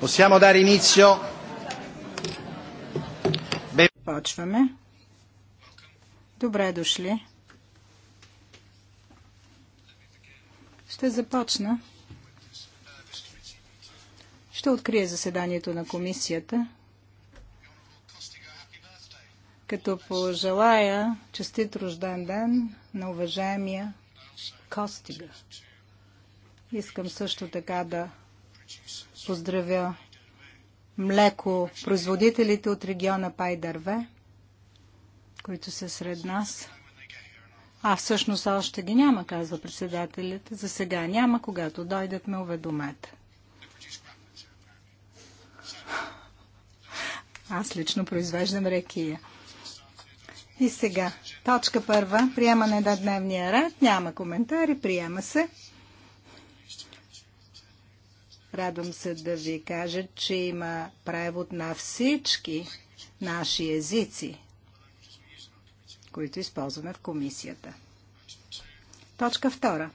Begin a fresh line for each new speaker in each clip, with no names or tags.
Possiamo dare inizio? Почваме. Добре дошли. Ще започна. Ще открия заседанието на комисията. Като пожелая честит рожден ден на уважаемия Костига. Искам също така да поздравя млеко производителите от региона Дърве, които са сред нас. А всъщност още ги няма, казва председателят. За сега няма, когато дойдат ме уведомете. Аз лично произвеждам рекия. И сега, точка първа, приемане на дневния ред, няма коментари, приема се. Радвам се да ви кажа, че има превод на всички наши езици, които използваме в комисията. Точка 2.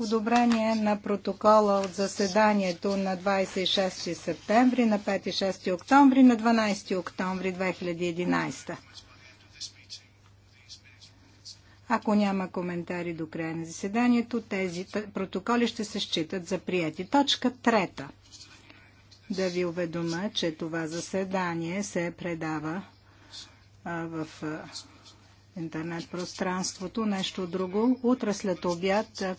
Одобрение на протокола от заседанието на 26 септември, на 5 и 6 октомври, на 12 октомври 2011. Ако няма коментари до края на заседанието, тези протоколи ще се считат за прияти. Точка трета. Да ви уведома, че това заседание се предава а, в а, интернет пространството. Нещо друго. Утре след обяд а,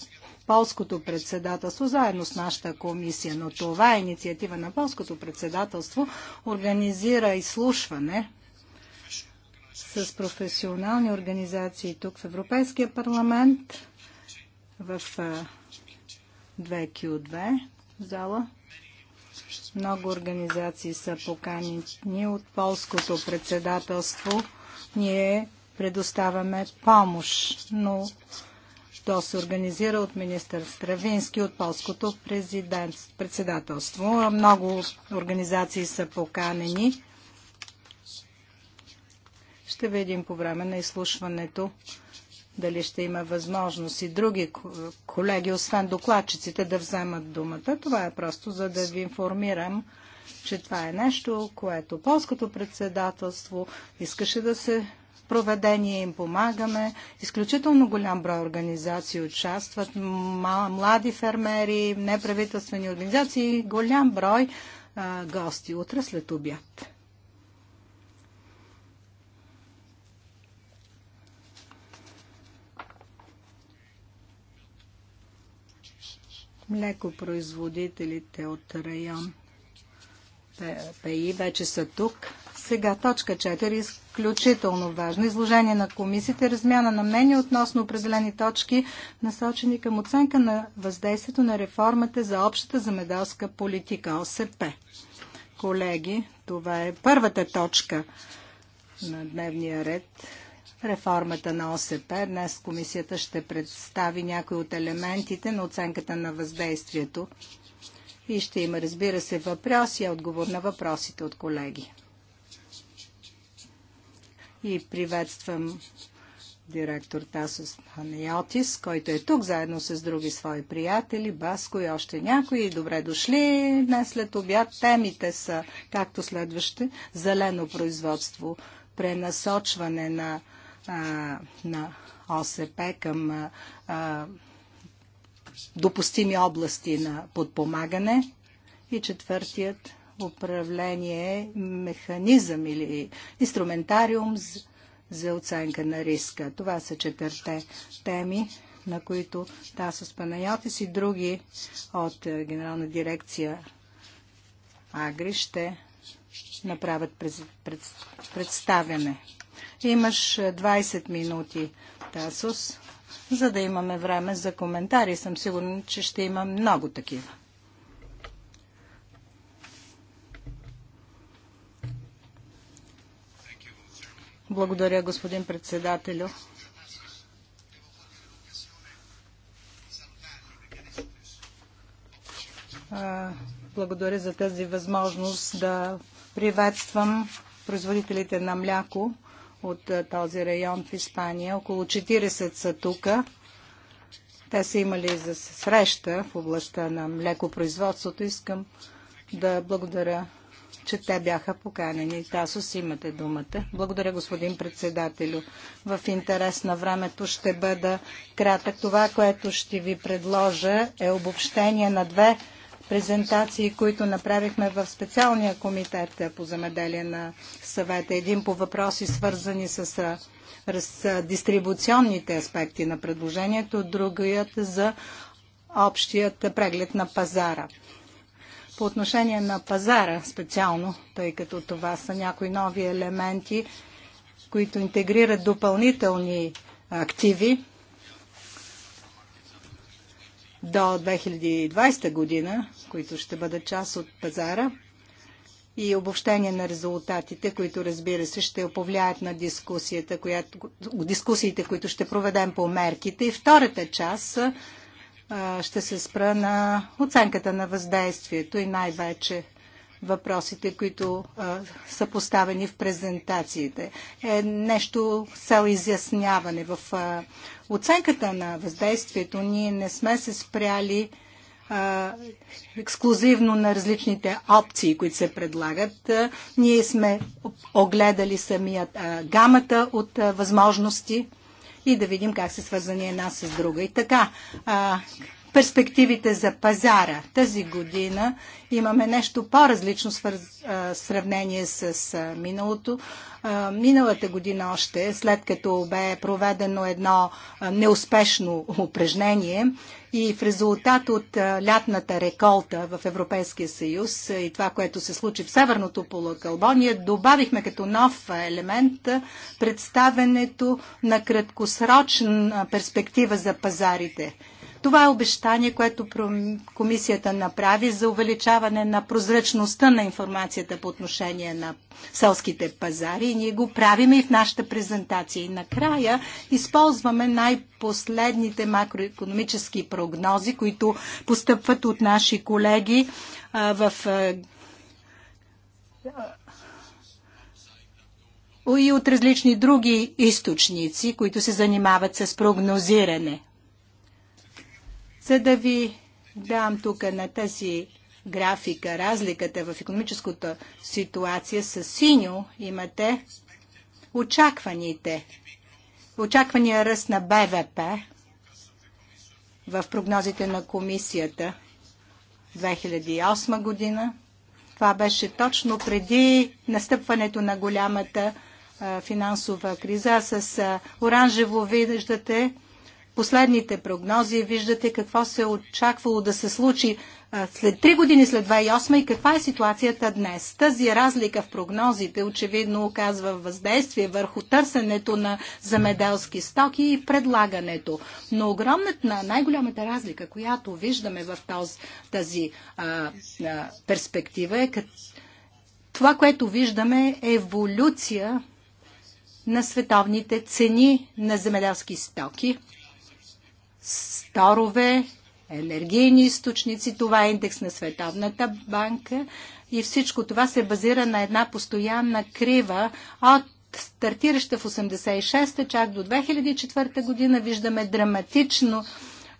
полското председателство, заедно с нашата комисия, но това е инициатива на полското председателство, организира изслушване с професионални организации тук в Европейския парламент в 2Q2 зала. Много организации са поканени от полското председателство. Ние предоставяме помощ, но то се организира от министър Стравински от полското председателство. Много организации са поканени. Ще видим по време на изслушването дали ще има възможност и други колеги, освен докладчиците, да вземат думата. Това е просто за да ви информирам, че това е нещо, което полското председателство искаше да се проведе, ние им помагаме. Изключително голям брой организации участват, млади фермери, неправителствени организации, голям брой а, гости утре след обяд. Млекопроизводителите от район ПИ вече са тук. Сега точка 4 е изключително важно. Изложение на комисията размяна на мнение относно определени точки, насочени към оценка на въздействието на реформата за общата замедалска политика ОСП. Колеги, това е първата точка на дневния ред реформата на ОСП. Днес комисията ще представи някои от елементите на оценката на въздействието и ще има, разбира се, въпроси и отговор на въпросите от колеги. И приветствам директор Тасос Панайотис, който е тук заедно с други свои приятели, Баско и още някои. Добре дошли днес след обяд. Темите са, както следващите, зелено производство, пренасочване на на ОСП към допустими области на подпомагане. И четвъртият управление е механизъм или инструментариум за оценка на риска. Това са четвърте теми, на които Тасос Панайотис и други от е, Генерална дирекция Агри ще направят представяне. Имаш 20 е, минути, Тасос, за да имаме време за коментари. Съм сигурен, че ще има много такива. Благодаря, господин председателю. Благодаря за тази възможност да приветствам производителите на мляко от този район в Испания. Около 40 са тук. Те са имали за среща в областта на млекопроизводството. Искам да благодаря, че те бяха поканени. Тасос, имате думата. Благодаря, господин председателю. В интерес на времето ще бъда кратък. Това, което ще ви предложа е обобщение на две презентации, които направихме в специалния комитет по замеделие на съвета. Един по въпроси, свързани с с дистрибуционните аспекти на предложението, другият за общият преглед на пазара. По отношение на пазара специално, тъй като това са някои нови елементи, които интегрират допълнителни активи, до 2020 година, които ще бъдат част от пазара и обобщение на резултатите, които разбира се ще оповляят на дискусията, която, дискусиите, които ще проведем по мерките. И втората част ще се спра на оценката на въздействието и най-вече въпросите, които а, са поставени в презентациите. Е нещо цел изясняване в а, оценката на въздействието. Ние не сме се спряли а, ексклюзивно на различните опции, които се предлагат. А, ние сме огледали самият а, гамата от а, възможности и да видим как се свързани една с друга. И така, а, перспективите за пазара. Тази година имаме нещо по-различно в сравнение с миналото. Миналата година още, след като бе проведено едно неуспешно упражнение и в резултат от лятната реколта в Европейския съюз и това, което се случи в Северното полукълбо, ние добавихме като нов елемент представенето на краткосрочна перспектива за пазарите. Това е обещание, което комисията направи за увеличаване на прозрачността на информацията по отношение на селските пазари и ние го правиме и в нашата презентация. И накрая използваме най-последните макроекономически прогнози, които постъпват от наши колеги а, в а, и от различни други източници, които се занимават с прогнозиране. За да ви дам тук на тази графика разликата в економическата ситуация с синьо имате очакваните. Очаквания ръст на БВП в прогнозите на комисията 2008 година. Това беше точно преди настъпването на голямата финансова криза. С оранжево виждате последните прогнози виждате какво се е очаквало да се случи след три години, след 2008 и каква е ситуацията днес. Тази разлика в прогнозите очевидно оказва въздействие върху търсенето на замеделски стоки и предлагането. Но огромната, най-голямата разлика, която виждаме в този, тази а, а, перспектива е като това, което виждаме е еволюция на световните цени на земеделски стоки сторове, енергийни източници, това е индекс на Световната банка и всичко това се базира на една постоянна крива от стартираща в 86-та, чак до 2004 година виждаме драматично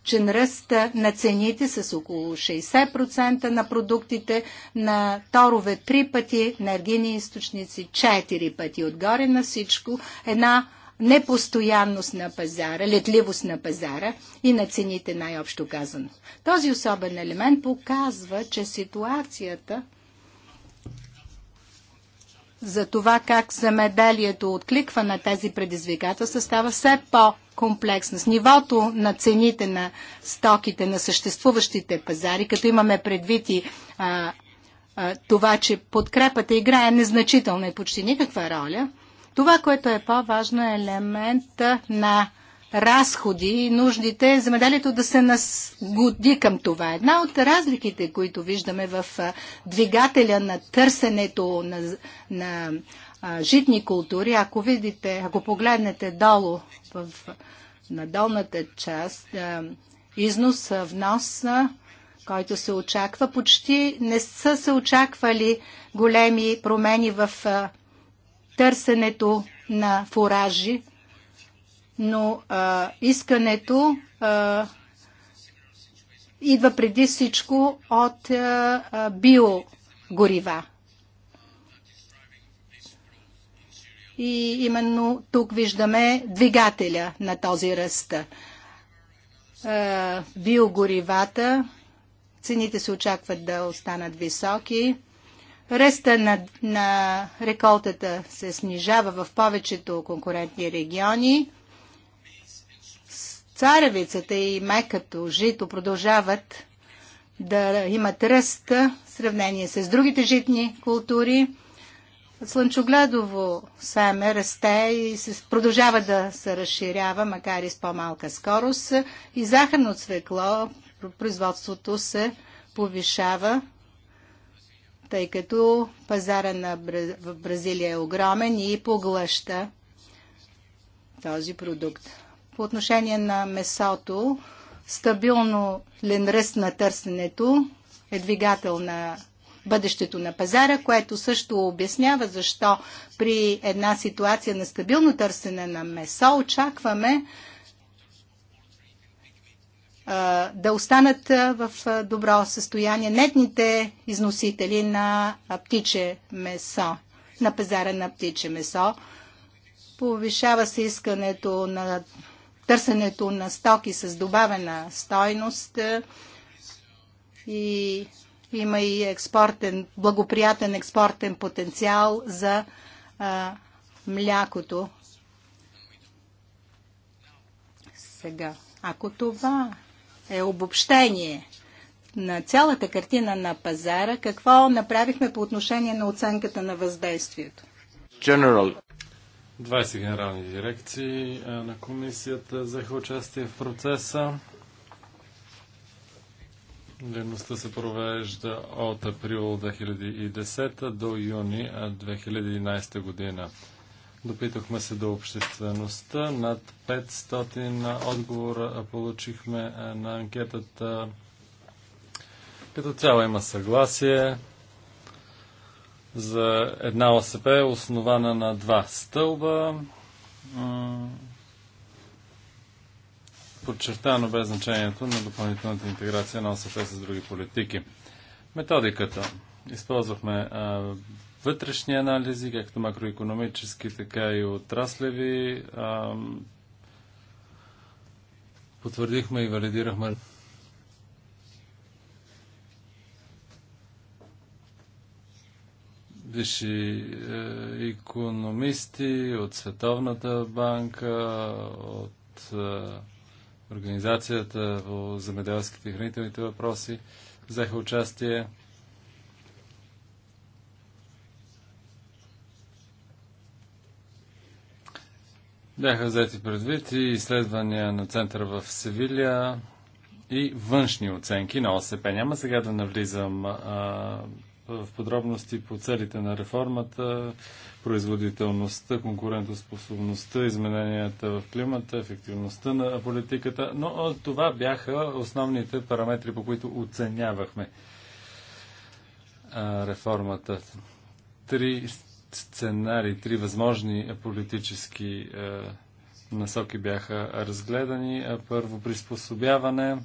че ръст на цените с около 60% на продуктите, на торове 3 пъти, на енергийни източници 4 пъти. Отгоре на всичко една непостоянност на пазара, летливост на пазара и на цените най-общо казано. Този особен елемент показва, че ситуацията за това как замеделието откликва на тези предизвикателства става все по-комплексна. С нивото на цените на стоките на съществуващите пазари, като имаме предвид и а, а, това, че подкрепата играе незначителна и почти никаква роля – това, което е по-важно е елемент на разходи и нуждите, замеделието да се насгоди към това. Една от разликите, които виждаме в двигателя на търсенето на, на а, житни култури, ако видите, ако погледнете долу в, на долната част, а, износ, внос, който се очаква, почти не са се очаквали големи промени в а, търсенето на фуражи, но а, искането а, идва преди всичко от а, биогорива. И именно тук виждаме двигателя на този ръст. Биогоривата, цените се очакват да останат високи. Ръста на, на реколтата се снижава в повечето конкурентни региони. Царевицата и мекато жито продължават да имат ръст в сравнение с другите житни култури. Слънчогледово семе расте и се продължава да се разширява, макар и с по-малка скорост. И захарно цвекло, производството се повишава тъй като пазара на Бра... в Бразилия е огромен и поглъща този продукт. По отношение на месото, стабилно лен ръст на търсенето е двигател на бъдещето на пазара, което също обяснява защо при една ситуация на стабилно търсене на месо очакваме да останат в добро състояние нетните износители на птиче месо, на пазара на птиче месо. Повишава се искането на търсенето на стоки с добавена стойност и има и експортен, благоприятен експортен потенциал за а, млякото. Сега, ако това е обобщение на цялата картина на пазара, какво направихме по отношение на оценката на въздействието.
General. 20 генерални дирекции на комисията взеха участие в процеса. Дейността се провежда от април 2010 до юни 2011 година. Допитахме се до обществеността. Над 500 отговора получихме е, на анкетата. Като цяло има съгласие за една ОСП, основана на два стълба. Подчертано бе значението на допълнителната интеграция на ОСП с други политики. Методиката. Използвахме е, вътрешни анализи, както макроекономически, така и отраслеви. Потвърдихме и валидирахме. Виши економисти от Световната банка, от е, Организацията по земеделските и хранителните въпроси взеха участие. Бяха взети предвид и изследвания на центъра в Севилия и външни оценки на ОСП. Няма сега да навлизам а, в подробности по целите на реформата, производителността, конкурентоспособността, измененията в климата, ефективността на политиката, но това бяха основните параметри, по които оценявахме а, реформата. Три Сценарии, три възможни е, политически е, насоки бяха разгледани. Е, първо приспособяване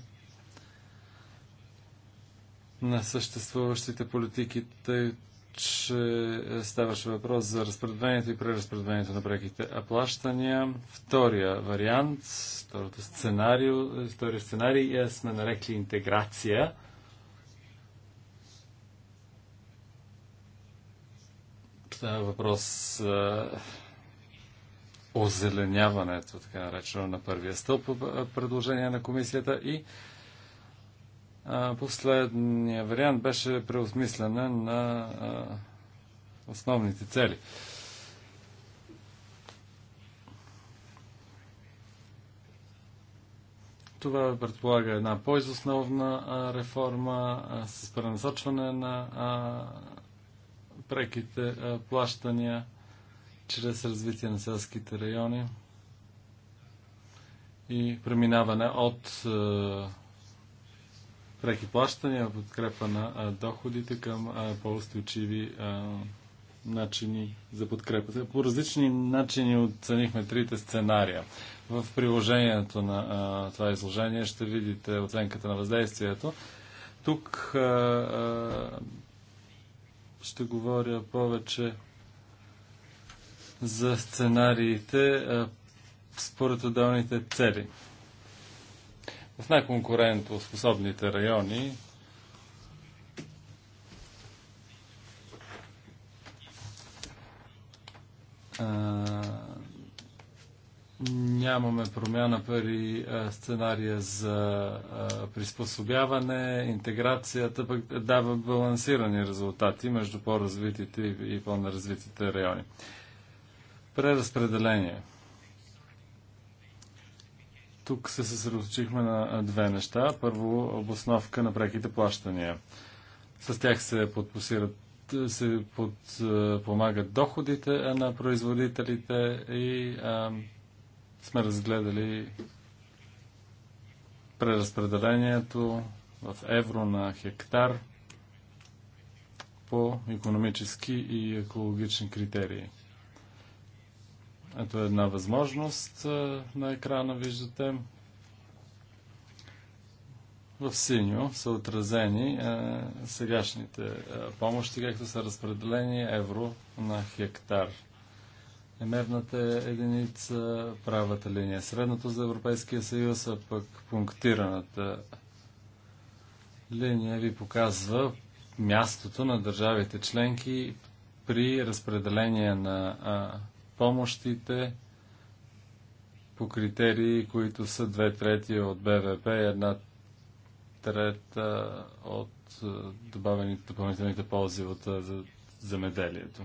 на съществуващите политики, тъй че ставаше въпрос за разпределението и преразпределението на преките плащания. Втория вариант, второто сценарий, втория сценарий сме нарекли интеграция – Е въпрос за озеленяването, така наречено на първия стълб предложение на комисията и последния вариант беше преосмислене на основните цели. Това предполага една по-изосновна реформа а, с пренасочване на а, преките плащания чрез развитие на селските райони и преминаване от преки плащания, подкрепа на доходите към по-устойчиви начини за подкрепа. По различни начини оценихме трите сценария. В приложението на а, това изложение ще видите оценката на въздействието. Тук а, а, ще говоря повече за сценариите според отделните цели. В най-конкурентоспособните райони а, Нямаме промяна при сценария за приспособяване, интеграцията пък дава балансирани резултати между по-развитите и по-неразвитите райони. Преразпределение. Тук се съсредоточихме на две неща. Първо, обосновка на преките плащания. С тях се подпосират се подпомагат доходите на производителите и а, сме разгледали преразпределението в евро на хектар по економически и екологични критерии. Ето една възможност на екрана виждате. В синьо са отразени сегашните помощи, както са разпределени евро на хектар. Мерната единица, правата линия, средното за Европейския съюз, а пък пунктираната линия ви показва мястото на държавите членки при разпределение на а, помощите по критерии, които са две трети от БВП, и една трета от добавените допълнителните ползи от земеделието.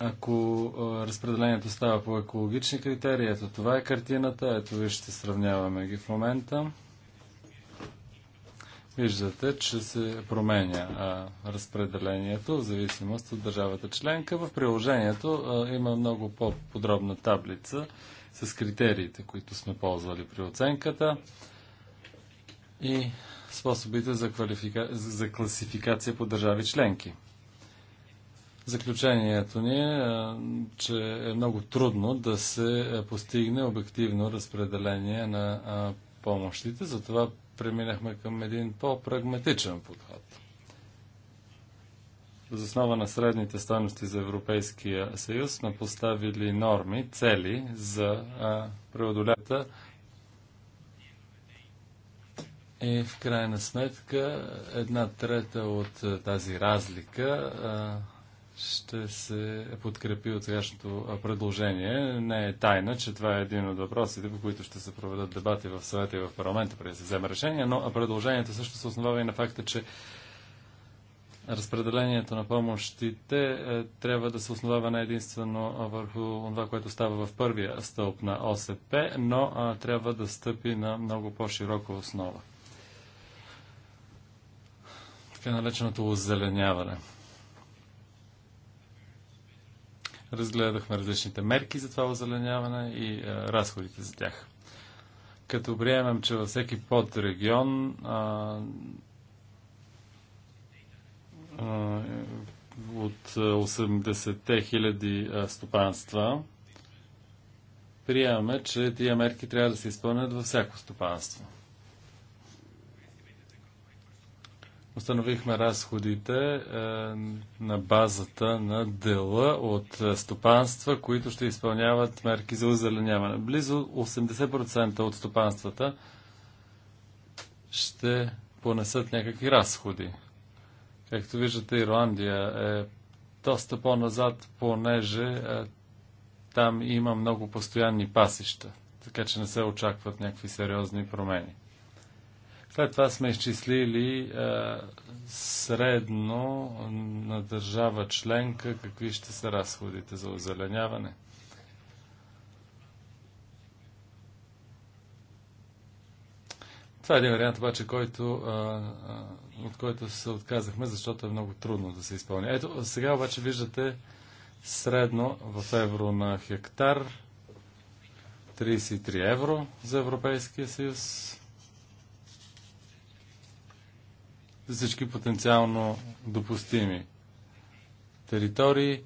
Ако разпределението става по екологични критерии, ето това е картината, ето ви ще сравняваме ги в момента. Виждате, че се променя а, разпределението в зависимост от държавата членка. В приложението а, има много по-подробна таблица с критериите, които сме ползвали при оценката и способите за, квалифика... за класификация по държави членки. Заключението ни е, че е много трудно да се постигне обективно разпределение на помощите, затова преминахме към един по-прагматичен подход. За основа на средните стоености за Европейския съюз сме поставили норми, цели за преодолята и в крайна сметка една трета от тази разлика ще се подкрепи от сегашното предложение. Не е тайна, че това е един от въпросите, по които ще се проведат дебати в съвета и в парламента преди да се вземе решение, но предложението също се основава и на факта, че разпределението на помощите е, трябва да се основава не единствено върху това, което става в първия стълб на ОСП, но трябва да стъпи на много по-широка основа. Така нареченото озеленяване. Разгледахме различните мерки за това озеленяване и а, е, разходите за тях. Като приемем, че във всеки подрегион а, е, а, е, от 80-те хиляди стопанства, приемаме, че тия мерки трябва да се изпълнят във всяко стопанство. Установихме разходите е, на базата на дела от е, стопанства, които ще изпълняват мерки за озеленяване. Близо 80% от стопанствата ще понесат някакви разходи. Както виждате, Ирландия е доста по-назад, понеже е, там има много постоянни пасища, така че не се очакват някакви сериозни промени. След това сме изчислили е, средно на държава членка какви ще са разходите за озеленяване. Това е един вариант обаче, който, а, а, от който се отказахме, защото е много трудно да се изпълни. Ето, сега обаче виждате средно в евро на хектар 33 евро за Европейския съюз. за всички потенциално допустими територии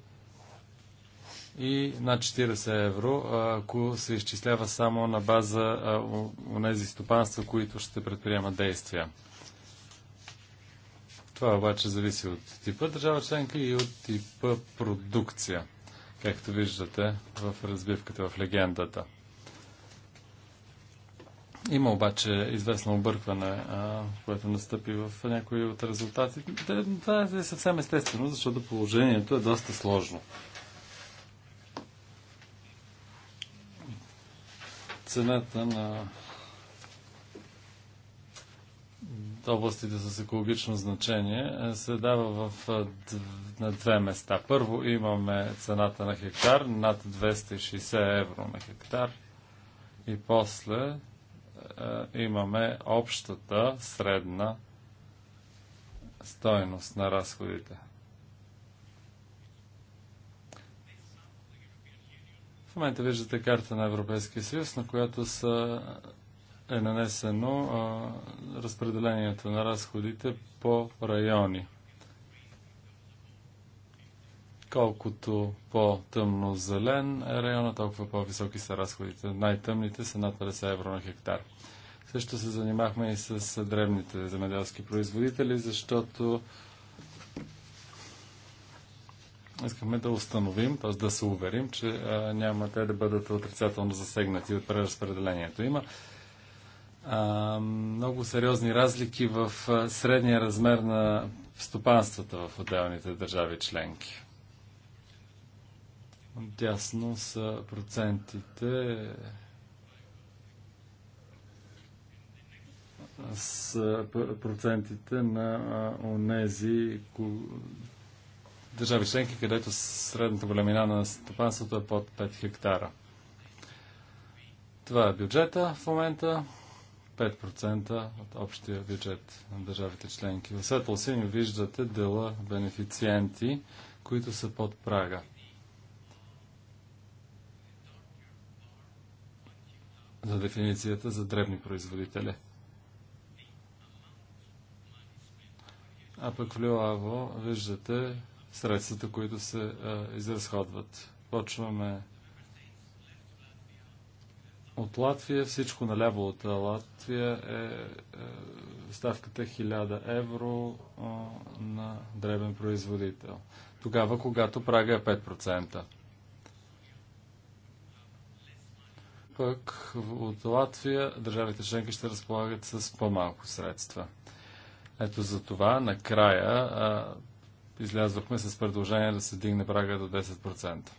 и над 40 евро, ако се изчислява само на база нези стопанства, които ще предприемат действия. Това обаче зависи от типа държава членка и от типа продукция, както виждате в разбивката в легендата. Има обаче известно объркване, което настъпи в някои от резултатите. Това е съвсем естествено, защото положението е доста сложно. Цената на областите с екологично значение е, се дава в, на две места. Първо имаме цената на хектар над 260 евро на хектар и после е, имаме общата средна стоеност на разходите. В момента виждате карта на Европейския съюз, на която са, е нанесено а, разпределението на разходите по райони – Колкото по-тъмно зелен е района, толкова по-високи са разходите. Най-тъмните са над 50 евро на хектар. Също се занимахме и с древните земеделски производители, защото искаме да установим, т.е. да се уверим, че няма те да бъдат отрицателно засегнати от преразпределението. Има а, много сериозни разлики в средния размер на стопанствата в отделните държави членки. Дясно са процентите с процентите на онези държави членки, където средната големина на стопанството е под 5 хектара. Това е бюджета в момента. 5% от общия бюджет на държавите членки. В светло виждате дела бенефициенти, които са под прага. за дефиницията за древни производители. А пък в Лилаво виждате средствата, които се а, изразходват. Почваме от Латвия. Всичко наляво от Латвия е, е ставката 1000 евро а, на дребен производител. Тогава, когато прага е 5%. пък от Латвия държавите членки ще разполагат с по-малко средства. Ето за това накрая а, излязохме с предложение да се дигне прага до 10%.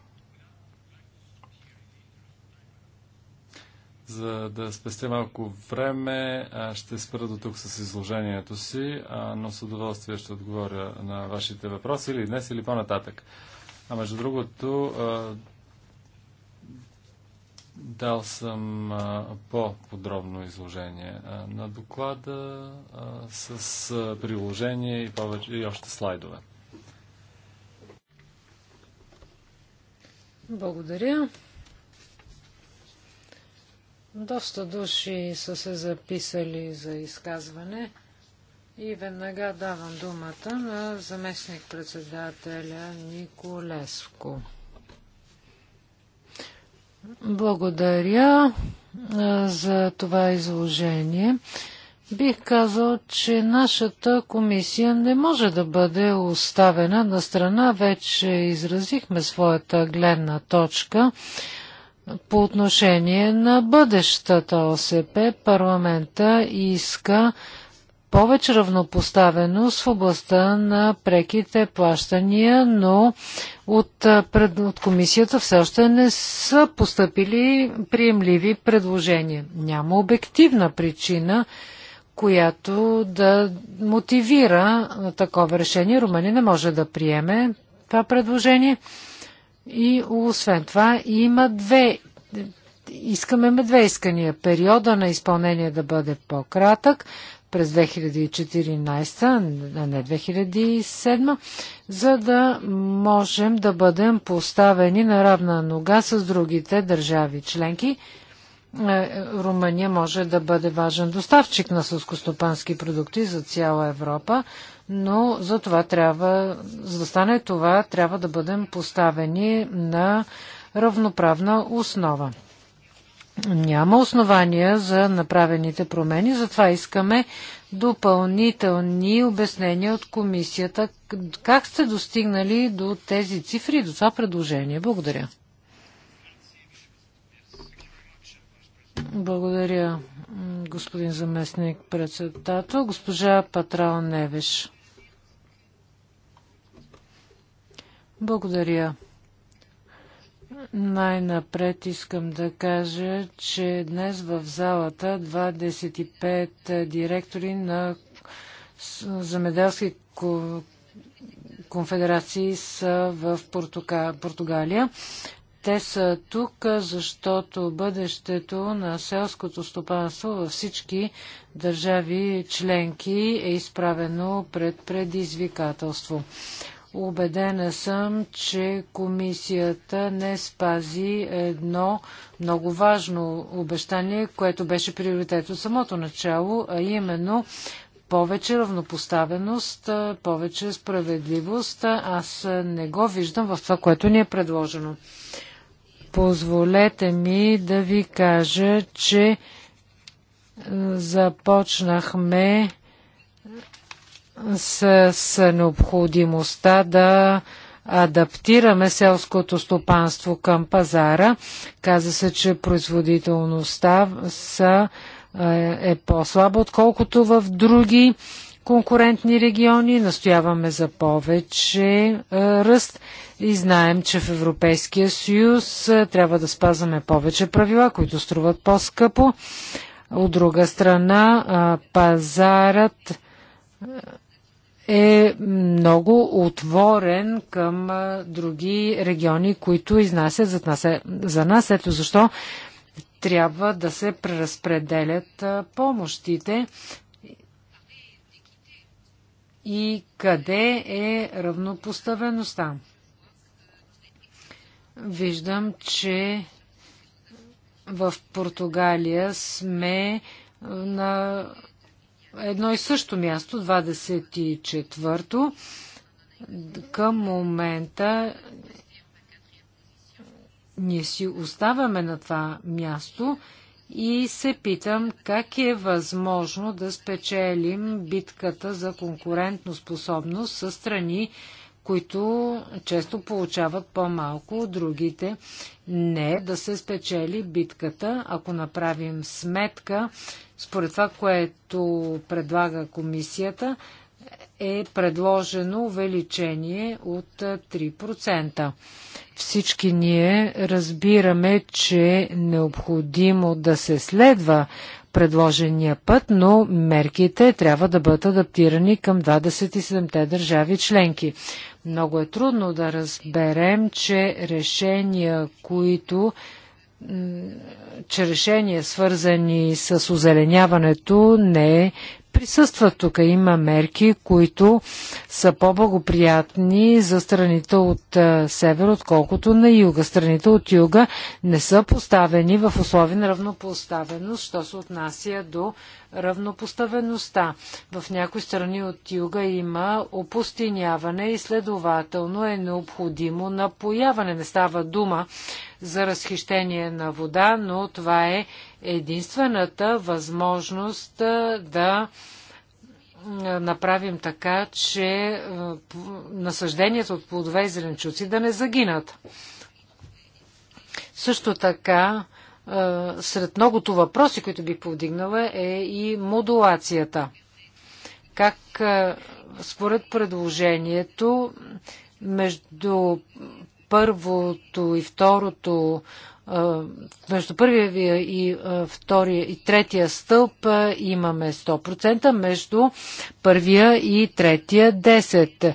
За да спестя малко време, ще спра до тук с изложението си, но с удоволствие ще отговоря на вашите въпроси или днес, или по-нататък. А между другото, Дал съм по-подробно изложение на доклада с приложение и, повече, и още слайдове.
Благодаря. Доста души са се записали за изказване и веднага давам думата на заместник-председателя Николеско. Благодаря за това изложение. Бих казал, че нашата комисия не може да бъде оставена на страна. Вече изразихме своята гледна точка по отношение на бъдещата ОСП. Парламента иска повече равнопоставеност в областта на преките плащания, но от, пред, от комисията все още не са поступили приемливи предложения. Няма обективна причина, която да мотивира такова решение. Румъния не може да приеме това предложение. И освен това има две искаме две искания. Периода на изпълнение да бъде по-кратък, през 2014, а не 2007, за да можем да бъдем поставени на равна нога с другите държави членки. Е, Румъния може да бъде важен доставчик на сълскостопански продукти за цяла Европа, но за това трябва, за да стане това, трябва да бъдем поставени на равноправна основа няма основания за направените промени, затова искаме допълнителни обяснения от комисията. Как сте достигнали до тези цифри и до това предложение? Благодаря. Благодаря, господин заместник председател. Госпожа Патрал Невеш. Благодаря. Най-напред искам да кажа, че днес в залата 25 е, директори на замеделски конфедерации са в Португалия. Те са тук, е, защото бъдещето на селското стопанство във всички държави членки е изправено пред предизвикателство. Убедена съм, че комисията не спази едно много важно обещание, което беше приоритет от самото начало, а именно повече равнопоставеност, повече справедливост. Аз не го виждам в това, което ни е предложено. Позволете ми да ви кажа, че започнахме с, с необходимостта да адаптираме селското стопанство към пазара. Каза се, че производителността са, е, е по-слаба, отколкото в други конкурентни региони. Настояваме за повече е, ръст и знаем, че в Европейския съюз е, трябва да спазваме повече правила, които струват по-скъпо. От друга страна, е, пазарът е, е много отворен към други региони, които изнасят за нас. Е, за нас. Ето защо трябва да се преразпределят помощите и къде е равнопоставеността. Виждам, че в Португалия сме на едно и също място, 24-то. Към момента ние си оставаме на това място и се питам как е възможно да спечелим битката за конкурентно способност със страни, които често получават по-малко от другите. Не е да се спечели битката, ако направим сметка, според това, което предлага комисията, е предложено увеличение от 3%. Всички ние разбираме, че е необходимо да се следва предложения път, но мерките трябва да бъдат адаптирани към 27-те държави членки. Много е трудно да разберем, че решения, които че решения, свързани с озеленяването, не присъстват тук. Има мерки, които са по-благоприятни за страните от север, отколкото на юга. Страните от юга не са поставени в условия на равнопоставеност, що се отнася до равнопоставеността. В някои страни от юга има опустиняване и следователно е необходимо напояване. Не става дума за разхищение на вода, но това е единствената възможност да направим така, че насъжденията от плодове и зеленчуци да не загинат. Също така, сред многото въпроси, които бих повдигнала, е и модулацията. Как според предложението между първото и второто между първия и втория и третия стълб имаме 100%, между първия и третия 10%.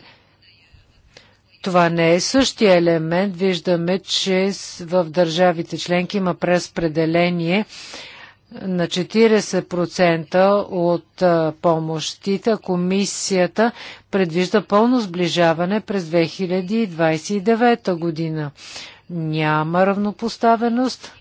Това не е същия елемент. Виждаме, че в държавите членки има преразпределение на 40% от помощите. Комисията предвижда пълно сближаване през 2029 година няма равнопоставеност,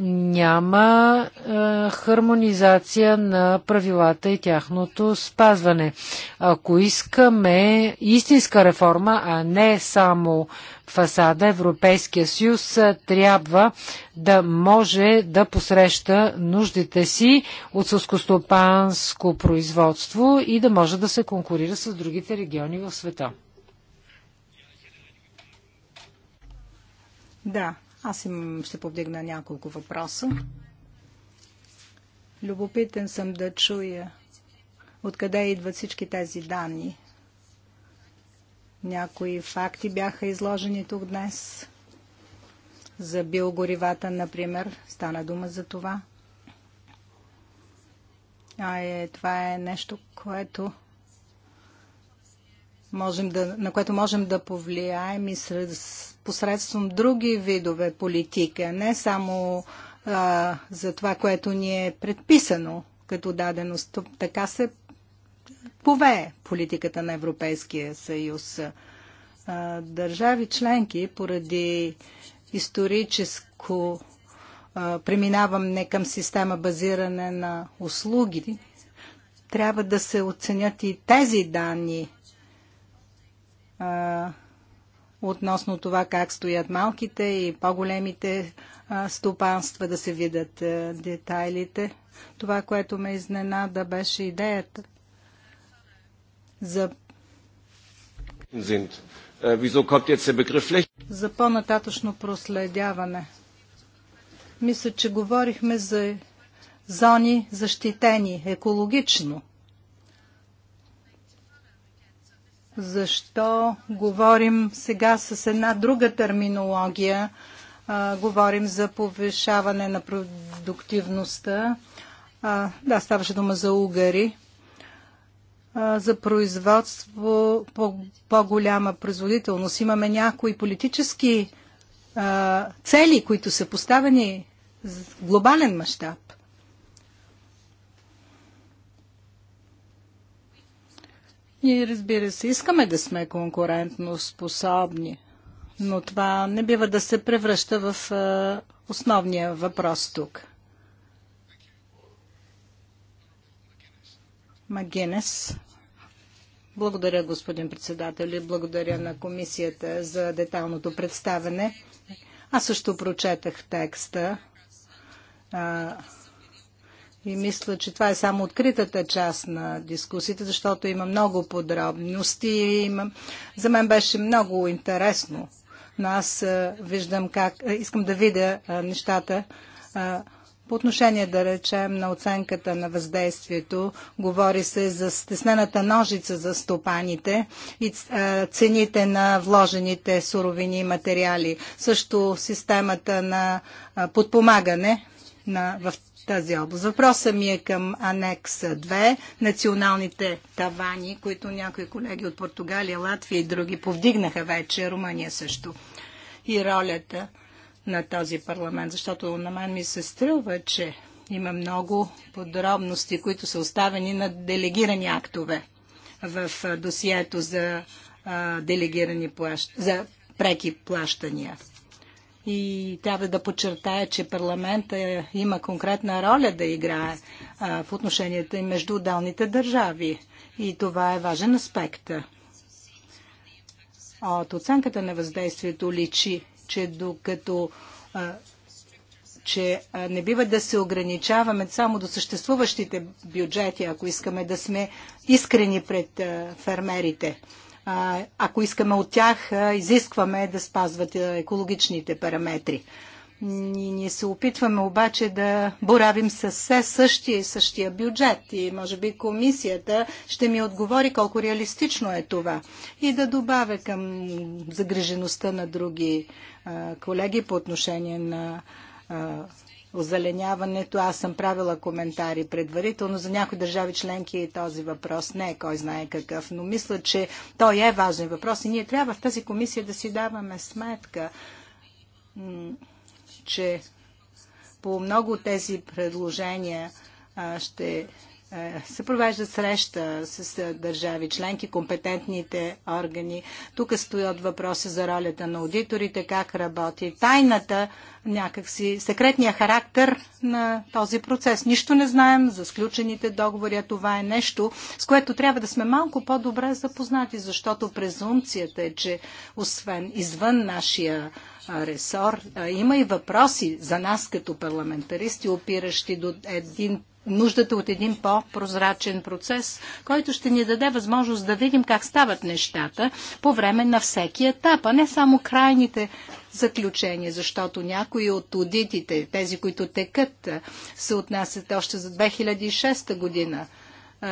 няма е, хармонизация на правилата и тяхното спазване. Ако искаме истинска реформа, а не само фасада, Европейския съюз е, трябва да може да посреща нуждите си от сълскостопанско производство и да може да се конкурира с другите
региони в света. Да, аз им ще повдигна няколко въпроса. Любопитен съм да чуя откъде идват всички тези данни. Някои факти бяха изложени тук днес. За биогоривата, например, стана дума за това. А е, това е нещо, което можем да, на което можем да повлияем и сред, посредством други видове политика, не само а, за това, което ни е предписано като даденост. Така се повее политиката на Европейския съюз. А, държави членки поради историческо а, преминаване към система базиране на услуги, трябва да се оценят и тези данни а, относно това как стоят малките и по-големите стопанства, да се видят а, детайлите. Това, което ме изненада, беше идеята за äh, за по-нататъчно проследяване. Мисля, че говорихме за зони защитени екологично. защо говорим сега с една друга терминология. А, говорим за повишаване на продуктивността. А, да, ставаше дума за угари. А, за производство, по, по-голяма производителност. Имаме някои политически а, цели, които са поставени в глобален мащаб. Ние, разбира се, искаме да сме конкурентно способни, но това не бива да се превръща в основния въпрос тук. Магинес. Благодаря, господин председател, и благодаря на комисията за деталното представене. Аз също прочетах текста а, и мисля, че това е само откритата част на дискусията, защото има много подробности. За мен беше много интересно, но аз виждам как... Искам да видя нещата по отношение, да речем, на оценката на въздействието, говори се за стеснената ножица за стопаните и цените на вложените суровини и материали. Също системата на подпомагане на, в тази област. Въпросът ми е към анекс 2, националните тавани, които някои колеги от Португалия, Латвия и други повдигнаха вече, Румъния също, и ролята на този парламент, защото на мен ми се струва, че има много подробности, които са оставени на делегирани актове в досието за делегирани плащ... за преки плащания и трябва да подчертая, че парламента има конкретна роля да играе в отношенията между отдалните държави. И това е важен аспект. От оценката на въздействието личи, че докато че не бива да се ограничаваме само до съществуващите бюджети, ако искаме да сме искрени пред фермерите ако искаме от тях, изискваме да спазват екологичните параметри. Ние, ние се опитваме обаче да боравим с все същия и същия бюджет и може би комисията ще ми отговори колко реалистично е това. И да добавя към загрижеността на други колеги по отношение на озеленяването. Аз съм правила коментари предварително. За някои държави членки и този въпрос не е кой знае какъв, но мисля, че той е важен въпрос и ние трябва в тази комисия да си даваме сметка, че по много от тези предложения ще е, се провежда среща с е, държави членки, компетентните органи. Тук стоят въпроси за ролята на аудиторите, как работи тайната, някакси секретния характер на този процес. Нищо не знаем за сключените договори, а това е нещо, с което трябва да сме малко по-добре запознати, защото презумцията е, че освен извън нашия ресор, има и въпроси за нас като парламентаристи, опиращи до един нуждата от един по-прозрачен процес, който ще ни даде възможност да видим как стават нещата по време на всеки етап, а не само крайните заключения, защото някои от аудитите, тези, които текат, се отнасят още за 2006 година.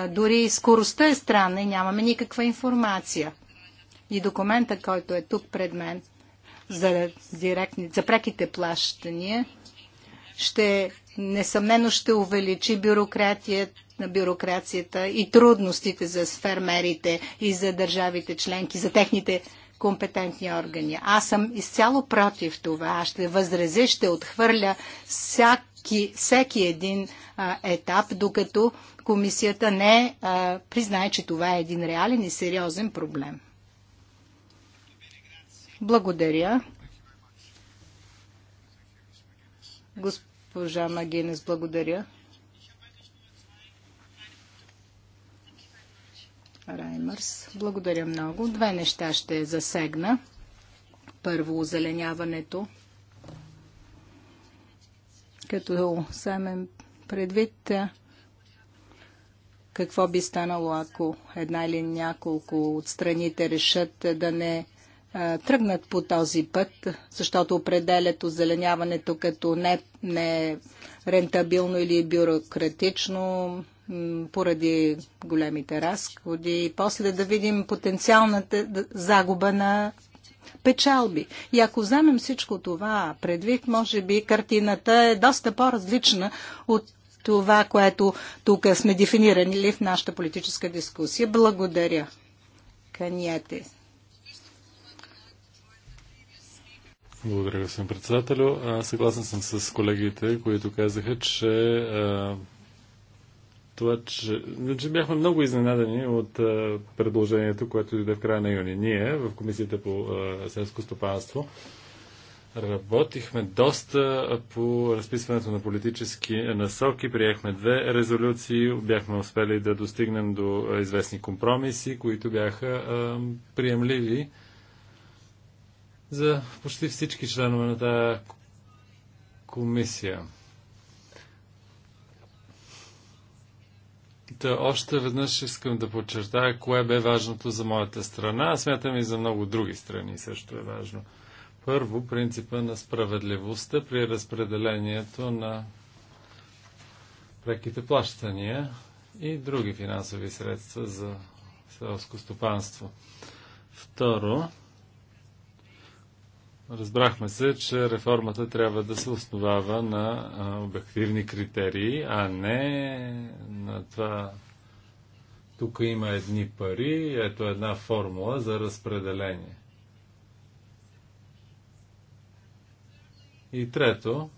Дори скоростта е странна и нямаме никаква информация. И документа, който е тук пред мен за, директни, за преките плащания, ще несъмнено ще увеличи бюрократията на бюрокрацията и трудностите за фермерите и за държавите членки, за техните компетентни органи. Аз съм изцяло против това. Аз ще възразя, ще отхвърля всяки, всеки един а, етап, докато комисията не а, признае, че това е един реален и сериозен проблем. Благодаря. Госпожа Магинес, благодаря. Раймърс, благодаря много. Две неща ще засегна. Първо, озеленяването. Като съм предвид какво би станало, ако една или няколко от страните решат да не тръгнат по този път, защото определят озеленяването като не, не рентабилно или бюрократично поради големите разходи и после да видим потенциалната загуба на печалби. И ако вземем всичко това предвид, може би картината е доста по-различна от това, което тук сме дефинирани в нашата политическа дискусия. Благодаря. Каниете.
Благодаря, господин председателю. съгласен съм с колегите, които казаха, че това, че, че бяхме много изненадани от а, предложението, което дойде в края на юни. Ние в Комисията по а, селско стопанство работихме доста по разписването на политически насоки, приехме две резолюции, бяхме успели да достигнем до известни компромиси, които бяха а, приемливи за почти всички членове на тази комисия. Та още веднъж искам да подчертая кое бе важното за моята страна, а смятам и за много други страни също е важно. Първо, принципа на справедливостта при разпределението на преките плащания и други финансови средства за селско стопанство. Второ, Разбрахме се, че реформата трябва да се основава на обективни критерии, а не на това. Тук има едни пари, ето една формула за разпределение. И трето,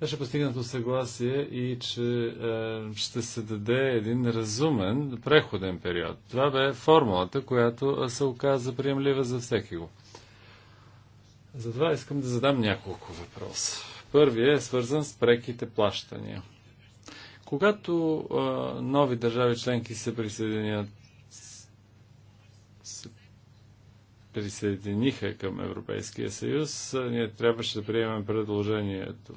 беше постигнато съгласие и че е, ще се даде един разумен преходен период. Това бе формулата, която се оказа приемлива за всеки го. Затова искам да задам няколко въпроса. Първият е свързан с преките плащания. Когато е, нови държави членки се присъединят присъединиха към Европейския съюз, е, ние трябваше да приемем предложението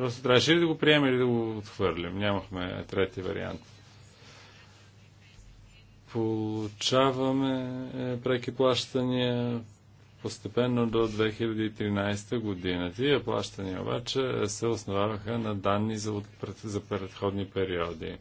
Просто трябваше ли да го приемем или да го отхвърлим? Нямахме трети вариант. Получаваме е, преки плащания постепенно до 2013 година. Тия плащания обаче се основаваха на данни за, за предходни периоди.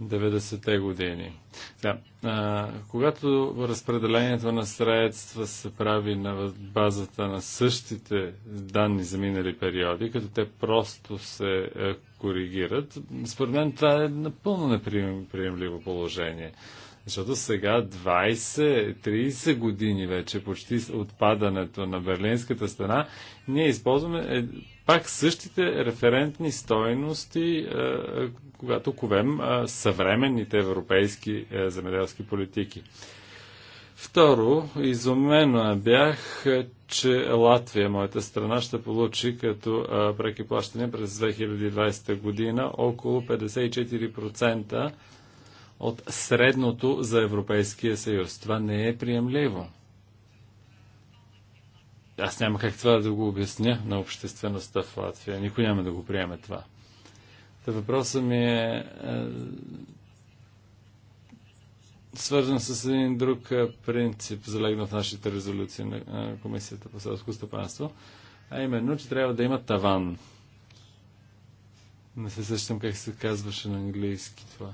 90-те години. Да. А, когато разпределението на средства се прави на базата на същите данни за минали периоди, като те просто се коригират, според мен това е напълно неприемливо положение. Защото сега 20-30 години вече почти отпадането на Берлинската стена, ние използваме е, пак същите референтни стойности, е, е когато ковем е, съвременните европейски е, земеделски политики. Второ, изумено е бях, е, че Латвия, моята страна, ще получи като преки плащане през 2020 година около 54% от средното за Европейския съюз. Това не е приемливо. Аз няма как това да го обясня на обществеността в Латвия. Никой няма да го приеме това. Та въпросът ми е, е свързан с един друг е, принцип, залегнал в нашите резолюции на е, Комисията по селско стопанство, а именно, че трябва да има таван. Не се същам как се казваше на английски това.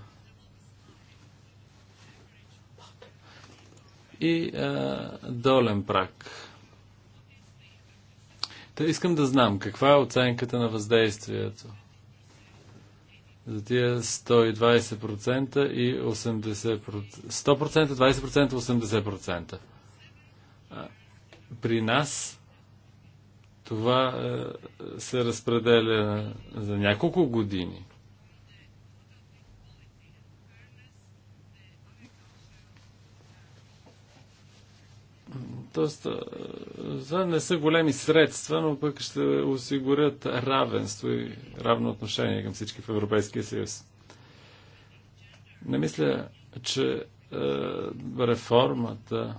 и а, долен прак. Та искам да знам каква е оценката на въздействието за тия 120% и 80%. 100%, 20%, 80%. при нас това се разпределя за няколко години. Тоест, за не са големи средства, но пък ще осигурят равенство и равно отношение към всички в Европейския съюз.
Не мисля,
че е, реформата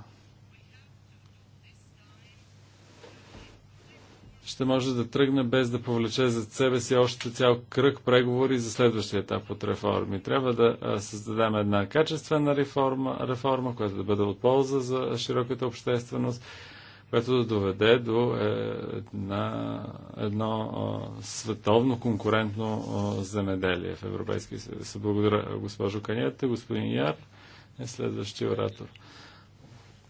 ще може да тръгне без да повлече зад себе си още цял кръг преговори за следващия етап от реформи. Трябва да създадем една качествена реформа, реформа която да бъде от полза за широката общественост, което да доведе до е, една, едно световно конкурентно земеделие в Европейския съюз. Благодаря, госпожо Канията. Господин Яр е следващия оратор.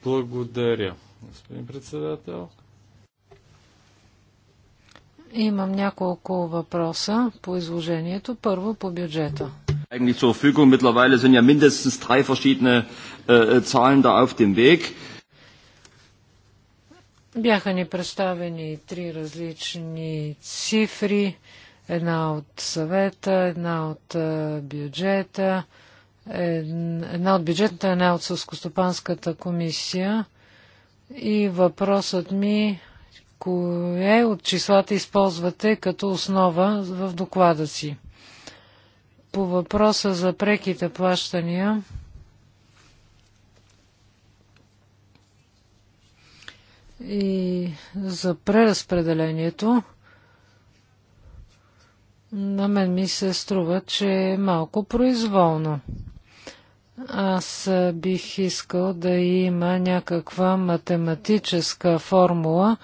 Благодаря, господин председател.
Имам няколко въпроса по изложението. Първо по бюджета.
Eigentlich zur Verfügung. Mittlerweile sind ja mindestens drei verschiedene äh, äh Zahlen da auf dem Weg.
Бяха ни представени три различни цифри. Една от съвета, една от е, бюджета, една от бюджета, една от Съскостопанската комисия. И въпросът ми кое от числата използвате като основа в доклада си? По въпроса за преките плащания, и за преразпределението, на мен ми се струва, че е малко произволно. Аз бих искал да има някаква математическа формула,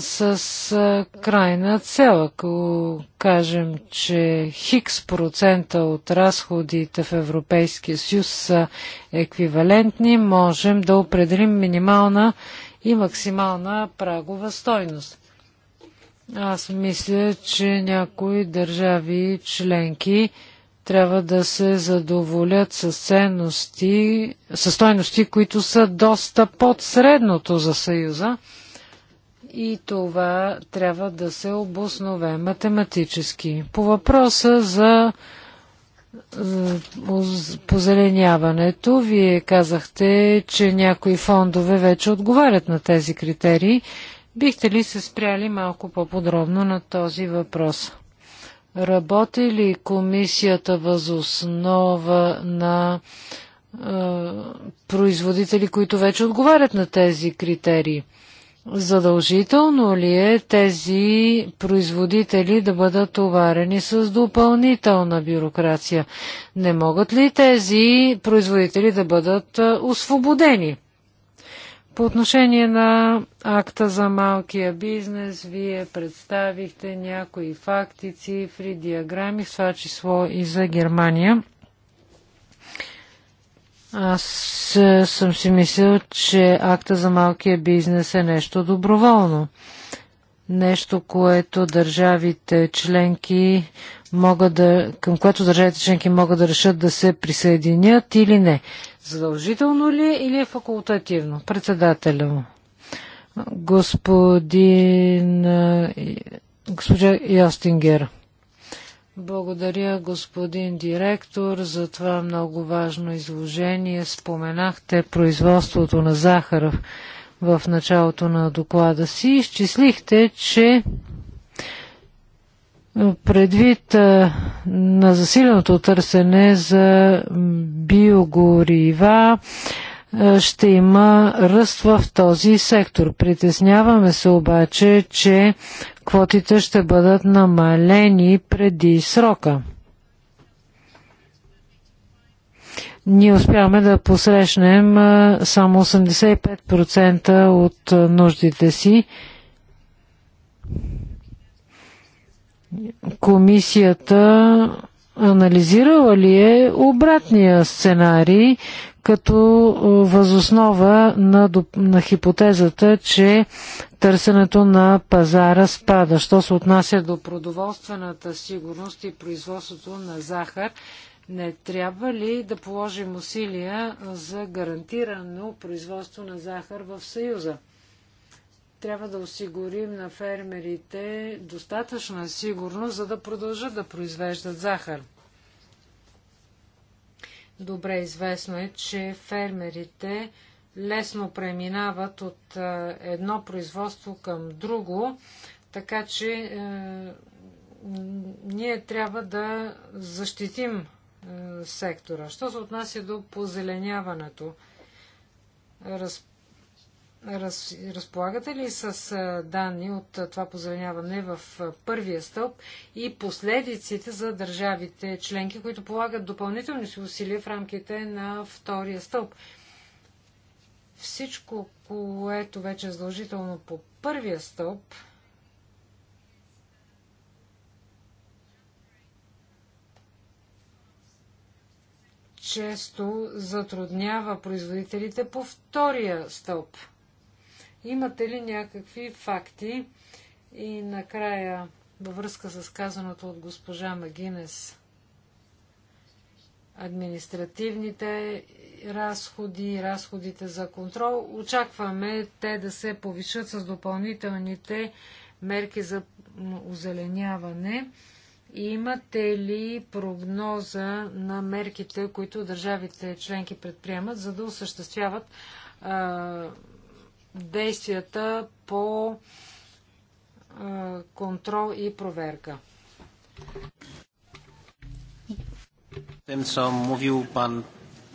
с крайна цел. Ако кажем, че хикс процента от разходите в Европейския съюз са еквивалентни, можем да определим минимална и максимална прагова стойност. Аз мисля, че някои държави членки трябва да се задоволят с ценности, със стойности, които са доста под средното за Съюза и това трябва да се обоснове математически. По въпроса за е, позеленяването, вие казахте, че някои фондове вече отговарят на тези критерии. Бихте ли се спряли малко по-подробно на този въпрос? Работи ли комисията възоснова на е, производители, които вече отговарят на тези критерии? Задължително ли е тези производители да бъдат товарени с допълнителна бюрокрация? Не могат ли тези производители да бъдат освободени? По отношение на акта за малкия бизнес, вие представихте някои факти, цифри, диаграми, в това число и за Германия. Аз съм си мислил, че акта за малкия бизнес е нещо доброволно. Нещо, което държавите членки могат да, към което държавите членки могат да решат да се присъединят или не. Задължително ли е или е факултативно? Председателя му. Господин, госпожа Йостингер. Благодаря, господин директор, за това много важно изложение. Споменахте производството на захаров в началото на доклада си. Изчислихте, че предвид на засиленото търсене за биогорива, ще има ръст в този сектор. Притесняваме се обаче, че квотите ще бъдат намалени преди срока. Ние успяваме да посрещнем само 85% от нуждите си. Комисията анализирала ли е обратния сценарий, като възоснова на, на хипотезата, че търсенето на пазара спада. Що се отнася до продоволствената сигурност и производството на захар, не трябва ли да положим усилия за гарантирано производство на захар в Съюза? Трябва да осигурим на фермерите достатъчна сигурност, за да продължат да произвеждат захар. Добре известно е, че фермерите лесно преминават от е, едно производство към друго, така че е, ние трябва да защитим е, сектора. Що се отнася до позеленяването? Раз, Раз, разполагате ли с данни от това позвъняване в първия стълб и последиците за държавите членки, които полагат допълнителни си усилия в рамките на втория стълб? Всичко, което вече е задължително по първия стълб, често затруднява производителите по втория стълб. Имате ли някакви факти? И накрая, във връзка с казаното от госпожа Магинес, административните разходи, разходите за контрол. Очакваме те да се повишат с допълнителните мерки за озеленяване. Имате ли прогноза на мерките, които държавите членки предприемат, за да осъществяват а, действията по контрол и проверка. Тем, co мовил пан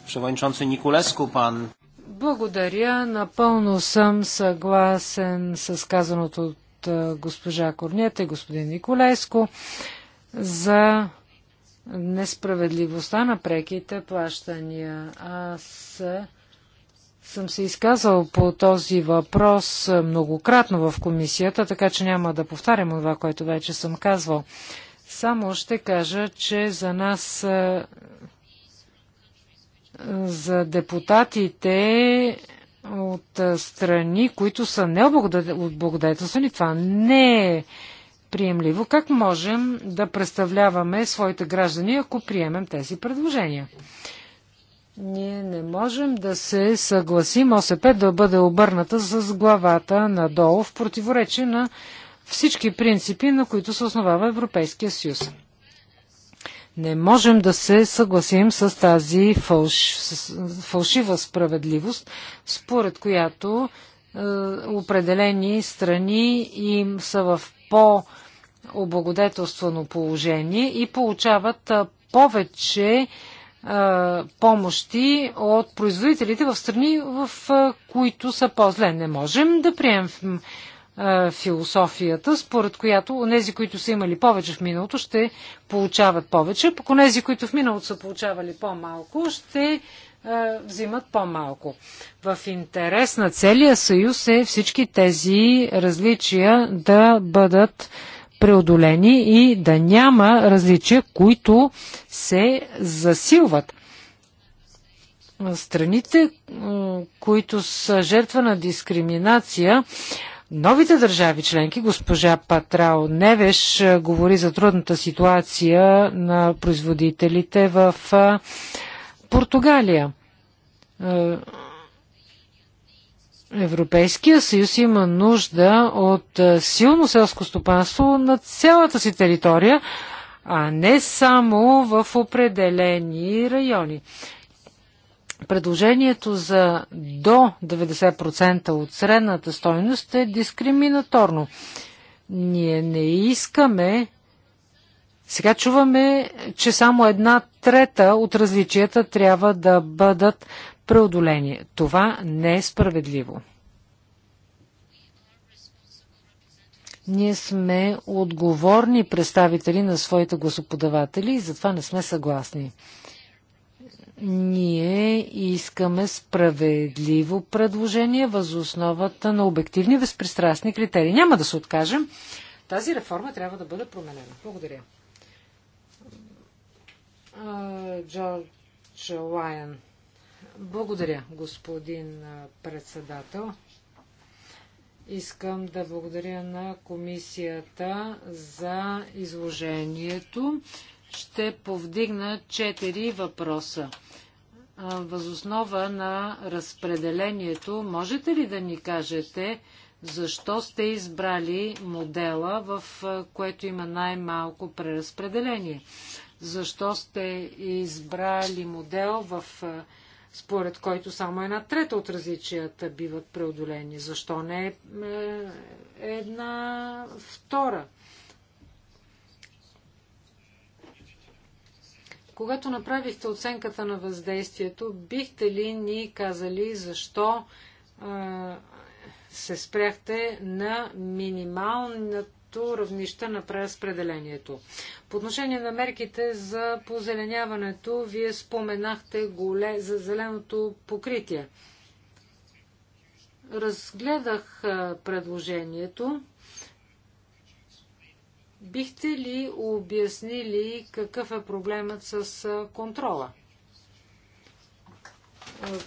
przewodniczący Николеско, пан. Благодаря. Напълно съм съгласен с казаното от госпожа Корнета и господин Николеско за несправедливостта на преките плащания. Аз съм се изказал по този въпрос е, многократно в комисията, така че няма да повтарям това, което вече съм казвал. Само ще кажа, че за нас, е, за депутатите от е, страни, които са необлагодетелствани, това не е приемливо. Как можем да представляваме своите граждани, ако приемем тези предложения? Ние не можем да се съгласим ОСП да бъде обърната с главата надолу в противоречие на всички принципи, на които се основава Европейския съюз. Не можем да се съгласим с тази фалш... с фалшива справедливост, според която е, определени страни им са в по- облагодетелствено положение и получават е, повече помощи от производителите в страни, в които са по-зле. Не можем да приемем философията, според която онези, които са имали повече в миналото, ще получават повече, пък онези, които в миналото са получавали по-малко, ще взимат по-малко. В интерес на целия съюз е всички тези различия да бъдат преодолени и да няма различия, които се засилват. Страните, които са жертва на дискриминация, новите държави членки, госпожа Патрао Невеш е, говори за трудната ситуация на производителите в е, Португалия е, Европейския съюз има нужда от силно селско стопанство на цялата си територия, а не само в определени райони. Предложението за до 90% от средната стойност е дискриминаторно. Ние не искаме. Сега чуваме, че само една трета от различията трябва да бъдат преодоление. Това не е справедливо. Ние сме отговорни представители на своите гласоподаватели и затова не сме съгласни. Ние искаме справедливо предложение въз основата на обективни безпристрастни критерии. Няма да се откажем. Тази реформа трябва да бъде променена. Благодаря. Джордж Лайън. Благодаря, господин председател. Искам да благодаря на комисията за изложението. Ще повдигна четири въпроса. Възоснова на разпределението, можете ли да ни кажете защо сте избрали модела, в което има най-малко преразпределение? Защо сте избрали модел, в според който само една трета от различията биват преодолени. Защо не е, е една втора? Когато направихте оценката на въздействието, бихте ли ни казали защо се спряхте на минималната като равнища на преразпределението. По отношение на мерките за позеленяването, вие споменахте голе... за зеленото покритие. Разгледах предложението. Бихте ли обяснили какъв е проблемът с контрола?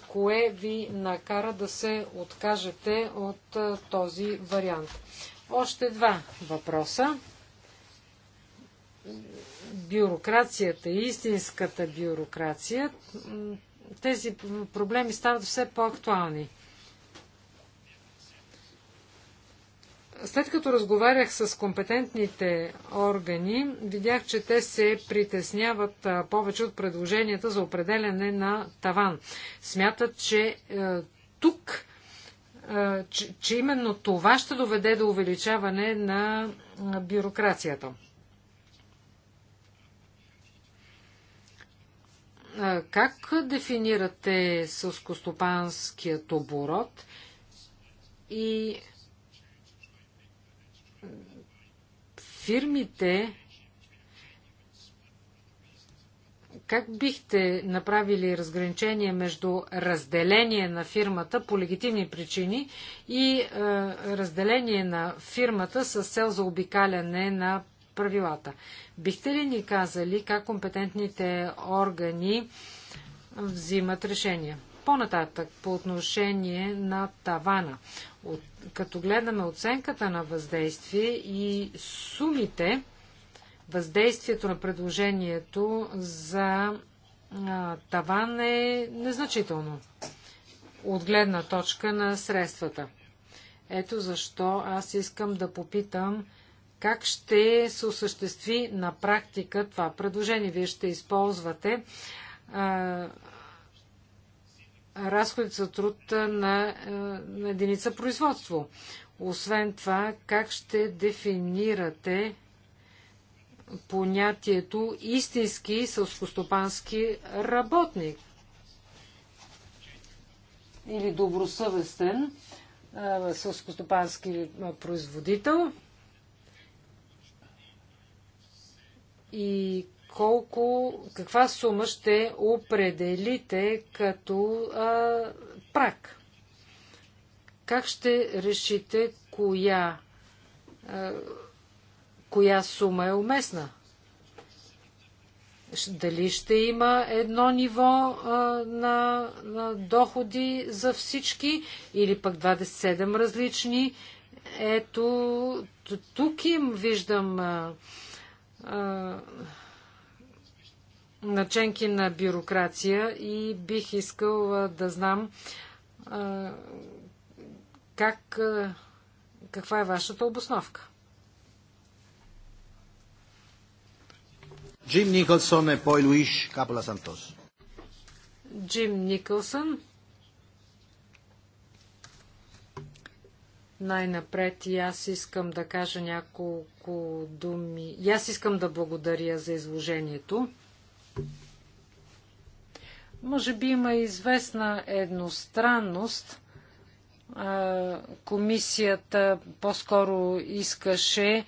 Кое ви накара да се откажете от този вариант? Още два въпроса. Бюрокрацията и истинската бюрокрация, тези проблеми стават все по-актуални. След като разговарях с компетентните органи, видях, че те се притесняват повече от предложенията за определене на таван. Смятат, че е, тук че, че именно това ще доведе до увеличаване на бюрокрацията. Как дефинирате сълскостопанският оборот и фирмите, Как бихте направили разграничение между разделение на фирмата по легитимни причини и е, разделение на фирмата с цел за обикаляне на правилата? Бихте ли ни казали как компетентните органи взимат решения? По-нататък, по отношение на тавана, от, като гледаме оценката на въздействие и сумите, въздействието на предложението за а, таван е незначително от гледна точка на средствата. Ето защо аз искам да попитам как ще се осъществи на практика това предложение. Вие ще използвате а, разходите за труд на, на единица производство. Освен това, как ще дефинирате понятието истински сълскостопански работник или добросъвестен сълскостопански производител и колко, каква сума ще определите като а, прак? Как ще решите коя а, коя сума е уместна. Дали ще има едно ниво а, на, на доходи за всички или пък 27 различни. Ето, тук им виждам а, а, наченки на бюрокрация и бих искал а, да знам а, как, а, каква е вашата обосновка.
Джим Никълсон е пой Луиш Капола Сантос.
Джим Никълсън. Най-напред и аз искам да кажа няколко думи. И аз искам да благодаря за изложението. Може би има известна едностранност. Комисията по-скоро искаше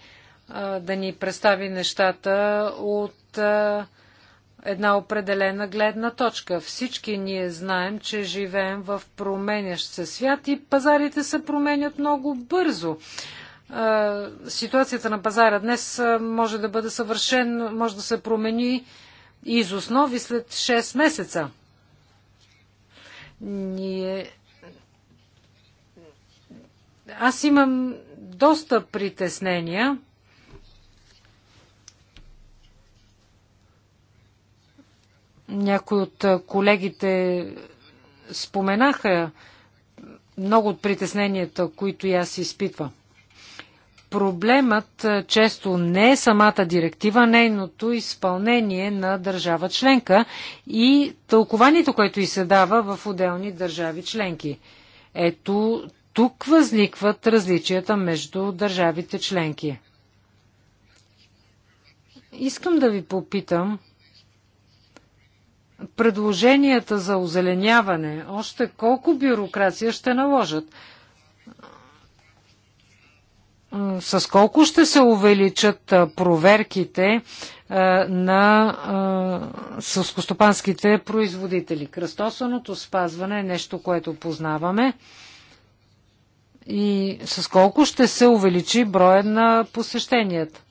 да ни представи нещата от е, една определена гледна точка. Всички ние знаем, че живеем в променящ се свят и пазарите се променят много бързо. Е, ситуацията на пазара днес е, може да бъде съвършен, може да се промени из основи след 6 месеца. Ние... Аз имам доста притеснения Някои от колегите споменаха много от притесненията, които и аз изпитвам. Проблемът често не е самата директива, нейното изпълнение на държава членка и тълкованието, което и се дава в отделни държави членки. Ето тук възникват различията между държавите членки. Искам да ви попитам предложенията за озеленяване, още колко бюрокрация ще наложат? С колко ще се увеличат проверките на сълскостопанските производители? Кръстосаното спазване е нещо, което познаваме. И с колко ще се увеличи броя на посещенията?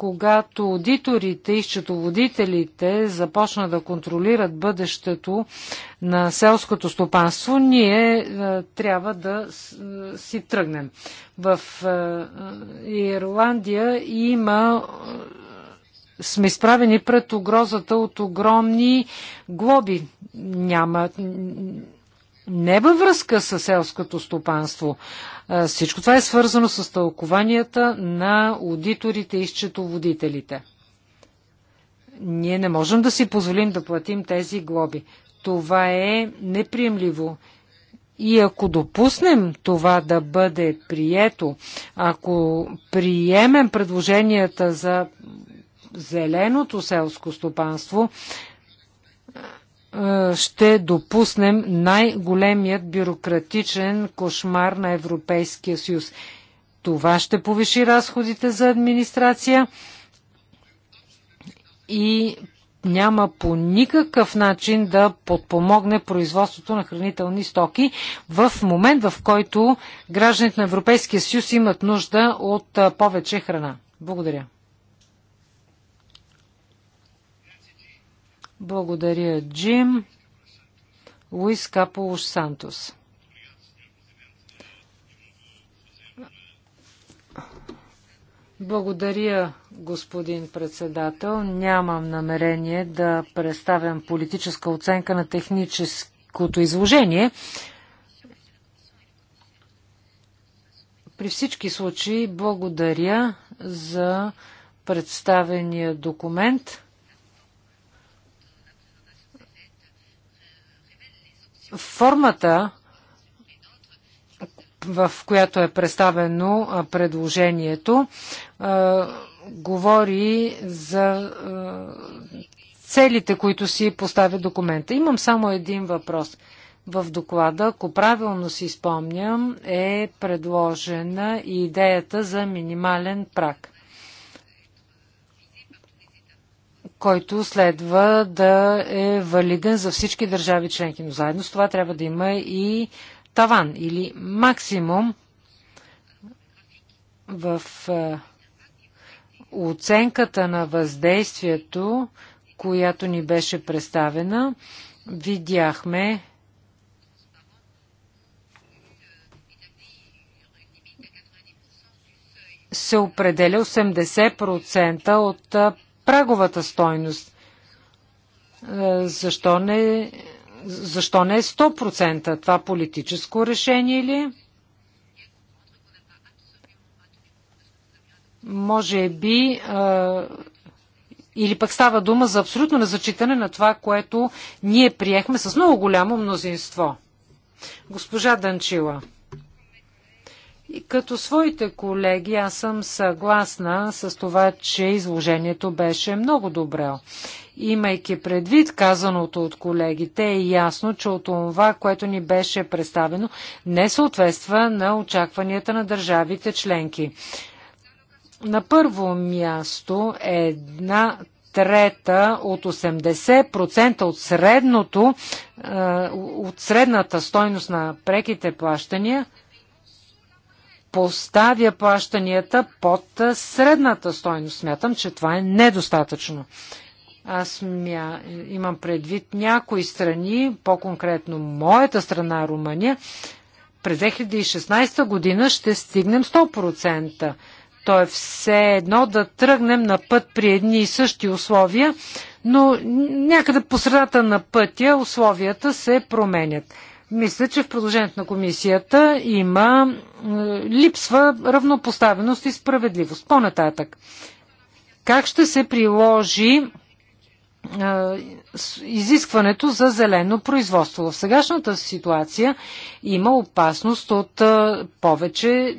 когато аудиторите и счетоводителите започнат да контролират бъдещето на селското стопанство, ние е, трябва да е, си тръгнем. В е, Ирландия има сме изправени пред угрозата от огромни глоби. Няма не във връзка с селското стопанство. Всичко това е свързано с тълкованията на аудиторите и счетоводителите. Ние не можем да си позволим да платим тези глоби. Това е неприемливо. И ако допуснем това да бъде прието, ако приемем предложенията за зеленото селско стопанство, е, ще допуснем най-големият бюрократичен кошмар на Европейския съюз. Това ще повиши разходите за администрация и няма по никакъв начин да подпомогне производството на хранителни стоки в момент, в който гражданите на Европейския съюз имат нужда от повече храна. Благодаря. Благодаря, Джим. Луис Каполуш Сантос. Благодаря, господин председател. Нямам намерение да представям политическа оценка на техническото изложение. При всички случаи благодаря за представения документ. формата, в която е представено предложението, говори за целите, които си поставя документа. Имам само един въпрос. В доклада, ако правилно си спомням, е предложена и идеята за минимален прак. който следва да е валиден за всички държави членки. Но заедно с това трябва да има и таван или максимум в оценката на въздействието, която ни беше представена, видяхме се определя 80% от праговата стойност. Е, защо не, защо не е 100%? Това политическо решение ли Може би е, или пък става дума за абсолютно незачитане на това, което ние приехме с много голямо мнозинство. Госпожа Данчила. И като своите колеги, аз съм съгласна с това, че изложението беше много добре. Имайки предвид казаното от колегите, е ясно, че от това, което ни беше представено, не съответства на очакванията на държавите членки. На първо място е една трета от 80% от средното, е, от средната стойност на преките плащания – поставя плащанията под средната стойност. Смятам, че това е недостатъчно. Аз мя, имам предвид някои страни, по-конкретно моята страна Румъния, през 2016 година ще стигнем 100%. То е все едно да тръгнем на път при едни и същи условия, но някъде по средата на пътя условията се променят. Мисля, че в продължението на комисията има е, липсва равнопоставеност и справедливост. По-нататък, как ще се приложи е, изискването за зелено производство. В сегашната ситуация има опасност от е, повече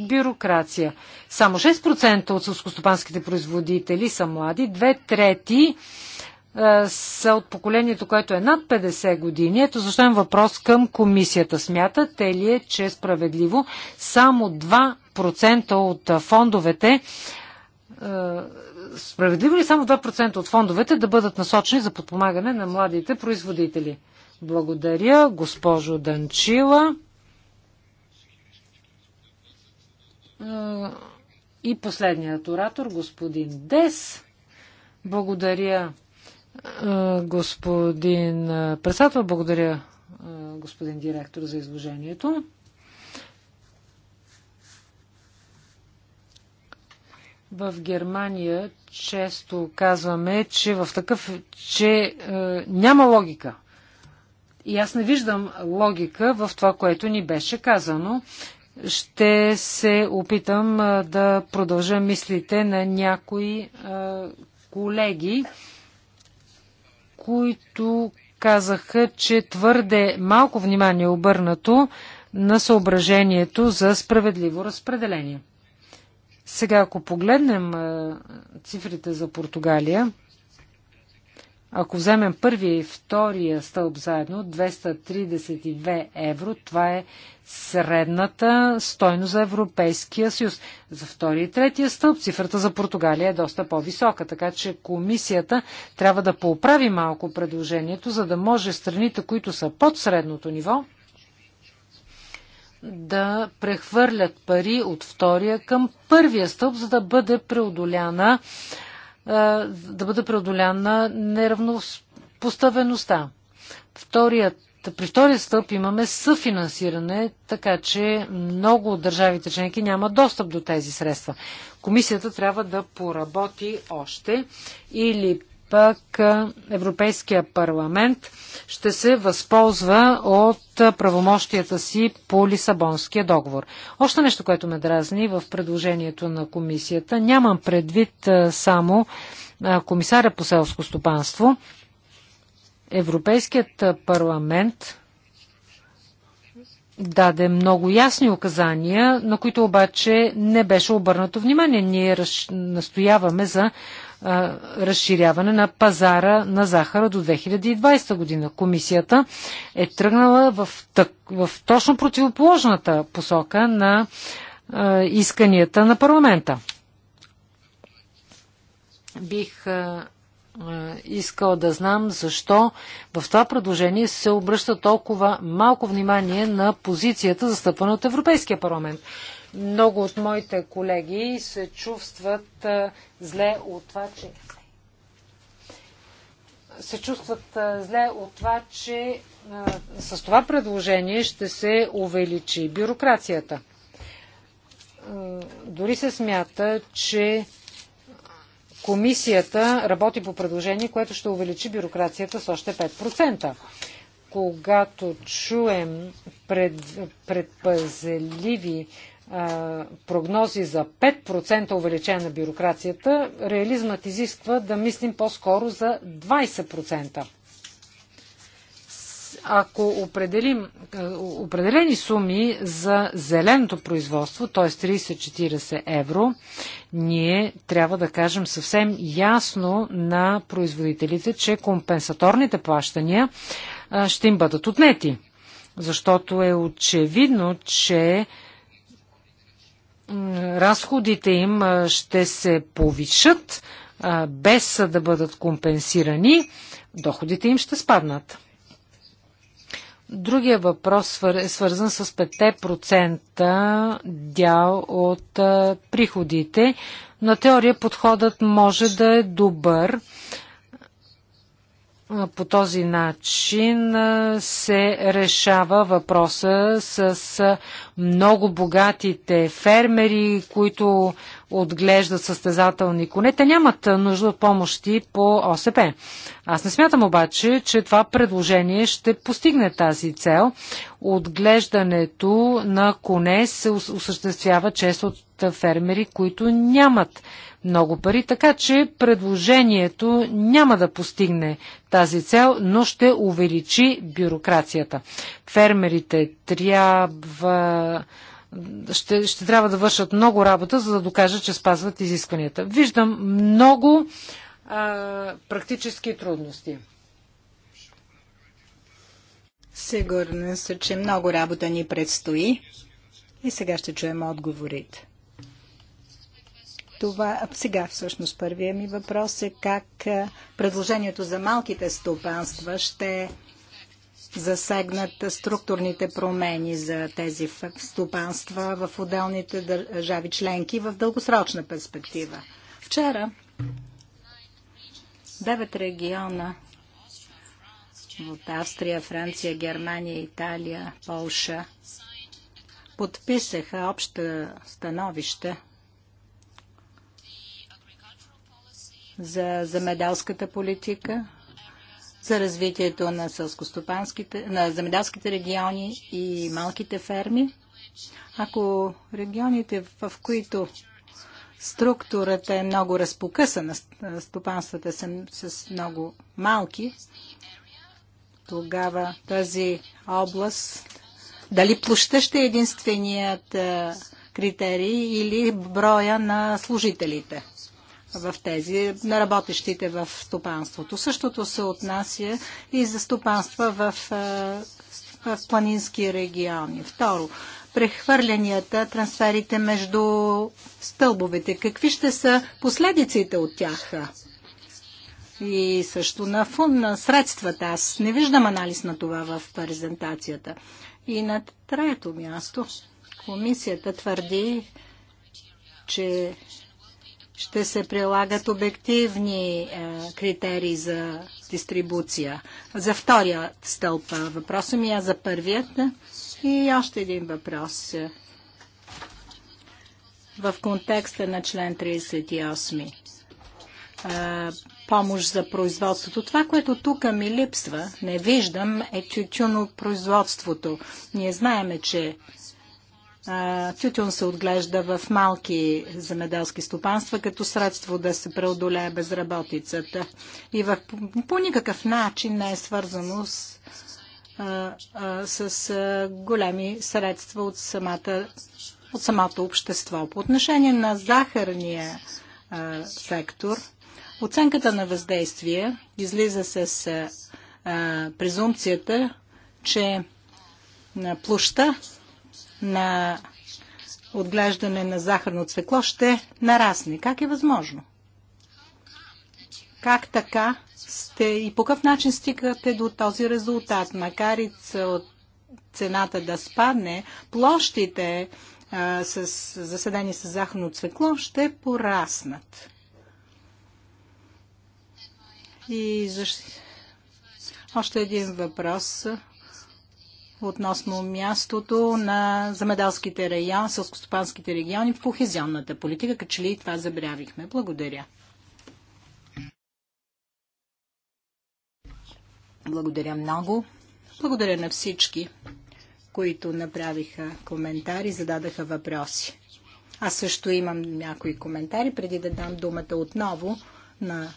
бюрокрация. Само 6% от сълскостопанските производители са млади, две трети е, са от поколението, което е над 50 години. Ето защо е въпрос към комисията. Смятате ли е, че справедливо само 2% от е, фондовете е, справедливо ли само 2% от фондовете да бъдат насочени за подпомагане на младите производители? Благодаря, госпожо Данчила. И последният оратор, господин Дес. Благодаря, Господин председател, благодаря господин директор за изложението. В Германия често казваме, че в такъв, че е, няма логика. И аз не виждам логика в това, което ни беше казано. Ще се опитам е, да продължа мислите на някои е, колеги които казаха, че твърде малко внимание е обърнато на съображението за справедливо разпределение. Сега, ако погледнем цифрите за Португалия, ако вземем първия и втория стълб заедно, 232 евро, това е средната стойност за Европейския съюз. За втория и третия стълб цифрата за Португалия е доста по-висока, така че комисията трябва да поправи малко предложението, за да може страните, които са под средното ниво, да прехвърлят пари от втория към първия стълб, за да бъде преодоляна да бъде преодоляна неравнопоставеността. Вторият при втория стълб имаме съфинансиране, така че много от държавите членки няма достъп до тези средства. Комисията трябва да поработи още или пък Европейския парламент ще се възползва от правомощията си по Лисабонския договор. Още нещо, което ме дразни в предложението на комисията. Нямам предвид само комисаря по селско стопанство. Европейският парламент даде много ясни указания, на които обаче не беше обърнато внимание. Ние настояваме за разширяване на пазара на захара до 2020 година. Комисията е тръгнала в, в точно противоположната посока на исканията на парламента. Бих искал искала да знам защо в това предложение се обръща толкова малко внимание на позицията застъпвана от Европейския парламент. Много от моите колеги се чувстват зле от това, че се чувстват зле от това, че с това предложение ще се увеличи бюрокрацията. дори се смята, че комисията работи по предложение, което ще увеличи бюрокрацията с още 5%. Когато чуем пред, предпазеливи прогнози за 5% увеличение на бюрокрацията, реализмът изисква да мислим по-скоро за 20%. Ако определим определени суми за зеленото производство, т.е. 30-40 евро, ние трябва да кажем съвсем ясно на производителите, че компенсаторните плащания ще им бъдат отнети. Защото е очевидно, че разходите им ще се повишат без да бъдат компенсирани, доходите им ще спаднат. Другия въпрос е свързан с 5% дял от приходите. На теория подходът може да е добър, по този начин се решава въпроса с много богатите фермери, които отглеждат състезателни коне. Те нямат нужда от помощи по ОСП. Аз не смятам обаче, че това предложение ще постигне тази цел. Отглеждането на коне се осъществява често от фермери, които нямат много пари, така че предложението няма да постигне тази цел, но ще увеличи бюрокрацията. Фермерите трябва ще, ще трябва да вършат много работа, за да докажат, че спазват изискванията. Виждам много
а, практически трудности. Сигурна се, че много работа ни предстои. И сега ще чуем отговорите. Това сега всъщност първия ми въпрос е как е, предложението за малките стопанства ще засегнат структурните промени за тези стопанства в отделните държави членки в дългосрочна перспектива. Вчера девет региона от Австрия, Франция, Германия, Италия, Полша подписаха обща становище за замедалската политика, за развитието на, на замедалските региони и малките ферми. Ако регионите, в които структурата е много разпокъсана, стопанствата са с много малки, тогава тази област, дали площа ще е единственият критерий или броя на служителите – в тези, на работещите в стопанството. Същото се отнася и за стопанства в, в планински региони. Второ, прехвърлянията, трансферите между стълбовете. Какви ще са последиците от тях? И също на фон на средствата. Аз не виждам анализ на това в презентацията. И на трето място комисията твърди, че ще се прилагат обективни е, критерии за дистрибуция. За втория стълб е, въпроса ми, а е за първият. И още един въпрос в контекста на член 38. Помощ за производството. Това, което тук ми липсва, не виждам, е производството. Ние знаеме, че тютюн се отглежда в малки земеделски стопанства като средство да се преодолее безработицата. И в, по никакъв начин не е свързано с, а, а, с големи средства от, самата, от самото общество. По отношение на захарния а, сектор, оценката на въздействие излиза с а, презумцията, че на площа на отглеждане на захарно цвекло ще нарасне. Как е възможно? Как така сте и по какъв начин стигате до този резултат? Макар и цената да спадне, площите а, с заседени с захарно цвекло ще пораснат. И защ... още един въпрос относно мястото на замедалските райони, сълскостопанските региони в кохезионната политика, като че ли и това забравихме. Благодаря. Благодаря много. Благодаря на всички, които направиха коментари, зададаха въпроси. Аз също имам някои коментари, преди да дам думата отново на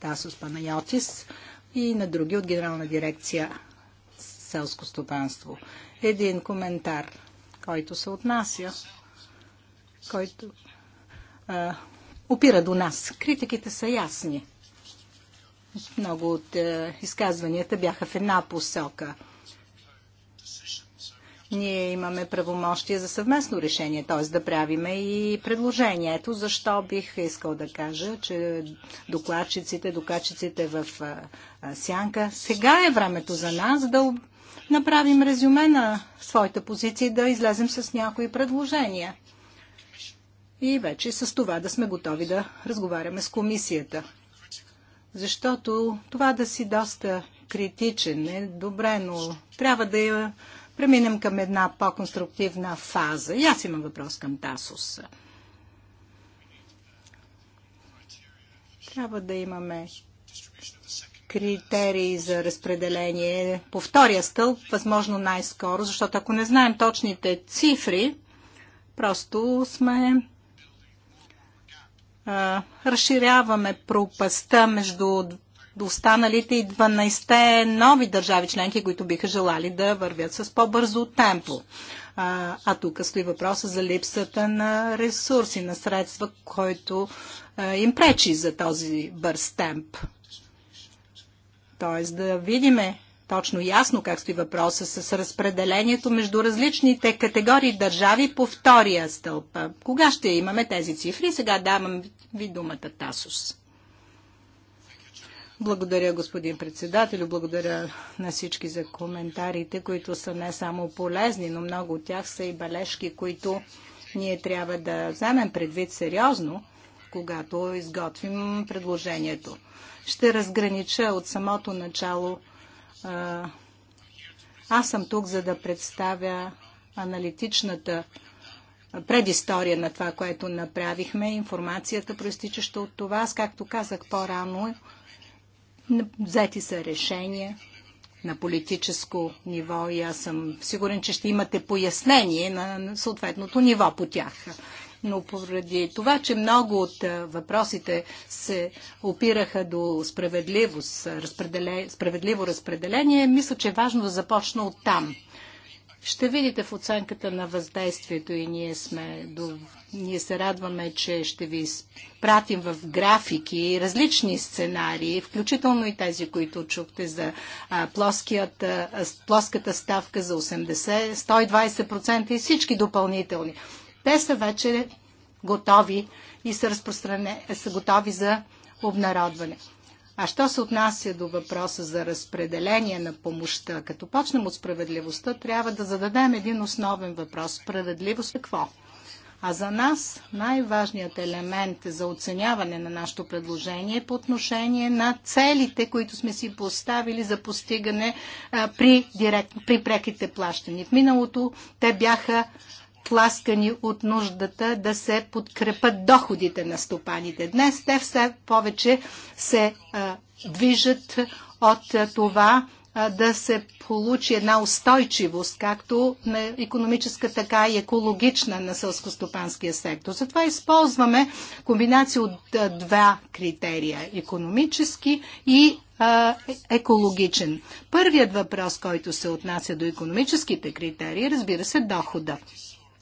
Тасос Панайотис и на други от Генерална дирекция селско стопанство. Един коментар, който се отнася, който а, опира до нас. Критиките са ясни. Много от а, изказванията бяха в една посока. Ние имаме правомощие за съвместно решение, т.е. да правиме и предложение. Ето защо бих искал да кажа, че докладчиците, докладчиците в а, а, Сянка, сега е времето за нас да направим резюме на своите позиции, да излезем с някои предложения. И вече с това да сме готови да разговаряме с комисията. Защото това да си доста критичен е добре, но трябва да я преминем към една по-конструктивна фаза. И аз имам въпрос към Тасос. Трябва да имаме критерии за разпределение по втория стълб, възможно най-скоро, защото ако не знаем точните цифри, просто сме а, разширяваме пропаста между останалите и 12 нови държави членки, които биха желали да вървят с по-бързо темпо. А, а тук стои въпроса за липсата на ресурси, на средства, който а, им пречи за този бърз темп т.е. да видиме точно ясно как стои въпроса с разпределението между различните категории държави по втория стълб. Кога ще имаме тези цифри? Сега давам ви думата Тасос. Благодаря, господин председател, Благодаря на всички за коментарите, които са не само полезни, но много от тях са и бележки, които ние трябва да вземем предвид сериозно, когато изготвим предложението ще разгранича от самото начало. Аз съм тук, за да представя аналитичната предистория на това, което направихме, информацията, проистичаща от това. Аз, както казах по-рано, взети са решения на политическо ниво и аз съм сигурен, че ще имате пояснение на съответното ниво по тях но поради това, че много от въпросите се опираха до справедливост, разпределение, справедливо разпределение, мисля, че е важно да започна от там. Ще видите в оценката на въздействието и ние, сме, до, ние се радваме, че ще ви пратим в графики различни сценарии, включително и тези, които чухте за плоският, плоската ставка за 80, 120% и всички допълнителни. Те са вече готови и са, разпростране... са готови за обнародване. А що се отнася до въпроса за разпределение на помощта, като почнем от справедливостта, трябва да зададем един основен въпрос. Справедливост е какво? А за нас най-важният елемент за оценяване на нашето предложение е по отношение на целите, които сме си поставили за постигане а, при, директ, при преките плащани. В миналото те бяха тласкани от нуждата да се подкрепят доходите на стопаните. Днес те все повече се а, движат от а, това а, да се получи една устойчивост, както на економическа, така и екологична на сълскостопанския сектор. Затова използваме комбинация от а, два критерия – економически и екологичен. Първият въпрос, който се отнася до економическите критерии, разбира се, дохода.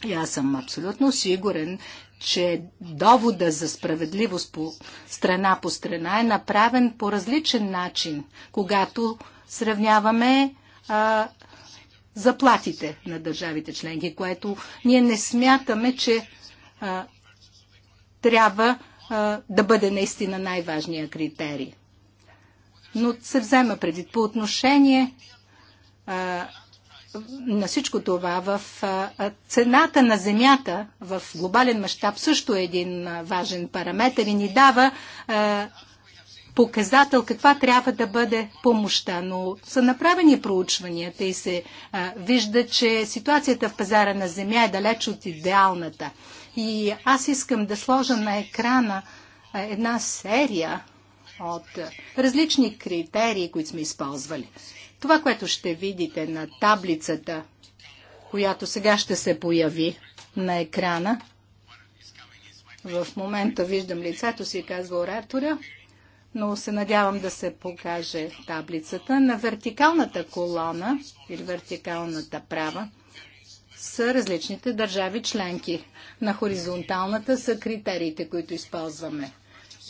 И аз съм абсолютно сигурен, че довода за справедливост по страна по страна е направен по различен начин, когато сравняваме а, заплатите на държавите членки, което ние не смятаме, че а, трябва а, да бъде наистина най-важния критерий. Но се взема преди по отношение а, на всичко това в цената на земята в глобален мащаб също е един важен параметр и ни дава показател каква трябва да бъде помощта. Но са направени проучванията и се вижда, че ситуацията в пазара на земя е далеч от идеалната. И аз искам да сложа на екрана една серия от различни критерии, които сме използвали. Това, което ще видите на таблицата, която сега ще се появи на екрана, в момента виждам лицето си, казва оратора, но се надявам да се покаже таблицата. На вертикалната колона или вертикалната права са различните държави членки. На хоризонталната са критериите, които използваме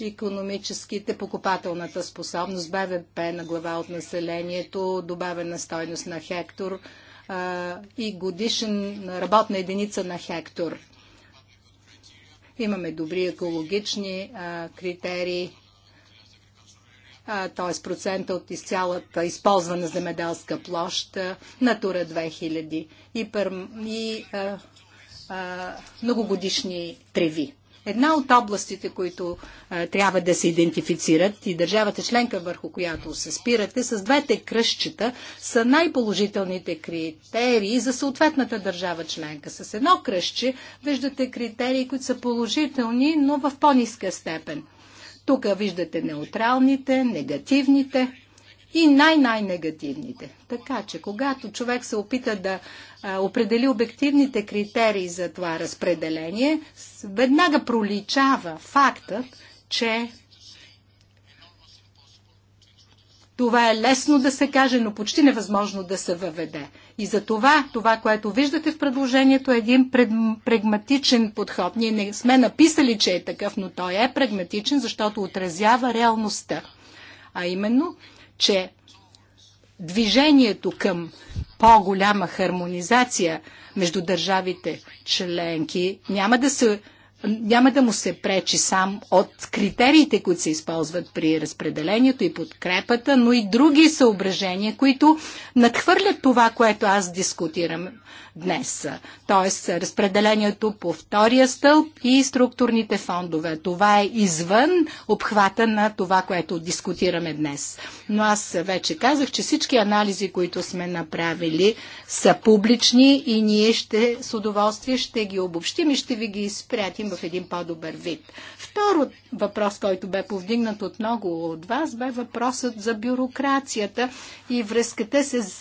економическите покупателната способност, БВП на глава от населението, добавена стойност на хектор а, и годишен работна единица на хектор. Имаме добри екологични а, критерии, т.е. процента от изцялата използвана земеделска площ, Натура 2000 и, пър... и а, а, многогодишни треви. Една от областите, които е, трябва да се идентифицират и държавата членка върху която се спирате, с двете кръщчета са най-положителните критерии за съответната държава членка. С едно кръщче виждате критерии, които са положителни, но в по-ниска степен. Тук виждате неутралните, негативните, и най-най-негативните. Така че, когато човек се опита да а, определи обективните критерии за това разпределение, веднага проличава фактът, че това е лесно да се каже, но почти невъзможно да се въведе. И за това, това, което виждате в предложението, е един пред, прагматичен подход. Ние не сме написали, че е такъв, но той е прагматичен, защото отразява реалността. А именно, че движението към по-голяма хармонизация между държавите членки няма да се няма да му се пречи сам от критериите, които се използват при разпределението и подкрепата, но и други съображения, които надхвърлят това, което аз дискутирам днес. Тоест разпределението по втория стълб и структурните фондове. Това е извън обхвата на това, което дискутираме днес. Но аз вече казах, че всички анализи, които сме направили, са публични и ние ще с удоволствие ще ги обобщим и ще ви ги изпратим в един по-добър вид. Второ въпрос, който бе повдигнат от много от вас, бе въпросът за бюрокрацията и връзката с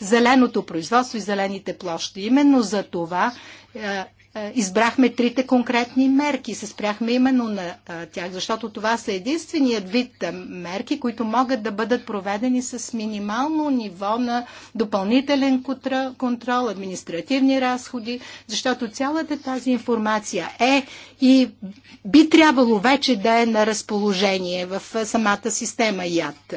зеленото производство и зелените площи. Именно за това е, е, избрахме трите конкретни мерки. Се спряхме именно на е, тях, защото това са единственият вид е, мерки, които могат да бъдат проведени с минимално ниво на допълнителен контрол, административни разходи, защото цялата тази информация е и би трябвало вече да е на разположение в самата система ЯД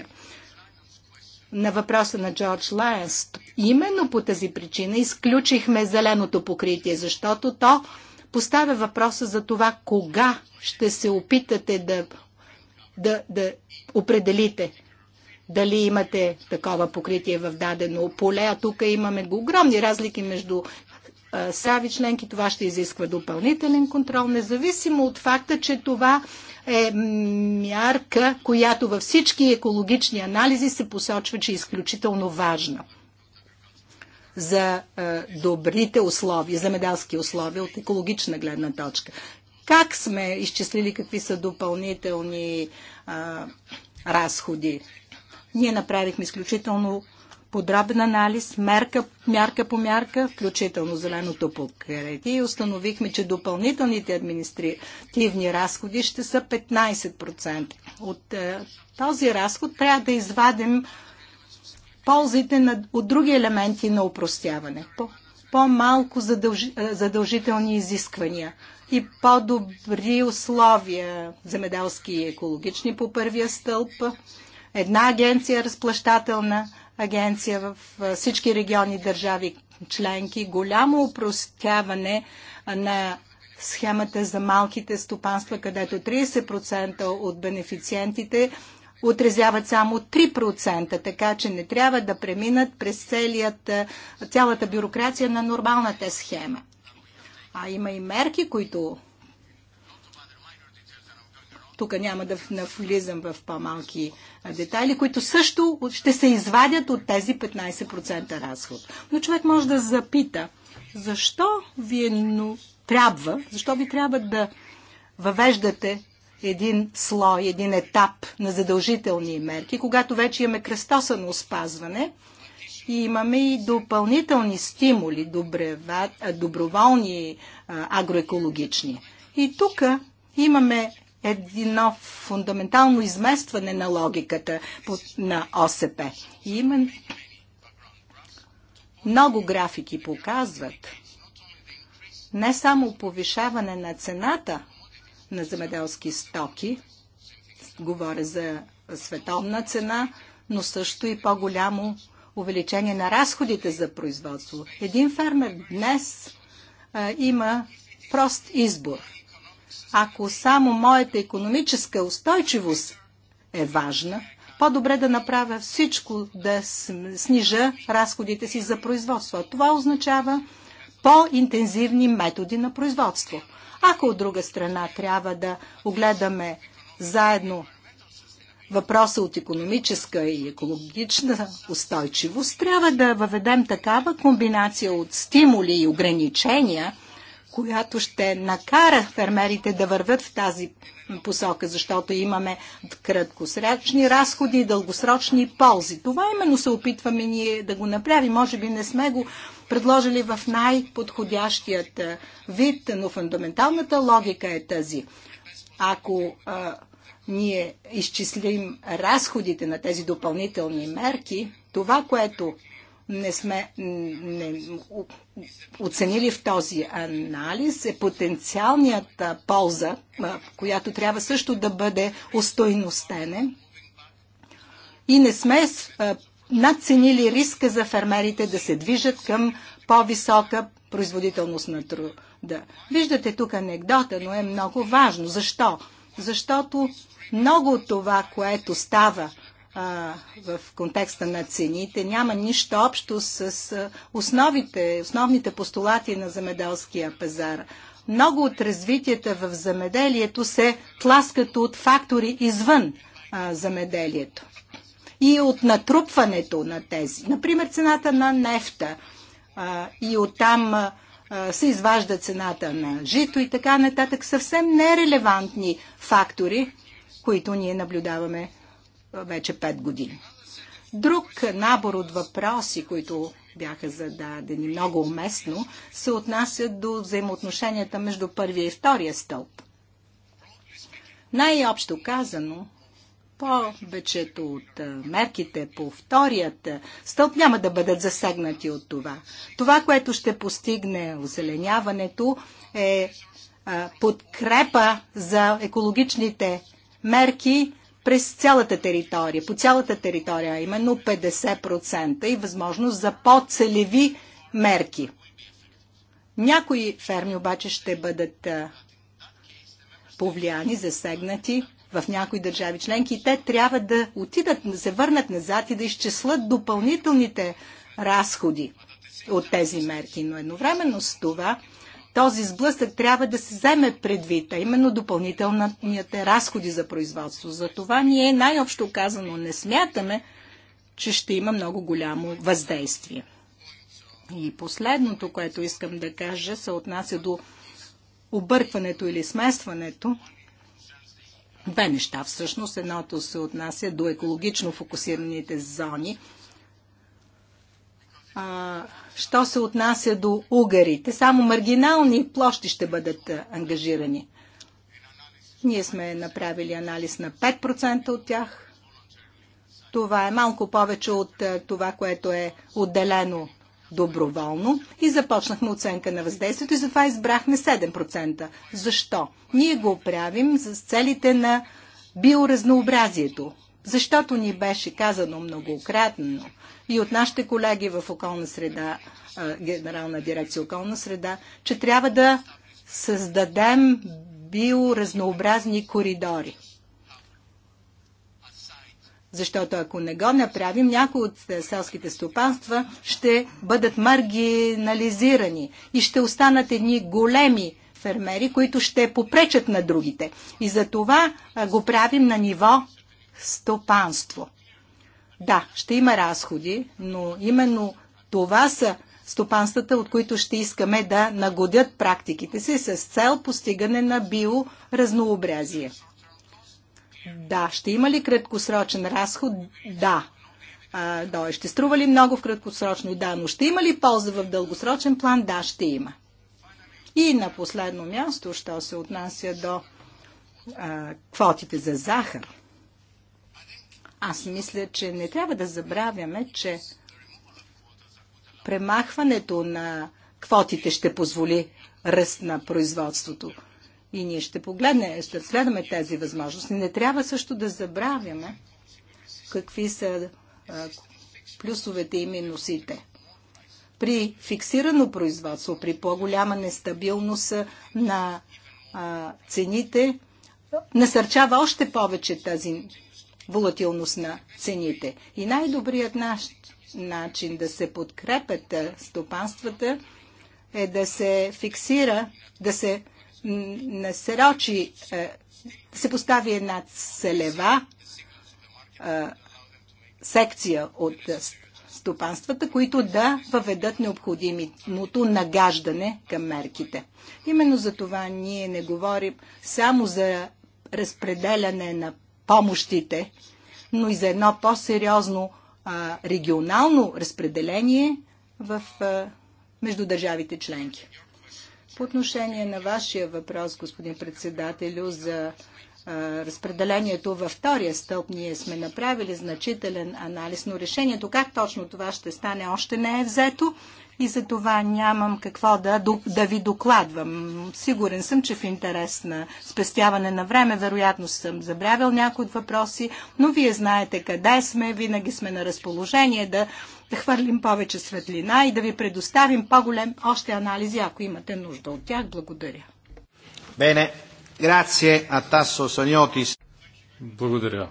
на въпроса на Джордж Лайенс. Именно по тази причина изключихме зеленото покритие, защото то поставя въпроса за това кога ще се опитате да, да, да определите дали имате такова покритие в дадено поле, а тук имаме огромни разлики между страви членки. Това ще изисква допълнителен контрол, независимо от факта, че това е мярка, която във всички екологични анализи се посочва, че е изключително важна за е, добрите условия, за медалски условия от екологична гледна точка. Как сме изчислили какви са допълнителни е, разходи? Ние направихме изключително подробен анализ, мерка, мярка по мярка, включително зеленото покрити и установихме, че допълнителните административни разходи ще са 15%. От е, този разход трябва да извадим ползите на, от други елементи на упростяване. По, по-малко е, задължителни изисквания и по-добри условия, земеделски и екологични по първия стълб, една агенция разплащателна – агенция в всички региони държави членки, голямо упростяване на схемата за малките стопанства, където 30% от бенефициентите отрезяват само 3%, така че не трябва да преминат през целият, цялата бюрокрация на нормалната схема. А има и мерки, които тук няма да навлизам в по-малки детайли, които също ще се извадят от тези 15% разход. Но човек може да запита, защо ви е трябва, защо ви трябва да въвеждате един слой, един етап на задължителни мерки, когато вече имаме кръстосано спазване и имаме и допълнителни стимули, доброволни, агроекологични. И тук имаме едно фундаментално изместване на логиката на ОСП. И именно много графики показват не само повишаване на цената на земеделски стоки, говоря за световна цена, но също и по-голямо увеличение на разходите за производство. Един фермер днес а, има прост избор – ако само моята економическа устойчивост е важна, по-добре да направя всичко да снижа разходите си за производство. Това означава по-интензивни методи на производство. Ако от друга страна трябва да огледаме заедно въпроса от економическа и екологична устойчивост, трябва да въведем такава комбинация от стимули и ограничения – която ще накара фермерите да вървят в тази посока, защото имаме краткосрочни разходи и дългосрочни ползи. Това именно се опитваме ние да го направим. Може би не сме го предложили в най-подходящият вид, но фундаменталната логика е тази. Ако а, ние изчислим разходите на тези допълнителни мерки, това, което не сме не, оценили в този анализ е потенциалният полза, която трябва също да бъде устойностене. И не сме надценили риска за фермерите да се движат към по-висока производителност на труда. Виждате тук анекдота, но е много важно. Защо? Защото много от това, което става в контекста на цените няма нищо общо с основите, основните постулати на земеделския пазар. Много от развитията в земеделието се тласкат от фактори извън замеделието земеделието и от натрупването на тези. Например, цената на нефта и оттам там се изважда цената на жито и така нататък. Съвсем нерелевантни фактори, които ние наблюдаваме вече 5 години. Друг набор от въпроси, които бяха зададени много уместно, се отнасят до взаимоотношенията между първия и втория стълб. Най-общо казано, повечето от мерките по вторият стълб няма да бъдат засегнати от това. Това, което ще постигне озеленяването е подкрепа за екологичните мерки през цялата територия, по цялата територия, именно 50% и възможност за по-целеви мерки. Някои ферми обаче ще бъдат повлияни, засегнати в някои държави членки и те трябва да отидат, да се върнат назад и да изчислят допълнителните разходи от тези мерки. Но едновременно с това този сблъсък трябва да се вземе предвид, а именно допълнителните разходи за производство. За това ние най-общо казано не смятаме, че ще има много голямо въздействие. И последното, което искам да кажа, се отнася до объркването или смесването. Две неща всъщност. Едното се отнася до екологично фокусираните зони – а, що се отнася до угарите. Само маргинални площи ще бъдат ангажирани. Ние сме направили анализ на 5% от тях. Това е малко повече от това, което е отделено доброволно и започнахме оценка на въздействието и затова избрахме 7%. Защо? Ние го правим с целите на биоразнообразието, защото ни беше казано многократно, и от нашите колеги в околна среда, Генерална дирекция околна среда, че трябва да създадем биоразнообразни коридори. Защото ако не го направим, някои от селските стопанства ще бъдат маргинализирани и ще останат едни големи фермери, които ще попречат на другите. И за това го правим на ниво стопанство. Да, ще има разходи, но именно това са стопанствата, от които ще искаме да нагодят практиките си с цел постигане на биоразнообразие. Да, ще има ли краткосрочен разход? Да. А, да, ще струва ли много в краткосрочно? Да, но ще има ли полза в дългосрочен план? Да, ще има. И на последно място, що се отнася до а, квотите за захар. Аз мисля, че не трябва да забравяме, че премахването на квотите ще позволи ръст на производството. И ние ще погледнем, ще следваме тези възможности. Не трябва също да забравяме какви са а, плюсовете и минусите. При фиксирано производство, при по-голяма нестабилност на а, цените, насърчава още повече тази волатилност на цените. И най-добрият наш начин да се подкрепят стопанствата е да се фиксира, да се насрочи, е, да се постави една целева е, секция от стопанствата, които да въведат необходимото нагаждане към мерките. Именно за това ние не говорим само за разпределяне на помощите, но и за едно по-сериозно регионално разпределение в, а, между държавите членки. По отношение на вашия въпрос, господин председателю, за а, разпределението във втория стълб, ние сме направили значителен анализ, но решението как точно това ще стане още не е взето и за това нямам какво да, да ви докладвам. Сигурен съм, че в интерес на спестяване на време, вероятно съм забравил някои от въпроси, но вие знаете къде сме, винаги сме на разположение да, да хвърлим повече светлина и да ви предоставим по-голем още анализи, ако имате нужда от тях. Благодаря.
Bene, grazie a Tasso Благодаря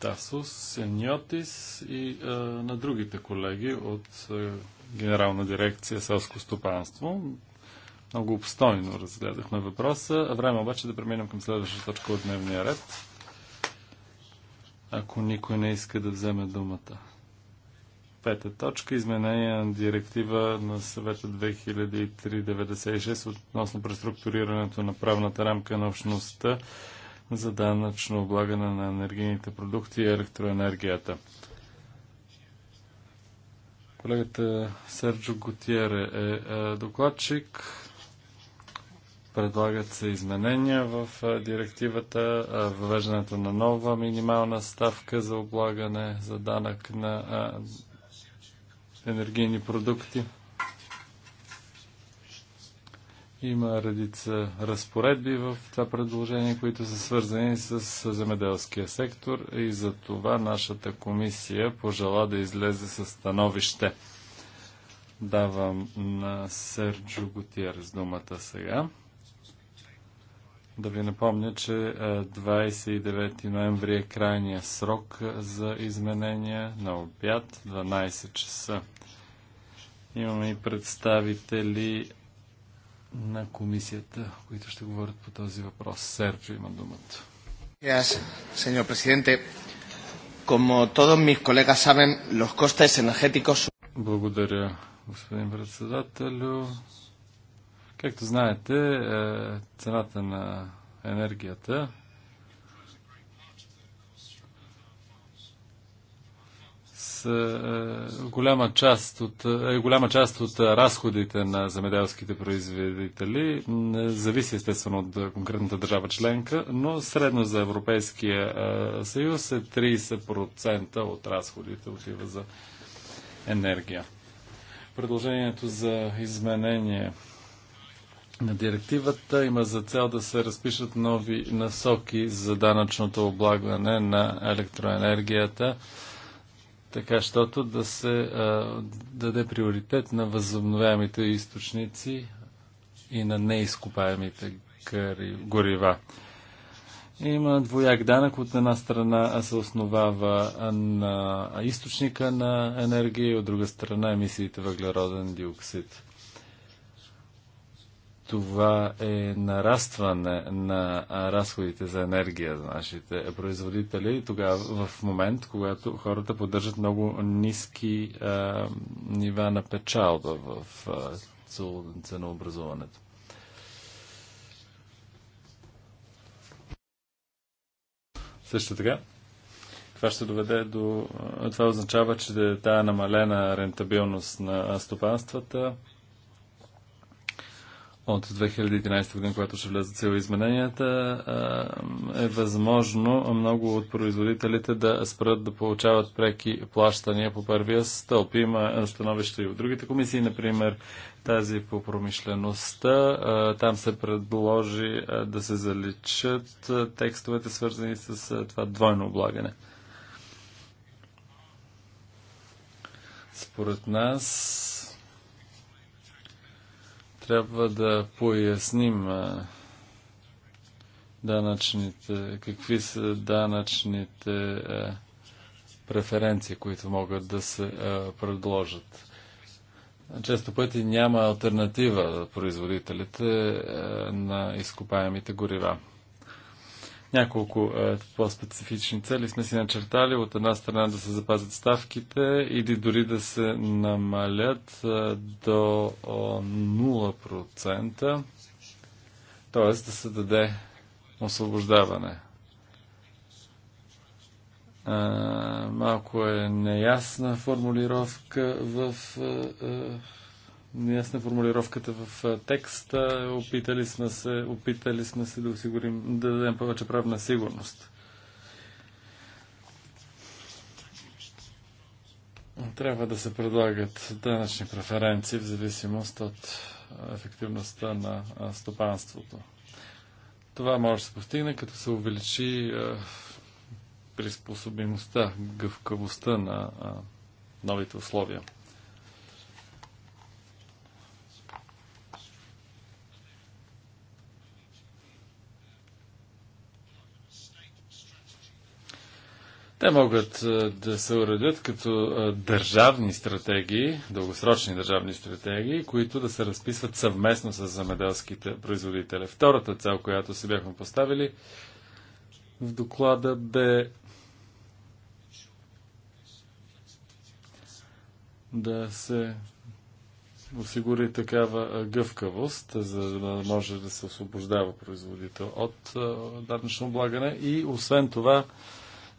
Тасос, Сеньотис и а, на другите колеги от а, Генерална дирекция селско стопанство. Много обстойно разгледахме въпроса. Време обаче да преминем към следващата точка от дневния ред. Ако никой не иска да вземе думата. Пета точка. Изменение на директива на съвета 2003-96 относно преструктурирането на правната рамка на общността за данъчно облагане на енергийните продукти и електроенергията. Колегата Серджо Готиере е, е докладчик. Предлагат се изменения в е, директивата, е, въвеждането на нова минимална ставка за облагане за данък на енергийни продукти. Има редица разпоредби в това предложение, които са свързани с земеделския сектор и за това нашата комисия пожела да излезе с становище. Давам на Серджо с думата сега. Да ви напомня, че 29 ноември е крайния срок за изменения на обяд 12 часа. Имаме и представители на комисията, които ще говорят по този въпрос. Серджо има думата. Gracias, señor presidente. Como todos mis colegas saben, los costes energéticos... Благодаря, господин председателю. Както знаете, е, цената на енергията Е, е, голяма част от, е, голяма част от разходите на земеделските производители зависи естествено от конкретната държава членка, но средно за Европейския съюз е 30% от разходите отива за енергия. Предложението за изменение на директивата има за цел да се разпишат нови насоки за данъчното облагане на електроенергията така щото да се а, даде приоритет на възобновяемите източници и на неизкопаемите горива. Има двояк данък. От една страна се основава на източника на енергия и от друга страна емисиите въглероден диоксид това е нарастване на разходите за енергия за нашите производители. Тогава, в момент, когато хората поддържат много ниски а, нива на печалба в ценообразуването. Също така, това ще доведе до... Това означава, че тази намалена рентабилност на стопанствата от 2011 година, когато ще влезат сила измененията, е възможно много от производителите да спрат да получават преки плащания по първия стълб. Има становища и от другите комисии, например тази по промишлеността. Там се предложи да се заличат текстовете, свързани с това двойно облагане. Според нас трябва да поясним данъчните, какви са данъчните преференции, които могат да се предложат. Често пъти няма альтернатива производителите на изкопаемите горива. Няколко е, по-специфични цели сме си начертали. От една страна да се запазят ставките или дори да се намалят е, до 0%, т.е. да се даде освобождаване е, малко е неясна формулировка в неясна формулировката в текста. Опитали сме се, опитали сме се да осигурим, да дадем повече правна сигурност. Трябва да се предлагат данъчни преференции в зависимост от ефективността на стопанството. Това може да се постигне, като се увеличи приспособимостта, гъвкавостта на новите условия. Те могат да се уредят като държавни стратегии, дългосрочни държавни стратегии, които да се разписват съвместно с замеделските производители. Втората цел, която се бяхме поставили в доклада, бе да се осигури такава гъвкавост, за да може да се освобождава производител от данъчно облагане и освен това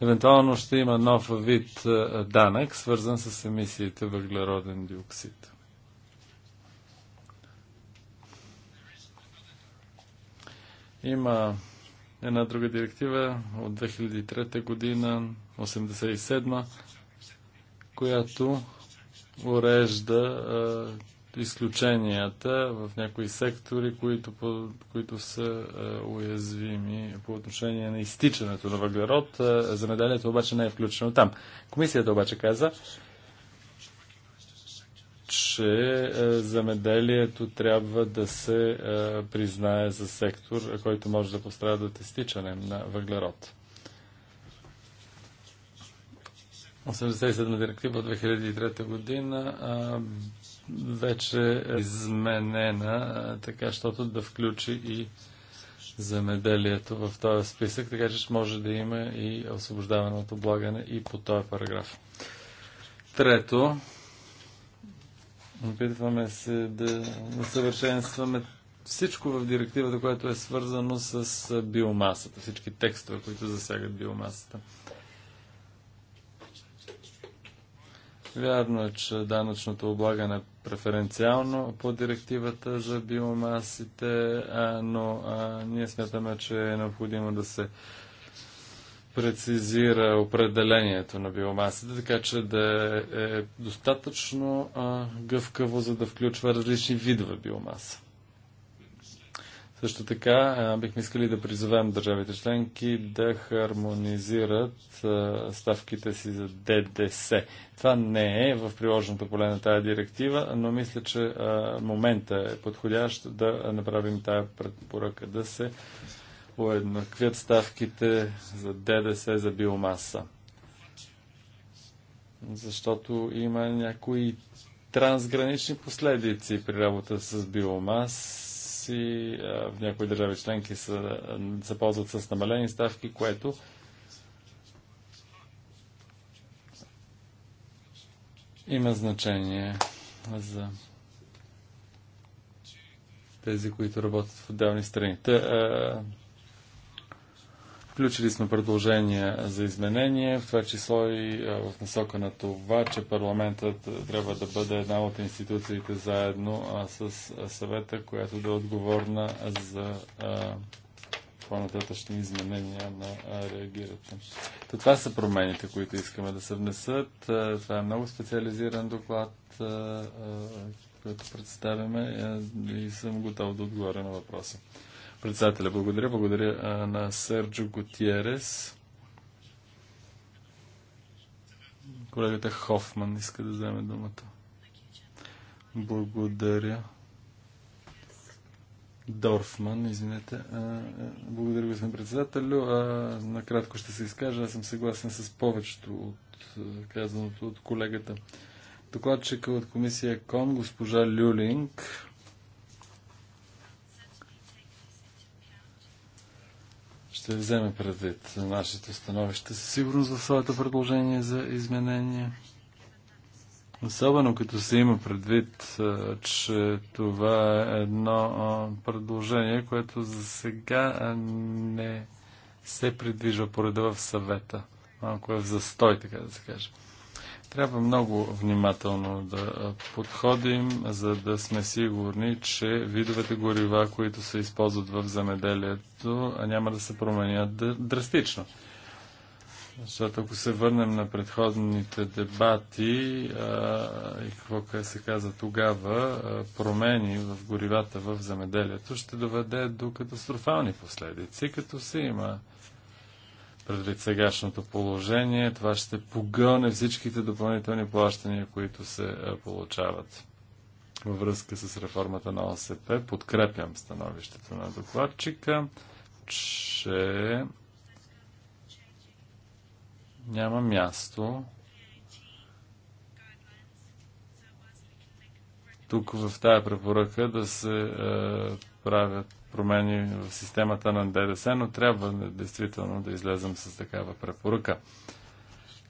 Евентуално ще има нов вид е, данък, свързан с емисиите въглероден диоксид. Има една друга директива от 2003 година, 87 която урежда е, изключенията в някои сектори, които, които са е, уязвими по отношение на изтичането на въглерод. Е, Замеделието обаче не е включено там. Комисията обаче каза, че е, замеделието трябва да се е, признае за сектор, който може да пострада от изтичане на въглерод. 87 директива от 2003 година е, вече е изменена, така защото да включи и земеделието в този списък, така че може да има и освобождаване от облагане и по този параграф. Трето, опитваме се да усъвършенстваме всичко в директивата, което е свързано с биомасата, всички текстове, които засягат биомасата. Вярно е, че данъчното облагане е преференциално по директивата за биомасите, а, но а, ние смятаме, че е необходимо да се прецизира определението на биомасите, така че да е, е достатъчно а, гъвкаво, за да включва различни видове биомаса. Също така бихме искали да призовем държавите членки да хармонизират ставките си за ДДС. Това не е в приложеното поле на тази директива, но мисля, че момента е подходящ да направим тая предпоръка да се уеднаквят ставките за ДДС за биомаса. Защото има някои трансгранични последици при работа с биомас си, в някои държави членки са, се ползват с намалени ставки, което има значение за тези, които работят в отделни страни. Та, Включили сме предложения за изменение, в това число и в насока на това, че парламентът трябва да бъде една от институциите заедно с съвета, която да е отговорна за по-нататъчни изменения на реагирането. То това са промените, които искаме да се внесат. Това е много специализиран доклад, който представяме и съм готов да отговоря на въпроса. Председателя, благодаря. Благодаря на Серджо Готиерес. Колегата Хофман иска да вземе думата. Благодаря. Дорфман, извинете. Благодаря, господин председател, Накратко ще се изкажа. Аз съм съгласен с повечето от казаното от колегата. Докладчика от комисия КОН, госпожа Люлинг, ще вземе предвид нашето становище със сигурност в своето предложение за изменение. Особено като се има предвид, че това е едно предложение, което за сега не се придвижва по реда в съвета. Малко е в застой, така да се каже. Трябва много внимателно да подходим, за да сме сигурни, че видовете горива, които се използват в земеделието, няма да се променят драстично. Защото ако се върнем на предходните дебати а, и какво се каза тогава, а, промени в горивата в замеделието ще доведе до катастрофални последици, като се има предвид сегашното положение, това ще погълне всичките допълнителни плащания, които се е, получават. Във връзка с реформата на ОСП подкрепям становището на докладчика, че няма място тук в тая препоръка да се е, правят промени в системата на ДДС, но трябва действително да излезем с такава препоръка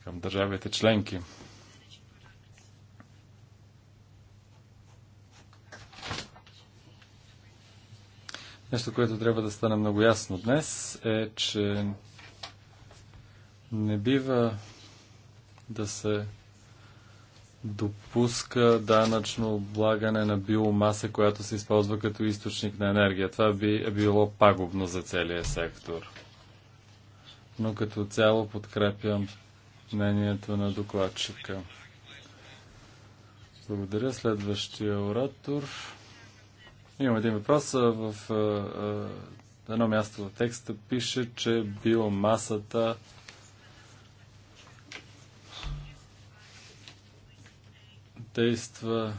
към държавите членки. Нещо, което трябва да стане много ясно днес е, че не бива да се допуска данъчно облагане на биомаса, която се използва като източник на енергия. Това би е било пагубно за целия сектор. Но като цяло подкрепям мнението на докладчика. Благодаря. Следващия оратор. Имам един въпрос. В едно място в текста пише, че биомасата действа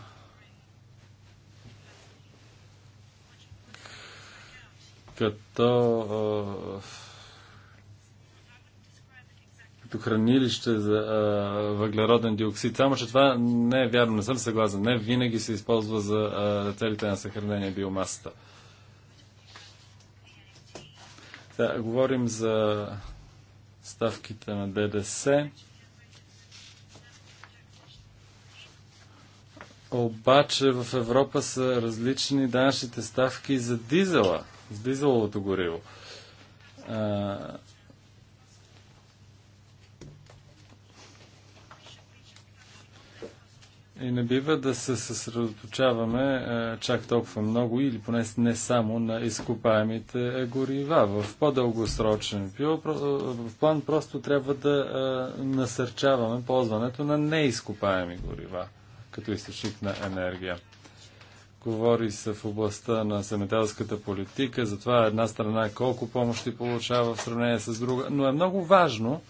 като като хранилище за а, въглероден диоксид. Само, че това не е вярно, не съм съгласен. Не винаги се използва за а, целите на съхранение биомасата. Да, говорим за ставките на ДДС. Обаче в Европа са различни данъчните ставки за дизела, с дизеловото гориво. А, И не бива да се съсредоточаваме чак толкова много или поне не само на изкопаемите горива. В по-дългосрочен план просто трябва да насърчаваме ползването на неизкопаеми горива като източник на енергия. Говори се в областта на земеделската политика, Затова е една страна колко помощи получава в сравнение с друга, но е много важно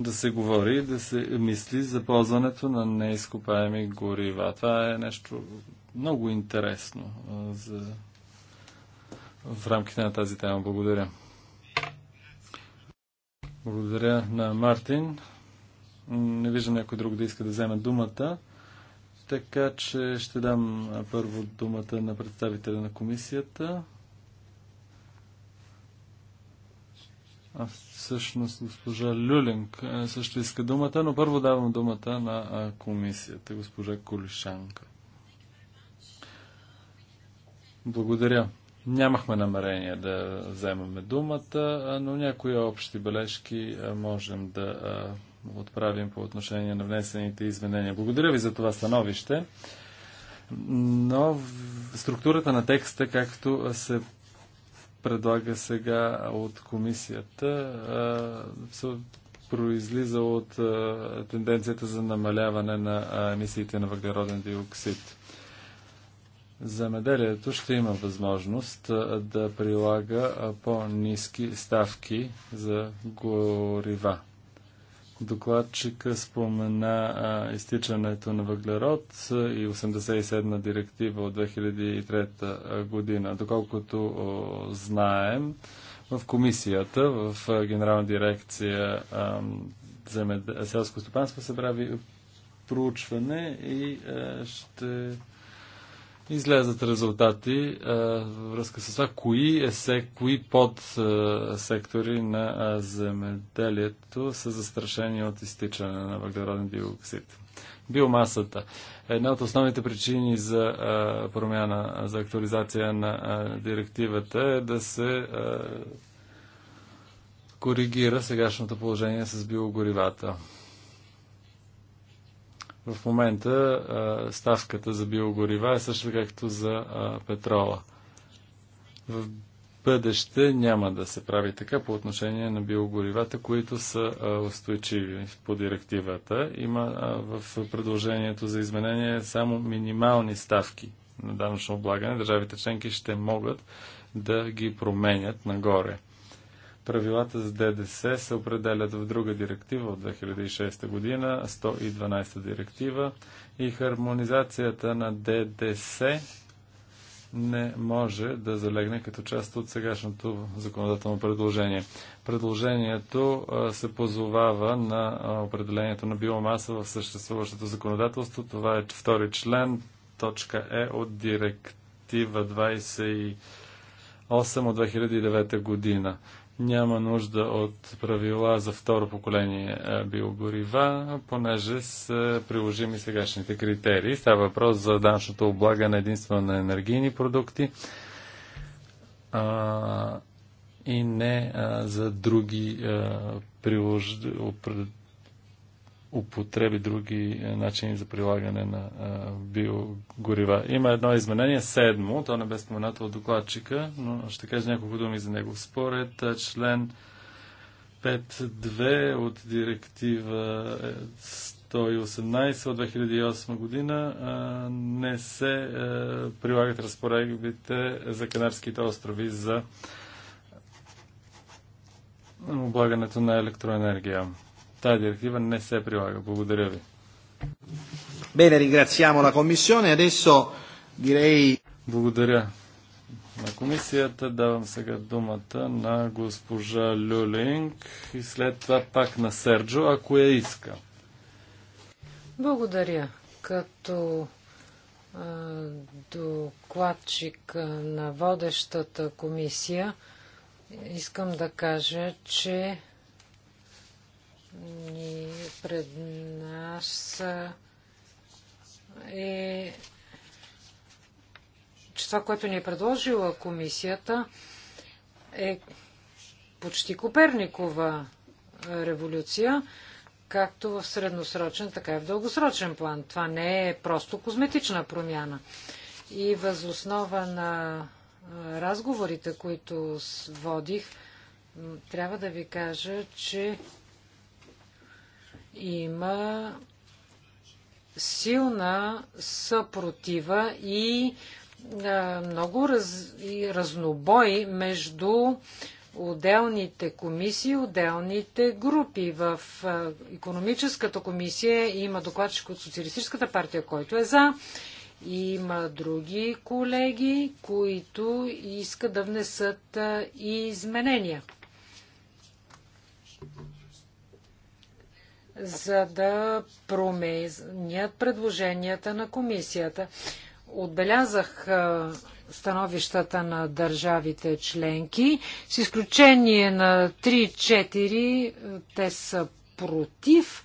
да се говори да се мисли за ползването на неизкопаеми горива. Това е нещо много интересно за... в рамките на тази тема. Благодаря. Благодаря на Мартин. Не виждам някой друг да иска да вземе думата. Така че ще дам първо думата на представителя на комисията. А всъщност госпожа Люлинг също иска думата, но първо давам думата на комисията, госпожа Колишанка. Благодаря. Нямахме намерение да вземаме думата, но някои общи бележки можем да отправим по отношение на внесените изменения. Благодаря ви за това становище, но структурата на текста, както се предлага сега от комисията, се произлиза от тенденцията за намаляване на емисиите на въглероден диоксид. Замеделието ще има възможност да прилага по-низки ставки за горива. Докладчика спомена а, изтичането на въглерод и 87-на директива от 2003 година. Доколкото о, знаем, в комисията, в Генерална дирекция за селско стопанство се прави проучване и а, ще излезат резултати а, е, връзка с това, кои, е се, кои под а, е, сектори на а, е, земеделието са застрашени от изтичане на въглероден диоксид. Биомасата. Една от основните причини за а, промяна, за актуализация на а, директивата е да се а, коригира сегашното положение с биогоривата. В момента ставката за биогорива е също както за петрола. В бъдеще няма да се прави така по отношение на биогоривата, които са устойчиви по директивата. Има в предложението за изменение само минимални ставки на данъчно облагане. Държавите членки ще могат да ги променят нагоре. Правилата за ДДС се определят в друга директива от 2006 година, 112 директива и хармонизацията на ДДС не може да залегне като част от сегашното законодателно предложение. Предложението се позовава на определението на биомаса в съществуващото законодателство. Това е втори член, точка Е от директива 28 от 2009 година. Няма нужда от правила за второ поколение биогорива, понеже са приложими сегашните критерии. Става въпрос за данъчното облагане единствено на енергийни продукти а, и не а, за други а, прилож употреби, други е, начини за прилагане на е, биогорива. Има едно изменение, седмо, то не бе споменато от докладчика, но ще кажа няколко думи за него. Според е, член 5.2 от директива 118 от 2008 година не се прилагат разпоредбите за Канарските острови за облагането на електроенергия тази директива не се прилага. Благодаря ви. Бене, ringraziamo la Commissione. Adesso direi... Благодаря на комисията. Давам сега думата на госпожа Люлинг и след това пак на Серджо, ако я иска.
Благодаря. Като а, докладчик на водещата комисия искам да кажа, че ни пред нас е, че това, което ни е предложила комисията, е почти Коперникова революция, както в средносрочен, така и в дългосрочен план. Това не е просто козметична промяна. И възоснова на разговорите, които водих, трябва да ви кажа, че има силна съпротива и много раз, и разнобой между отделните комисии, отделните групи. В економическата комисия има докладчик от Социалистическата партия, който е за. има други колеги, които искат да внесат и изменения. за да променят предложенията на комисията. Отбелязах становищата на държавите членки. С изключение на 3-4 те са против.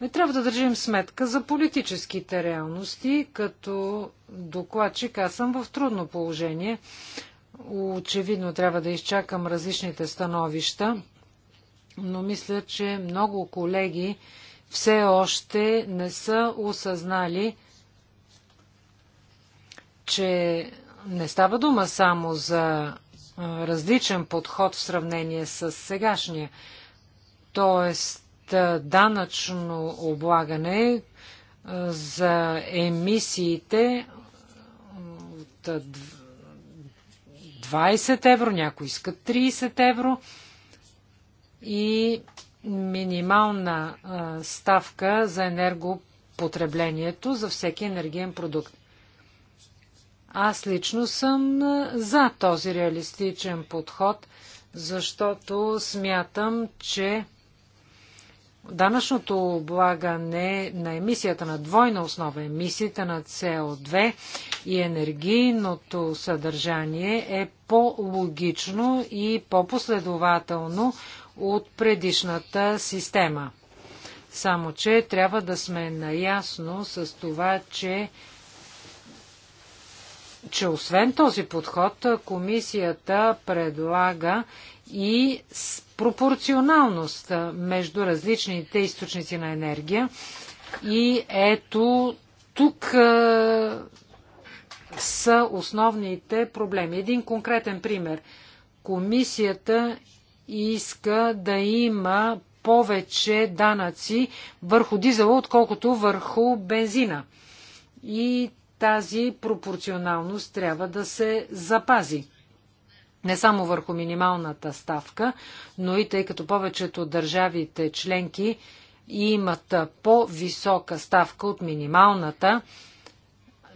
Не трябва да държим сметка за политическите реалности. Като докладчик аз съм в трудно положение. Очевидно трябва да изчакам различните становища но мисля, че много колеги все още не са осъзнали, че не става дума само за различен подход в сравнение с сегашния. Тоест, данъчно облагане за емисиите от 20 евро, някои искат 30 евро и минимална ставка за енергопотреблението за всеки енергиен продукт. Аз лично съм за този реалистичен подход, защото смятам, че данъчното облагане на емисията на двойна основа, емисията на CO2 и енергийното съдържание е по-логично и по-последователно от предишната система. Само, че трябва да сме наясно с това, че че освен този подход, комисията предлага и пропорционалност между различните източници на енергия. И ето тук е, са основните проблеми. Един конкретен пример. Комисията иска да има повече данъци върху дизела, отколкото върху бензина. И тази пропорционалност трябва да се запази. Не само върху минималната ставка, но и тъй като повечето държавите членки имат по-висока ставка от минималната,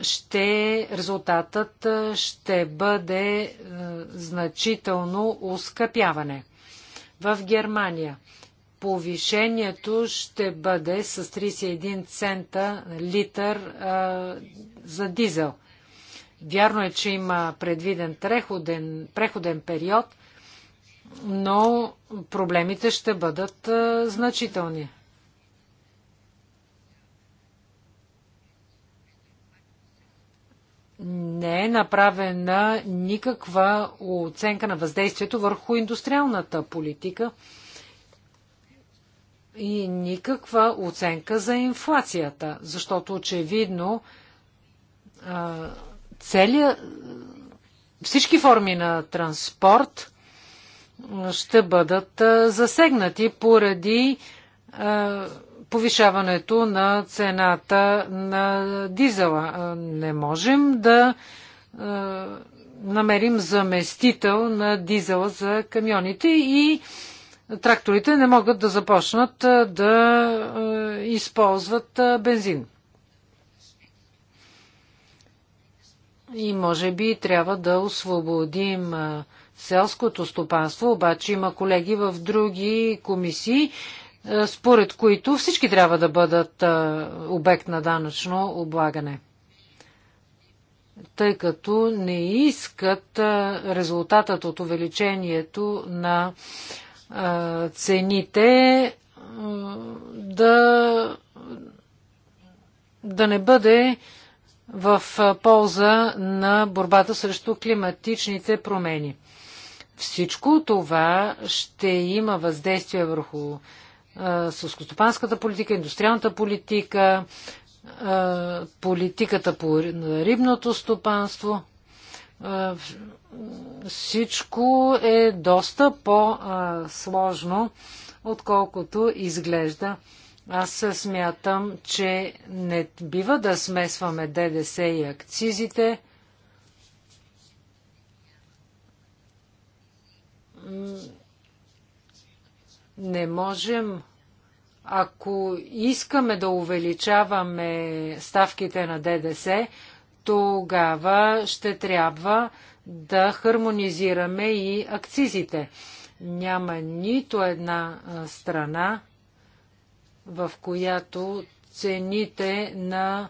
ще, резултатът ще бъде е, значително ускъпяване в Германия. Повишението ще бъде с 31 цента литър а, за дизел. Вярно е, че има предвиден преходен, преходен период, но проблемите ще бъдат а, значителни. не е направена никаква оценка на въздействието върху индустриалната политика и никаква оценка за инфлацията, защото очевидно целият, всички форми на транспорт ще бъдат засегнати поради повишаването на цената на дизела. Не можем да намерим заместител на дизела за камионите и тракторите не могат да започнат да използват бензин. И може би трябва да освободим селското стопанство, обаче има колеги в други комисии, е, според които всички трябва да бъдат е, обект на данъчно облагане тъй като не искат е, резултатът от увеличението на цените да, да не бъде в полза на борбата срещу климатичните промени. Всичко това ще има въздействие върху сълскостопанската политика, индустриалната политика, политиката по рибното стопанство. Всичко е доста по-сложно, отколкото изглежда. Аз смятам, че не бива да смесваме ДДС и акцизите. Не можем, ако искаме да увеличаваме ставките на ДДС, тогава ще трябва да хармонизираме и акцизите. Няма нито една страна, в която цените на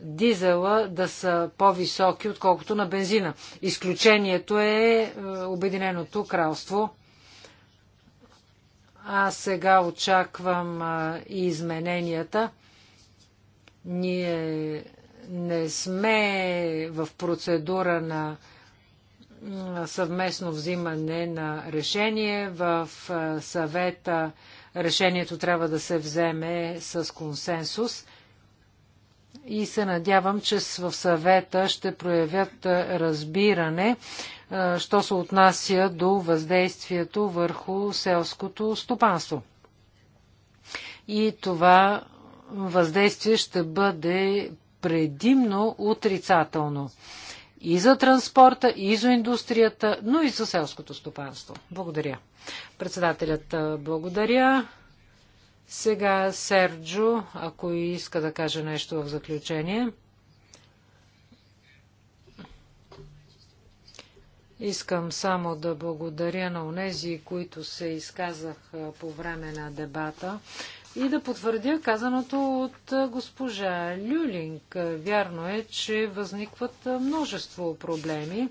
дизела да са по-високи, отколкото на бензина. Изключението е, е Обединеното кралство. Аз сега очаквам и измененията. Ние не сме в процедура на съвместно взимане на решение. В съвета решението трябва да се вземе с консенсус и се надявам, че в съвета ще проявят разбиране що се отнася до въздействието върху селското стопанство. И това въздействие ще бъде предимно отрицателно и за транспорта, и за индустрията, но и за селското стопанство. Благодаря. Председателят благодаря. Сега Серджо, ако иска да каже нещо в заключение. Искам само да благодаря на онези, които се изказах по време на дебата и да потвърдя казаното от госпожа Люлинг. Вярно е, че възникват множество проблеми,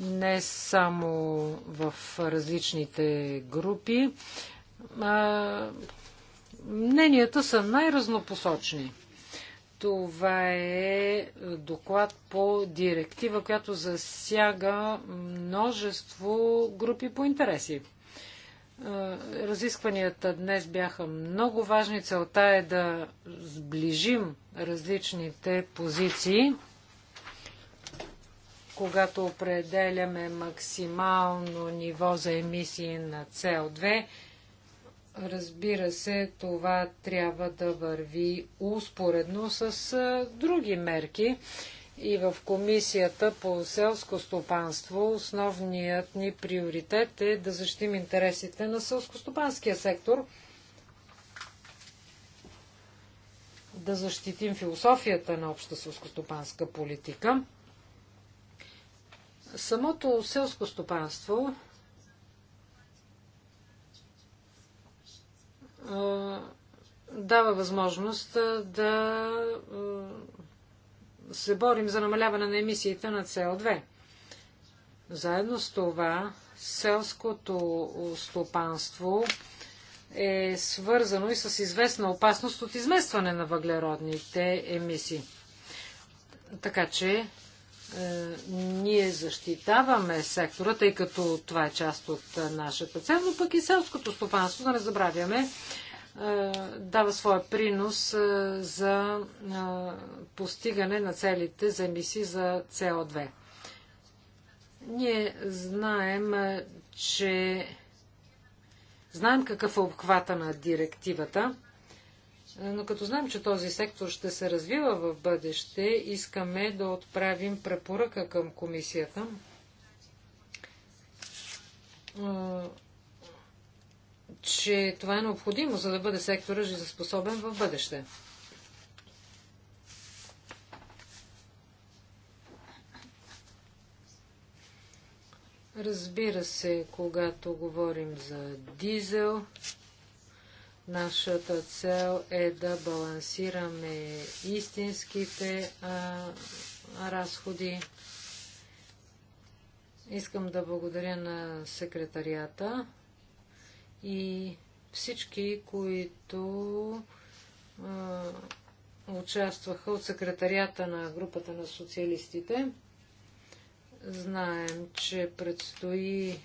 не само в различните групи. Мненията са най-разнопосочни. Това е доклад по директива, която засяга множество групи по интереси. Е, разискванията днес бяха много важни. Целта е да сближим различните позиции, когато определяме максимално ниво за емисии на CO2 Разбира се, това трябва да върви успоредно с други мерки. И в Комисията по селско стопанство основният ни приоритет е да защитим интересите на селскостопанския сектор, да защитим философията на обща селскостопанска политика. Самото селско стопанство дава възможност да се борим за намаляване на емисиите на СО2. Заедно с това, селското стопанство е свързано и с известна опасност от изместване на въглеродните емисии. Така че е, ние защитаваме сектора, тъй като това е част от нашата цел, но пък и селското стопанство, да не забравяме, е, дава своя принос е, за е, постигане на целите за емисии за CO2. Ние знаем, че знаем какъв е обхвата на директивата, но като знаем, че този сектор ще се развива в бъдеще, искаме да отправим препоръка към комисията че това е необходимо, за да бъде сектора жизнеспособен в бъдеще. Разбира се, когато говорим за дизел, нашата цел е да балансираме истинските а, разходи. Искам да благодаря на секретарията и всички, които а, участваха от секретарията на групата на социалистите. Знаем, че предстои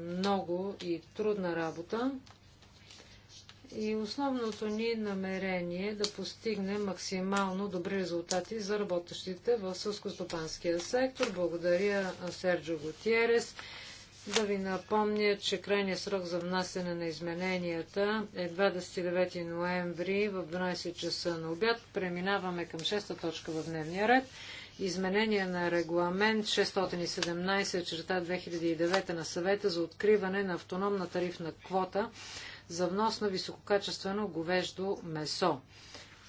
много и трудна работа. И основното ни намерение е да постигне максимално добри резултати за работещите в сълскостопанския сектор. Благодаря Серджо Готиерес да ви напомня, че крайният срок за внасяне на измененията е 29 ноември в 12 часа на обяд. Преминаваме към 6-та точка в дневния ред. Изменение на регламент 617 черта 2009 на съвета за откриване на автономна тарифна квота за внос на висококачествено говеждо месо.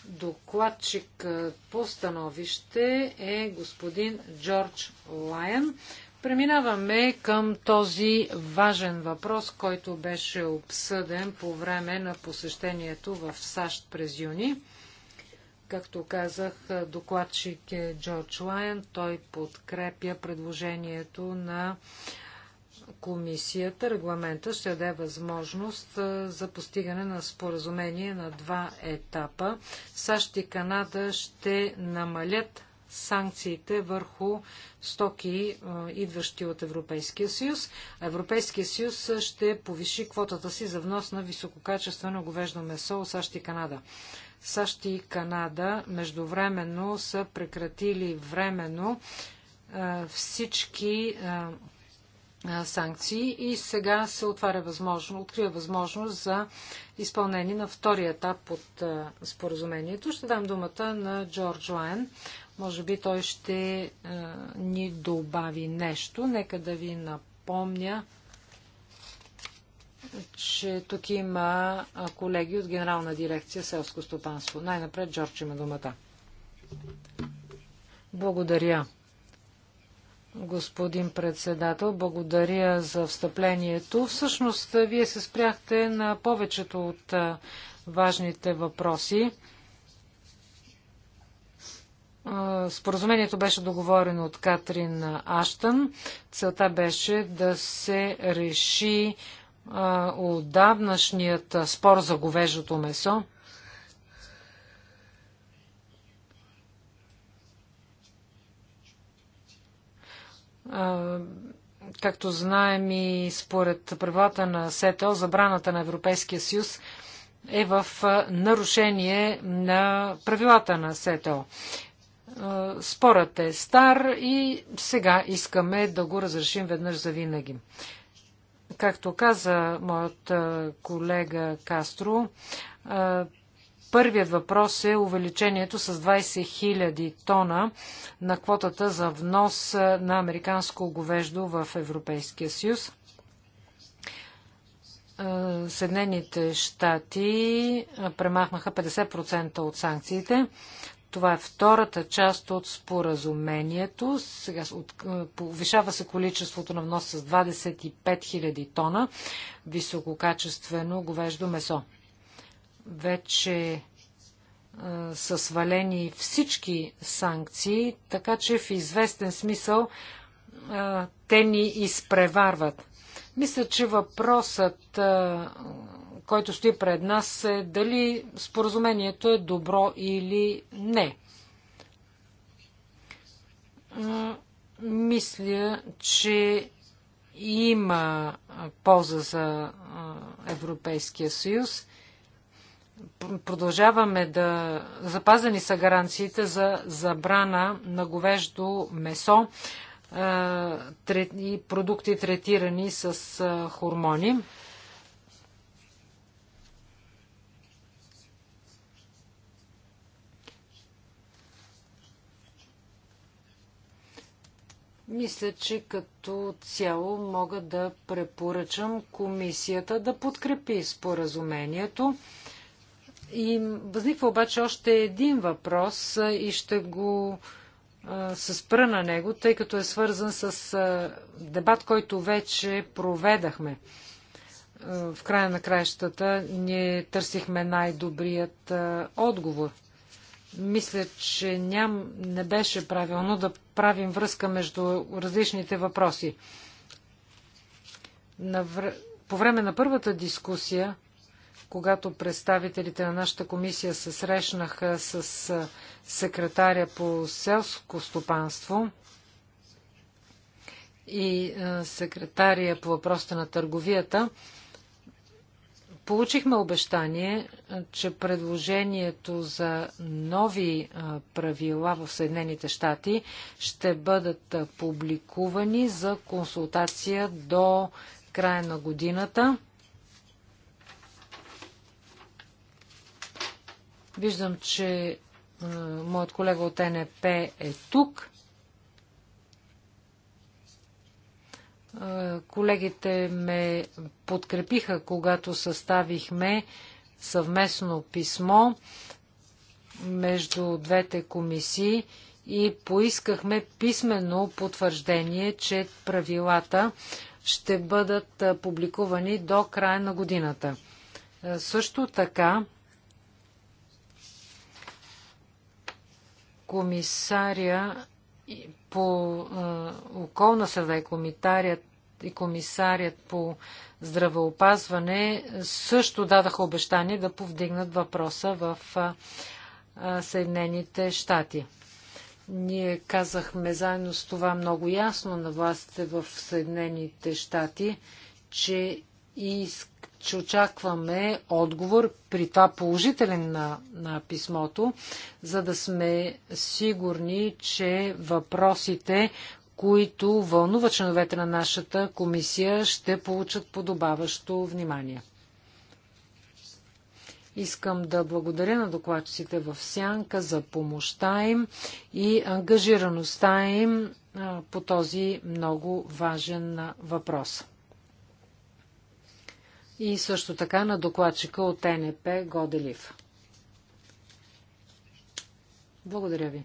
Докладчик по становище е господин Джордж Лайен. Преминаваме към този важен въпрос, който беше обсъден по време на посещението в САЩ през юни. Както казах, докладчик е Джордж Лайен. Той подкрепя предложението на комисията. Регламента ще даде възможност за постигане на споразумение на два етапа. САЩ и Канада ще намалят санкциите върху стоки, е, идващи от Европейския съюз. Европейския съюз ще повиши квотата си за внос на висококачествено говеждо месо от САЩ и Канада. САЩ и Канада междувременно са прекратили временно е, всички е, санкции и сега се отваря възможно, открива възможност за изпълнение на втория етап от споразумението. Ще дам думата на Джордж Лайн, може би той ще а, е, ни добави нещо. Нека да ви напомня, че тук има е, колеги от Генерална дирекция селско стопанство. Най-напред Джордж има думата. Благодаря. Господин председател, благодаря за встъплението. Всъщност, вие се спряхте на повечето от е, важните въпроси. Споразумението беше договорено от Катрин Аштън. Целта беше да се реши отдавнашният спор за говежото месо. Както знаем и според правилата на СеТО, забраната на Европейския съюз е в нарушение на правилата на СеТО. Спорът е стар и сега искаме да го разрешим веднъж за винаги. Както каза моят колега Кастро, първият въпрос е увеличението с 20 000 тона на квотата за внос на американско говеждо в Европейския съюз. Съединените щати премахнаха 50% от санкциите. Това е втората част от споразумението. Сега от, повишава се количеството на внос с 25 000 тона висококачествено говеждо месо. Вече е, са свалени всички санкции, така че в известен смисъл е, те ни изпреварват. Мисля, че въпросът е, който стои пред нас е дали споразумението е добро или не. Мисля, че има полза за Европейския съюз. Продължаваме да. Запазени са гаранциите за забрана на говеждо месо и продукти третирани с хормони. Мисля, че като цяло мога да препоръчам комисията да подкрепи споразумението. И възниква обаче още един въпрос и ще го се спра на него, тъй като е свързан с дебат, който вече проведахме. В края на краищата ние търсихме най-добрият отговор – мисля, че ням, не беше правилно да правим връзка между различните въпроси. Навр... По време на първата дискусия, когато представителите на нашата комисия се срещнаха с секретаря по селско стопанство и секретария по въпросите на търговията, Получихме обещание, че предложението за нови правила в Съединените щати ще бъдат публикувани за консултация до края на годината. Виждам, че моят колега от НП е тук. Колегите ме подкрепиха, когато съставихме съвместно писмо между двете комисии и поискахме писменно потвърждение, че правилата ще бъдат публикувани до края на годината. Също така, комисаря по околна среда и комитарият и комисарият по здравеопазване също дадаха обещание да повдигнат въпроса в Съединените щати. Ние казахме заедно с това много ясно на властите в Съединените щати, че искаме че очакваме отговор при това положителен на, на писмото, за да сме сигурни, че въпросите, които вълнува членовете на нашата комисия, ще получат подобаващо внимание. Искам да благодаря на докладчиците в Сянка за помощта им и ангажираността им по този много важен въпрос и също така на докладчика от НП Годелив. Благодаря ви.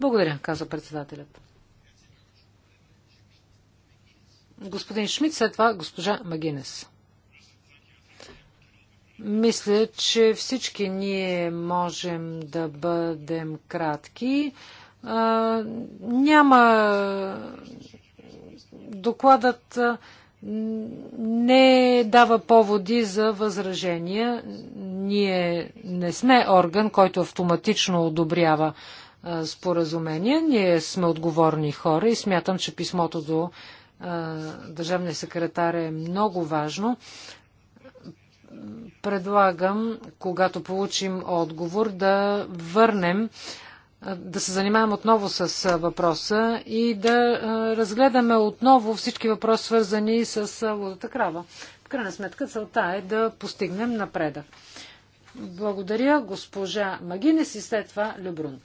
Благодаря, каза председателят. Господин Шмидт, след това госпожа Магинес. Мисля, че всички ние можем да бъдем кратки. А, няма докладът. А, не дава поводи за възражения. Ние не сме орган, който автоматично одобрява споразумения. Ние сме отговорни хора и смятам, че писмото до държавния секретар е много важно. Предлагам, когато получим отговор, да върнем да се занимаем отново с въпроса и да разгледаме отново всички въпроси, свързани с лудата крава. В крайна сметка целта е да постигнем напредък. Благодаря
госпожа Магинес и след това Любрун.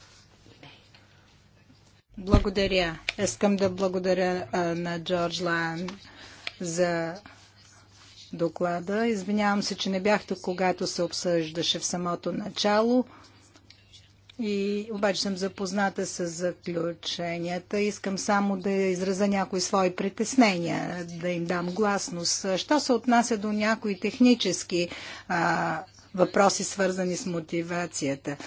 Благодаря. Искам да благодаря а, на Джордж Лайн за доклада. Извинявам се, че не бях тук, когато се обсъждаше в самото начало и обаче съм запозната с заключенията. Искам само да изразя някои свои притеснения, да им дам гласност. Що се отнася до някои технически а, въпроси, свързани с мотивацията?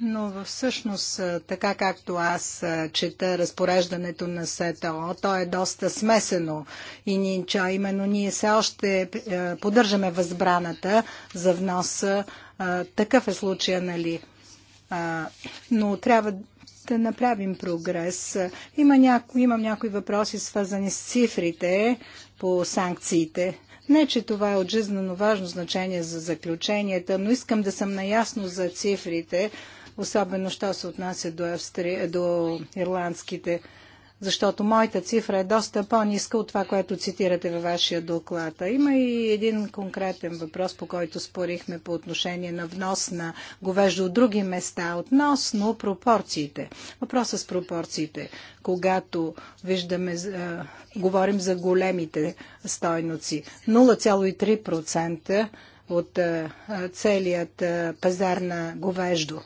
но всъщност, така както аз чета разпореждането на СТО, то е доста смесено и нинча. Именно ние все още е, поддържаме възбраната за вноса. Такъв е случая, нали? Но трябва да направим прогрес. Има няко, имам някои въпроси, свързани с цифрите по санкциите не, че това е от жизнено важно значение за заключенията, но искам да съм наясно за цифрите, особено що се отнася до, Австри... до ирландските защото моята цифра е доста по-ниска от това, което цитирате във вашия доклад. А има и един конкретен въпрос, по който спорихме по отношение на внос на говеждо от други места, относно пропорциите. Въпросът с пропорциите, когато виждаме, говорим за големите стойноци, 0,3% от целият пазар на говеждо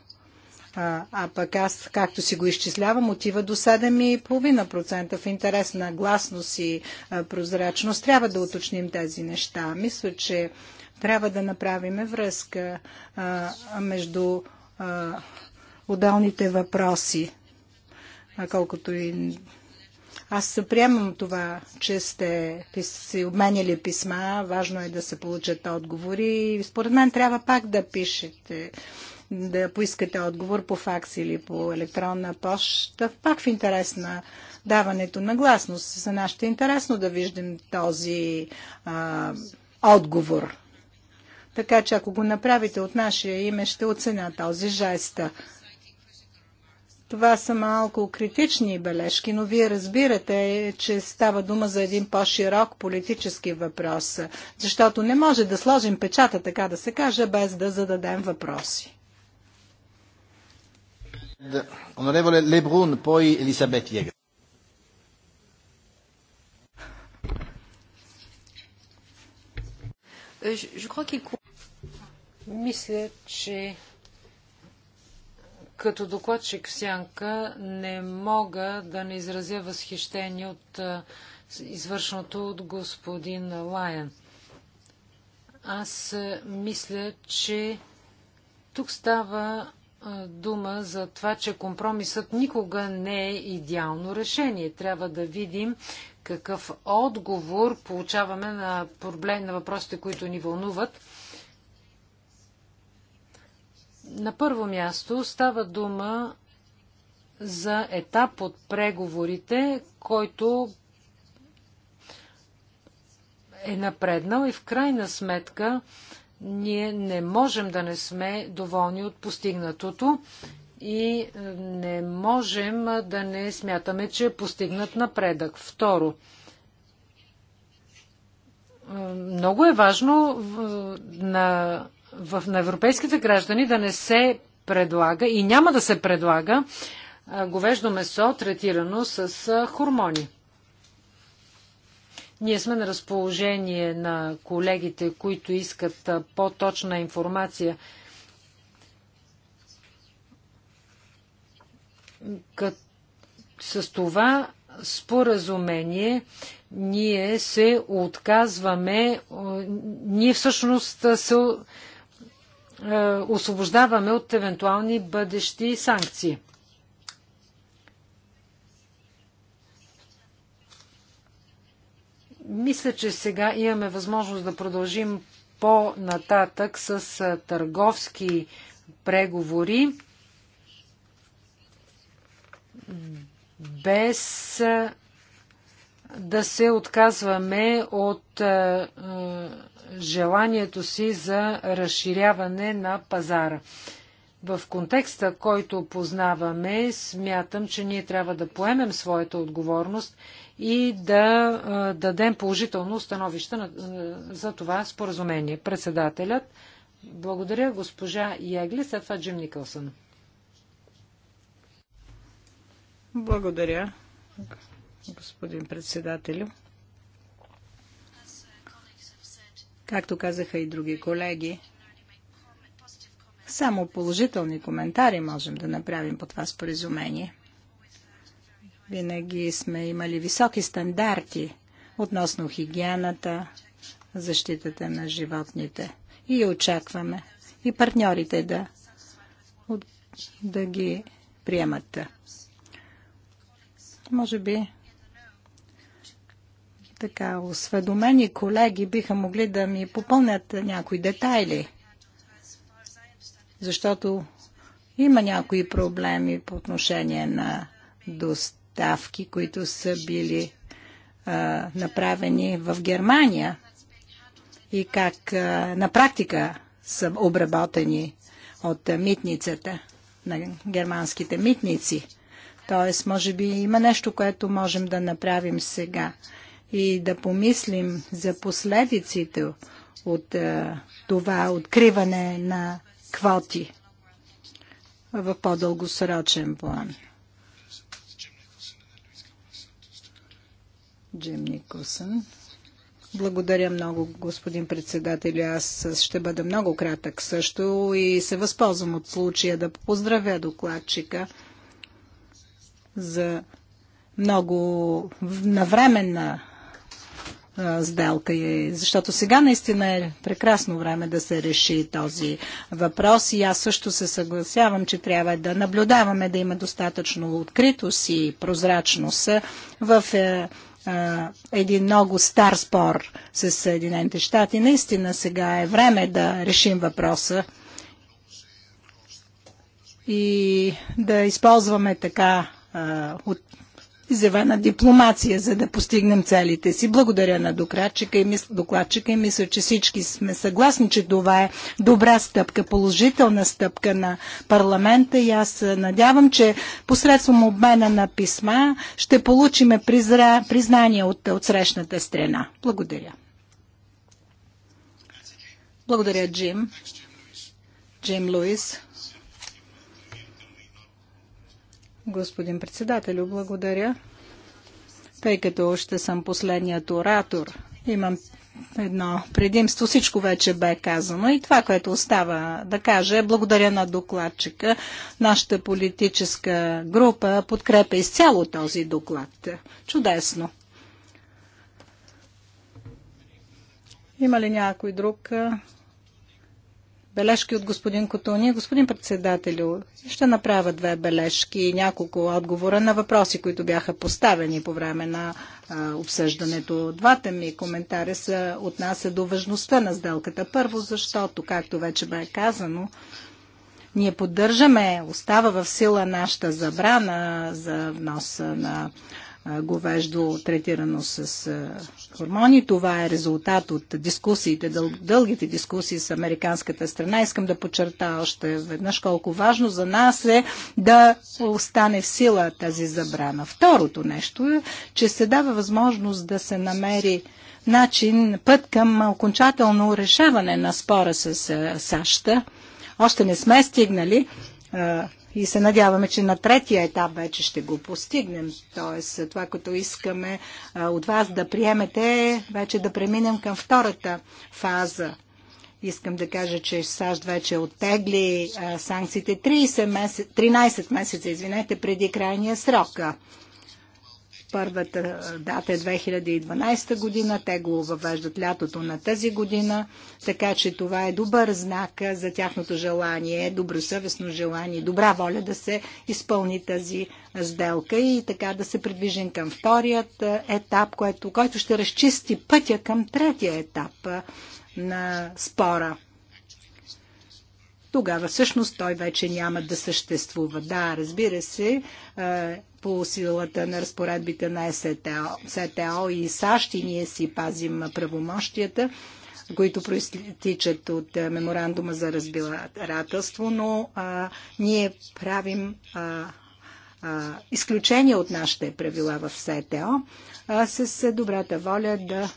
а, а пък аз, както си го изчислявам, отива до 7,5% в интерес на гласност и а, прозрачност. Трябва да уточним тези неща. Мисля, че трябва да направим връзка а, между а, отделните въпроси, а, колкото и аз приемам това, че сте си обменяли писма, важно е да се получат отговори. и Според мен трябва пак да пишете да поискате отговор по факс или по електронна почта, пак в интерес на даването на гласност. За нас ще е интересно да виждам този а, отговор. Така че ако го направите от нашия име, ще оценя този жест. Това са малко критични бележки, но вие разбирате, че става дума за един по-широк политически въпрос, защото не може да сложим печата, така да се каже, без да зададем въпроси. Onorevole Lebrun, poi Elisabeth Jäger.
Euh, мисля, че като докладчик в сянка не мога да не изразя възхищение от извършеното от господин Лайен. Аз мисля, че тук става дума за това, че компромисът никога не е идеално решение. Трябва да видим какъв отговор получаваме на проблем, на въпросите, които ни вълнуват. На първо място става дума за етап от преговорите, който е напреднал и в крайна сметка ние не можем да не сме доволни от постигнатото и е, не можем е, да не смятаме, че е постигнат напредък. Второ, е, много е важно на, в, на европейските граждани да не се предлага и няма да се предлага говеждо месо, третирано с хормони. Ние сме на разположение на колегите, които искат по-точна информация. Кът... С това споразумение ние се отказваме, ние всъщност се освобождаваме от евентуални бъдещи санкции. Мисля, че сега имаме възможност да продължим по-нататък с търговски преговори без да се отказваме от желанието си за разширяване на пазара. В контекста, който познаваме, смятам, че ние трябва да поемем своята отговорност и да дадем положително становище за това споразумение. Председателят. Благодаря, госпожа Ягли, след това Джим Никълсън.
Благодаря, господин председателю. Както казаха и други колеги, само положителни коментари можем да направим по това споразумение. Винаги сме имали високи стандарти относно хигиената, защитата на животните. И очакваме и партньорите да, да ги приемат. Може би така осведомени колеги биха могли да ми попълнят някои детайли, защото има някои проблеми по отношение на дост ставки, които са били а, направени в Германия и как а, на практика са обработени от митницата на германските митници. Тоест, може би има нещо, което можем да направим сега и да помислим за последиците от а, това откриване на квоти в по-дългосрочен план. Джим Николсън. Благодаря много, господин председател. Аз ще бъда много кратък също и се възползвам от случая да поздравя докладчика за много навременна сделка Защото сега наистина е прекрасно време да се реши този въпрос и аз също се съгласявам, че трябва да наблюдаваме да има достатъчно откритост и прозрачност в е, а, един много стар спор с Съединените щати. Наистина сега е време да решим въпроса и да използваме така а, от на дипломация, за да постигнем целите си. Благодаря на докладчика и, мисля, докладчика и мисля, че всички сме съгласни, че това е добра стъпка, положителна стъпка на парламента и аз надявам, че посредством обмена на писма ще получиме призра, признание от, от срещната страна. Благодаря. Благодаря, Джим. Джим Луис. Господин председателю, благодаря. Тъй като ще съм последният оратор, имам едно предимство. Всичко вече бе казано и това, което остава да кажа е благодаря на докладчика. Нашата политическа група подкрепя изцяло този доклад. Чудесно. Има ли някой друг бележки от господин Котуния. Господин председателю, ще направя две бележки и няколко отговора на въпроси, които бяха поставени по време на обсъждането. Двата ми коментаря са отнася до важността на сделката. Първо, защото, както вече бе казано, ние поддържаме, остава в сила нашата забрана за вноса на говеждо третирано с хормони. Това е резултат от дискусиите, дъл, дългите дискусии с американската страна. Искам да подчертая още веднъж колко важно за нас е да остане в сила тази забрана. Второто нещо е, че се дава възможност да се намери начин, път към окончателно решаване на спора с САЩ. Още не сме стигнали и се надяваме, че на третия етап вече ще го постигнем. Тоест, това, като искаме от вас да приемете, вече да преминем към втората фаза. Искам да кажа, че САЩ вече оттегли санкциите 13 месеца извинете, преди крайния срок. Първата дата е 2012 година. Те го въвеждат лятото на тази година, така че това е добър знак за тяхното желание, добросъвестно желание, добра воля да се изпълни тази сделка и така да се придвижим към вторият етап, който, който ще разчисти пътя към третия етап на спора тогава всъщност той вече няма да съществува. Да, разбира се, е, по силата на разпоредбите на СТО, СТО и САЩ и ние си пазим правомощията, които проистичат от е, меморандума за разбирателство, но а, ние правим а, а, изключение от нашите правила в СТО а, с е, добрата воля да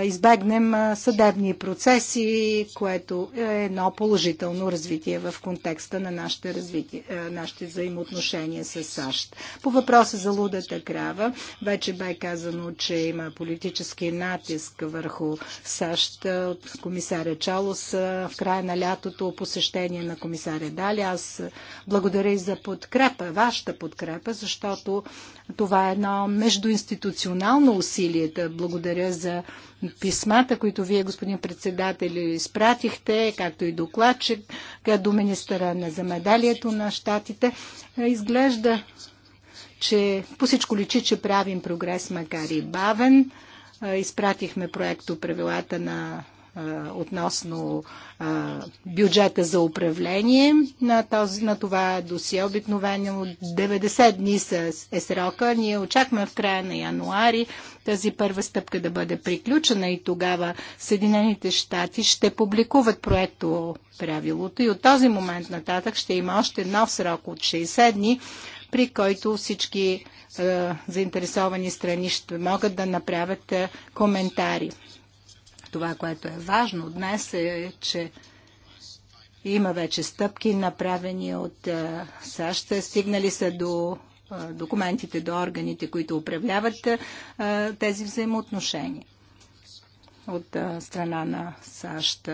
избегнем съдебни процеси, което е едно положително развитие в контекста на нашите, развитие, нашите взаимоотношения с САЩ. По въпроса за лудата крава, вече бе казано, че има политически натиск върху САЩ от комисаря Чалос в края на лятото посещение на комисаря Дали. Аз благодаря и за подкрепа, вашата подкрепа, защото това е едно междуинституционално усилие. Благодаря за писмата, които вие, господин председател, изпратихте, както и докладчик до министъра на замедалието на щатите, е, изглежда, че по всичко личи, че правим прогрес, макар и бавен. Е, изпратихме проекто правилата на относно бюджета за управление на, този, на това досие. Обикновено 90 дни е срока. Ние очакваме в края на януари тази първа стъпка да бъде приключена и тогава Съединените щати ще публикуват проекто правилото и от този момент нататък ще има още нов срок от 60 дни, при който всички е, заинтересовани страни ще могат да направят е, коментари. Това, което е важно днес е, че има вече стъпки, направени от е, САЩ. Стигнали са до е, документите, до органите, които управляват е, тези взаимоотношения от страна на САЩ.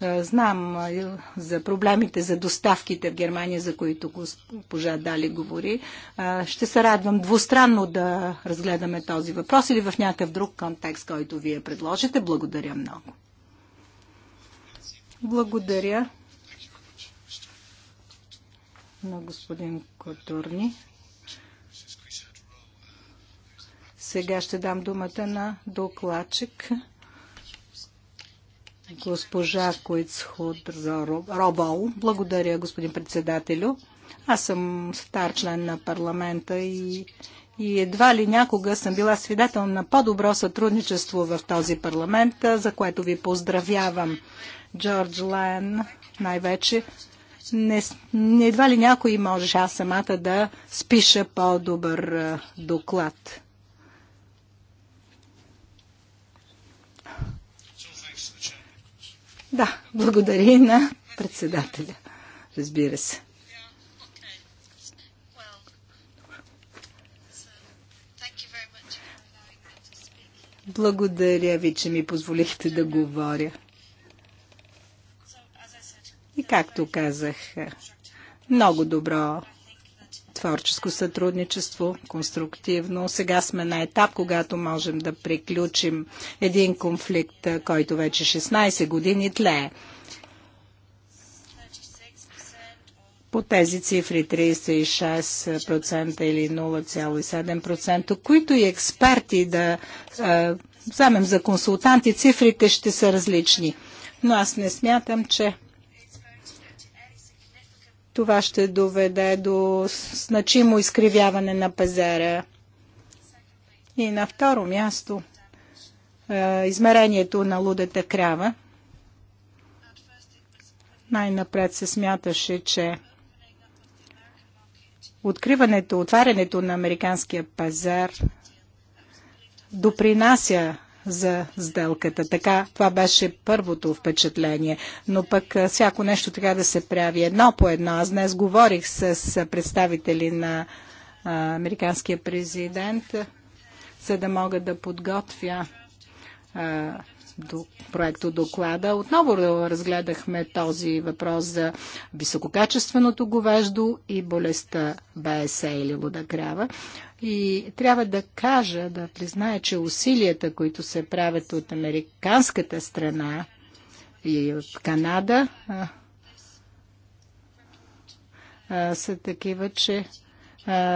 Е, знам е, за проблемите за доставките в Германия, за които госпожа Дали говори. Е, ще се радвам двустранно да разгледаме този въпрос или в някакъв друг контекст, който вие предложите. Благодаря много. Благодаря на господин Котурни. Сега ще дам думата на докладчик госпожа Койцхуд Робол. Благодаря, господин председателю. Аз съм стар член на парламента и, и едва ли някога съм била свидетел на по-добро сътрудничество в този парламент, за което ви поздравявам. Джордж Лен, най-вече. Не, не едва ли някой може аз самата да спиша по-добър доклад. Да, благодаря на председателя. Разбира се. Благодаря ви, че ми позволихте да говоря. И както казах, много добро творческо сътрудничество, конструктивно. Сега сме на етап, когато можем да приключим един конфликт, който вече 16 години тлее. по тези цифри 36% или 0,7%, които и експерти да вземем за консултанти, цифрите ще са различни. Но аз не смятам, че това ще доведе до значимо изкривяване на пазара. И на второ място е, измерението на лудата крава. Най-напред се смяташе, че откриването, отварянето на американския пазар допринася за сделката. Така, това беше първото впечатление. Но пък всяко нещо трябва да се прави едно по едно. Аз днес говорих с представители на американския президент, за да мога да подготвя до проекто доклада. Отново разгледахме този въпрос за висококачественото говеждо и болестта БСЕ или луда крава. И трябва да кажа, да призная, че усилията, които се правят от американската страна и от Канада, са такива, че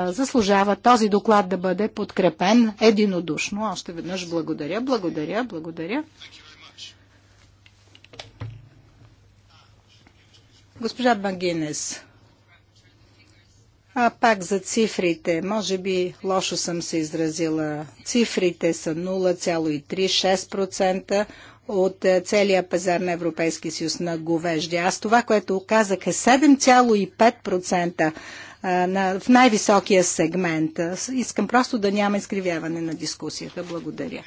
заслужава този доклад да бъде подкрепен единодушно. Още веднъж благодаря, благодаря, благодаря. Госпожа Бангинес. А пак за цифрите. Може би лошо съм се изразила. Цифрите са 0,36% от е, целия пазар на Европейския съюз на говежди. Аз това, което казах е 7,5% е, в най-високия сегмент. Искам просто да няма изкривяване на дискусията. Благодаря.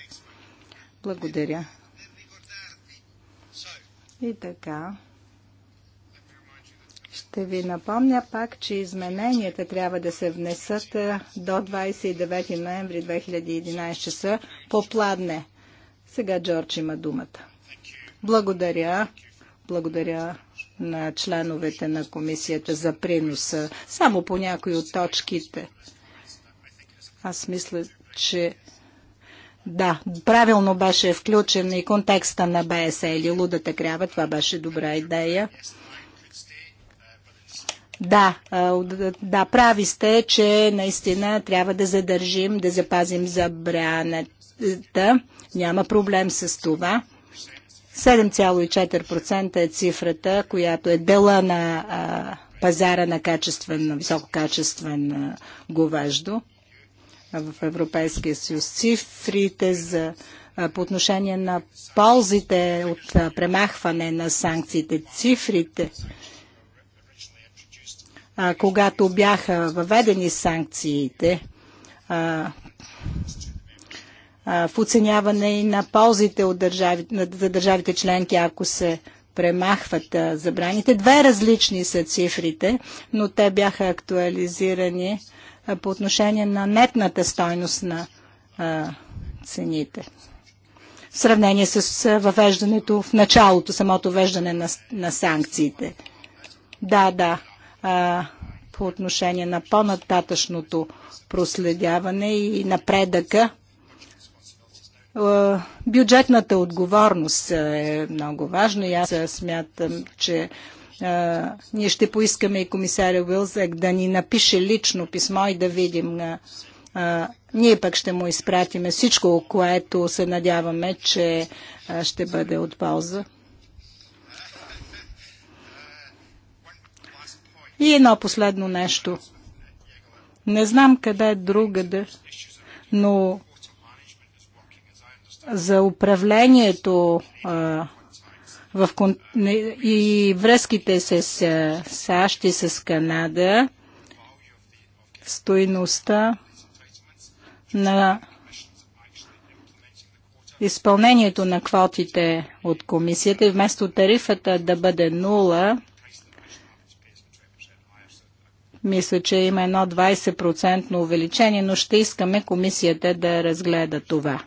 Благодаря. И така. Ще ви напомня пак, че измененията трябва да се внесат е, до 29 ноември 2011 часа по пладне. Сега Джордж има думата. Благодаря. Благодаря на членовете на комисията за приноса. Само по някои от точките. Аз мисля, че да, правилно беше включен и контекста на БСЕ или Лудата Крява. Това беше добра идея. Да, да, прави сте, че наистина трябва да задържим, да запазим забраната. Няма проблем с това. 7,4% е цифрата, която е дела на а, пазара на качествен, на висококачествен а, говеждо в Европейския съюз. Цифрите за, а, по отношение на ползите от премахване на санкциите, цифрите а, когато бяха въведени санкциите а, а, в оценяване и на ползите от държави, на, за държавите членки, ако се премахват а, забраните. Две различни са цифрите, но те бяха актуализирани а, по отношение на нетната стойност на а, цените в сравнение с въвеждането в началото, самото веждане на, на санкциите. Да, да, а, по отношение на по-нататъчното проследяване и напредъка. А, бюджетната отговорност е много важна и аз смятам, че а, ние ще поискаме и комисаря Уилзек да ни напише лично писмо и да видим а, ние пък ще му изпратиме всичко, което се надяваме, че ще бъде от полза. И едно последно нещо. Не знам къде е другаде, но за управлението а, в, и връзките с САЩ и с Канада, стоиността на изпълнението на квотите от комисията вместо тарифата да бъде нула, мисля, че има едно 20% увеличение, но ще искаме комисията да разгледа това.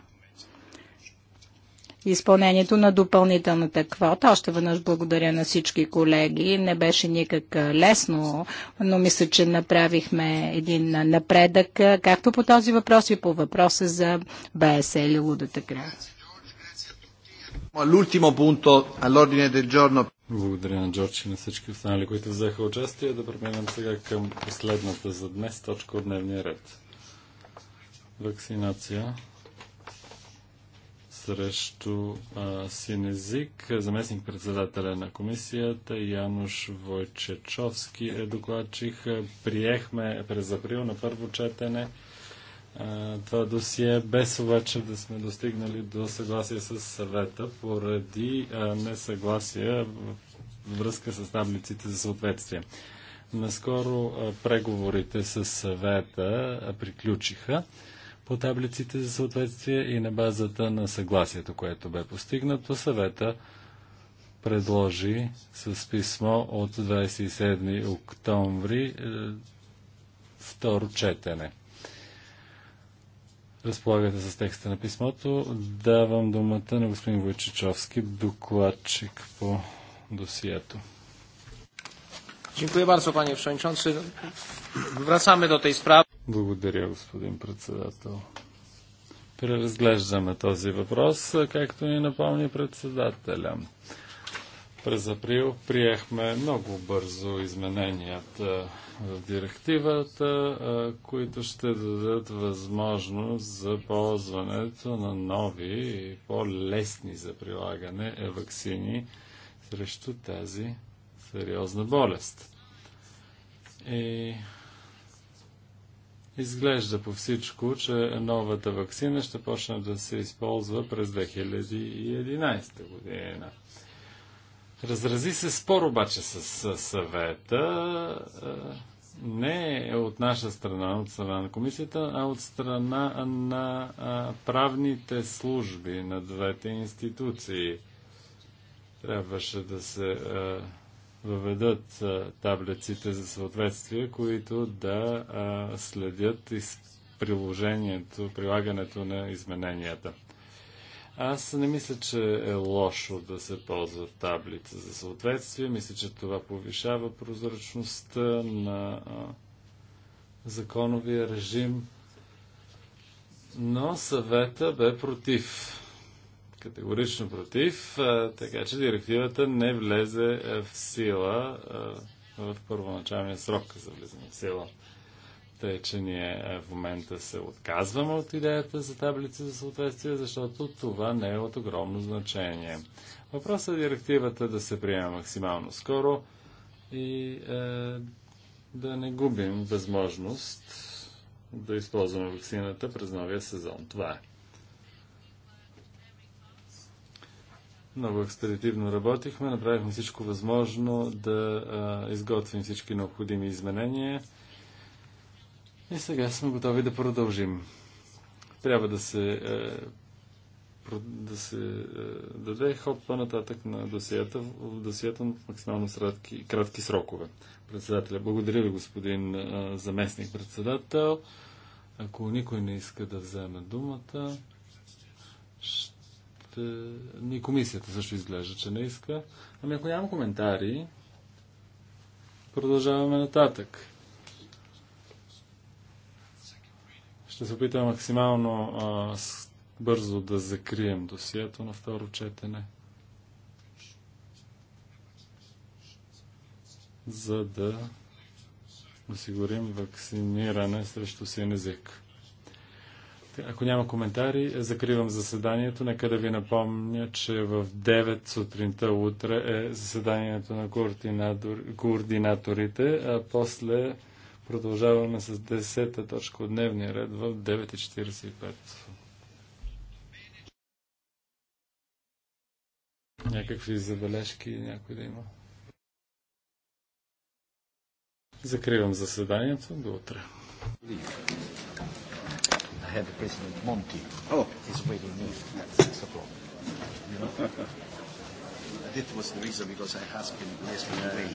Изпълнението на допълнителната квота. Още веднъж благодаря на всички колеги. Не беше никак лесно, но мисля, че направихме един напредък, както по този въпрос и по въпроса за БСЛ и лудата Крайна.
Благодаря на Джордж и на всички останали, които взеха участие. Да преминем сега към последната за днес точка от дневния ред. Вакцинация срещу а, син език. Заместник председателя на комисията Януш Войчечовски е докладчих. Приехме през април на първо четене това досие, е без обаче да сме достигнали до съгласие с съвета поради несъгласие в връзка с таблиците за съответствие. Наскоро преговорите с съвета приключиха по таблиците за съответствие и на базата на съгласието, което бе постигнато, съвета предложи с писмо от 27 октомври е, второ четене разполагате с текста на писмото. Давам думата на господин Войчичовски, докладчик по досието. Dziękuję bardzo, panie przewodniczący. Wracamy do tej sprawy. Благодаря, господин председател. Преразглеждаме този въпрос, както ни напомни председателя. През април приехме много бързо измененията в директивата, които ще дадат възможност за ползването на нови и по-лесни за прилагане е вакцини срещу тази сериозна болест. И изглежда по всичко, че новата вакцина ще почне да се използва през 2011 година. Разрази се спор обаче с, с съвета. Е, не е от наша страна, от страна на комисията, а от страна на правните служби на двете институции. Трябваше да се е, въведат таблиците за съответствие, които да следят приложението, прилагането на измененията. Аз не мисля, че е лошо да се ползва таблица за съответствие. Мисля, че това повишава прозрачността на законовия режим. Но съвета бе против. Категорично против, така че директивата не влезе в сила в първоначалния срок за влизане в сила истината е, че ние е, в момента се отказваме от идеята за таблици за съответствие, защото това не е от огромно значение. Въпросът е директивата да се приема максимално скоро и е, да не губим възможност да използваме вакцината през новия сезон. Това е. Много експедитивно работихме, направихме всичко възможно да а, е, изготвим всички необходими изменения. И сега сме готови да продължим. Трябва да се, е, да се е, даде ход по-нататък на досията, в досията в максимално сратки, кратки срокове. Председателя, благодаря ви, господин е, заместник председател. Ако никой не иска да вземе думата, ще... ни комисията също изглежда, че не иска. Ами ако няма коментари, продължаваме нататък. Ще се опитам максимално а, бързо да закрием досието на второ четене, за да осигурим вакциниране срещу син език. Ако няма коментари, закривам заседанието. Нека да ви напомня, че в 9 сутринта утре е заседанието на координатор... координаторите, а после Продължаваме с 10-та точка от дневния ред в 9.45. Някакви забележки някой да има. Закривам заседанието. До утре.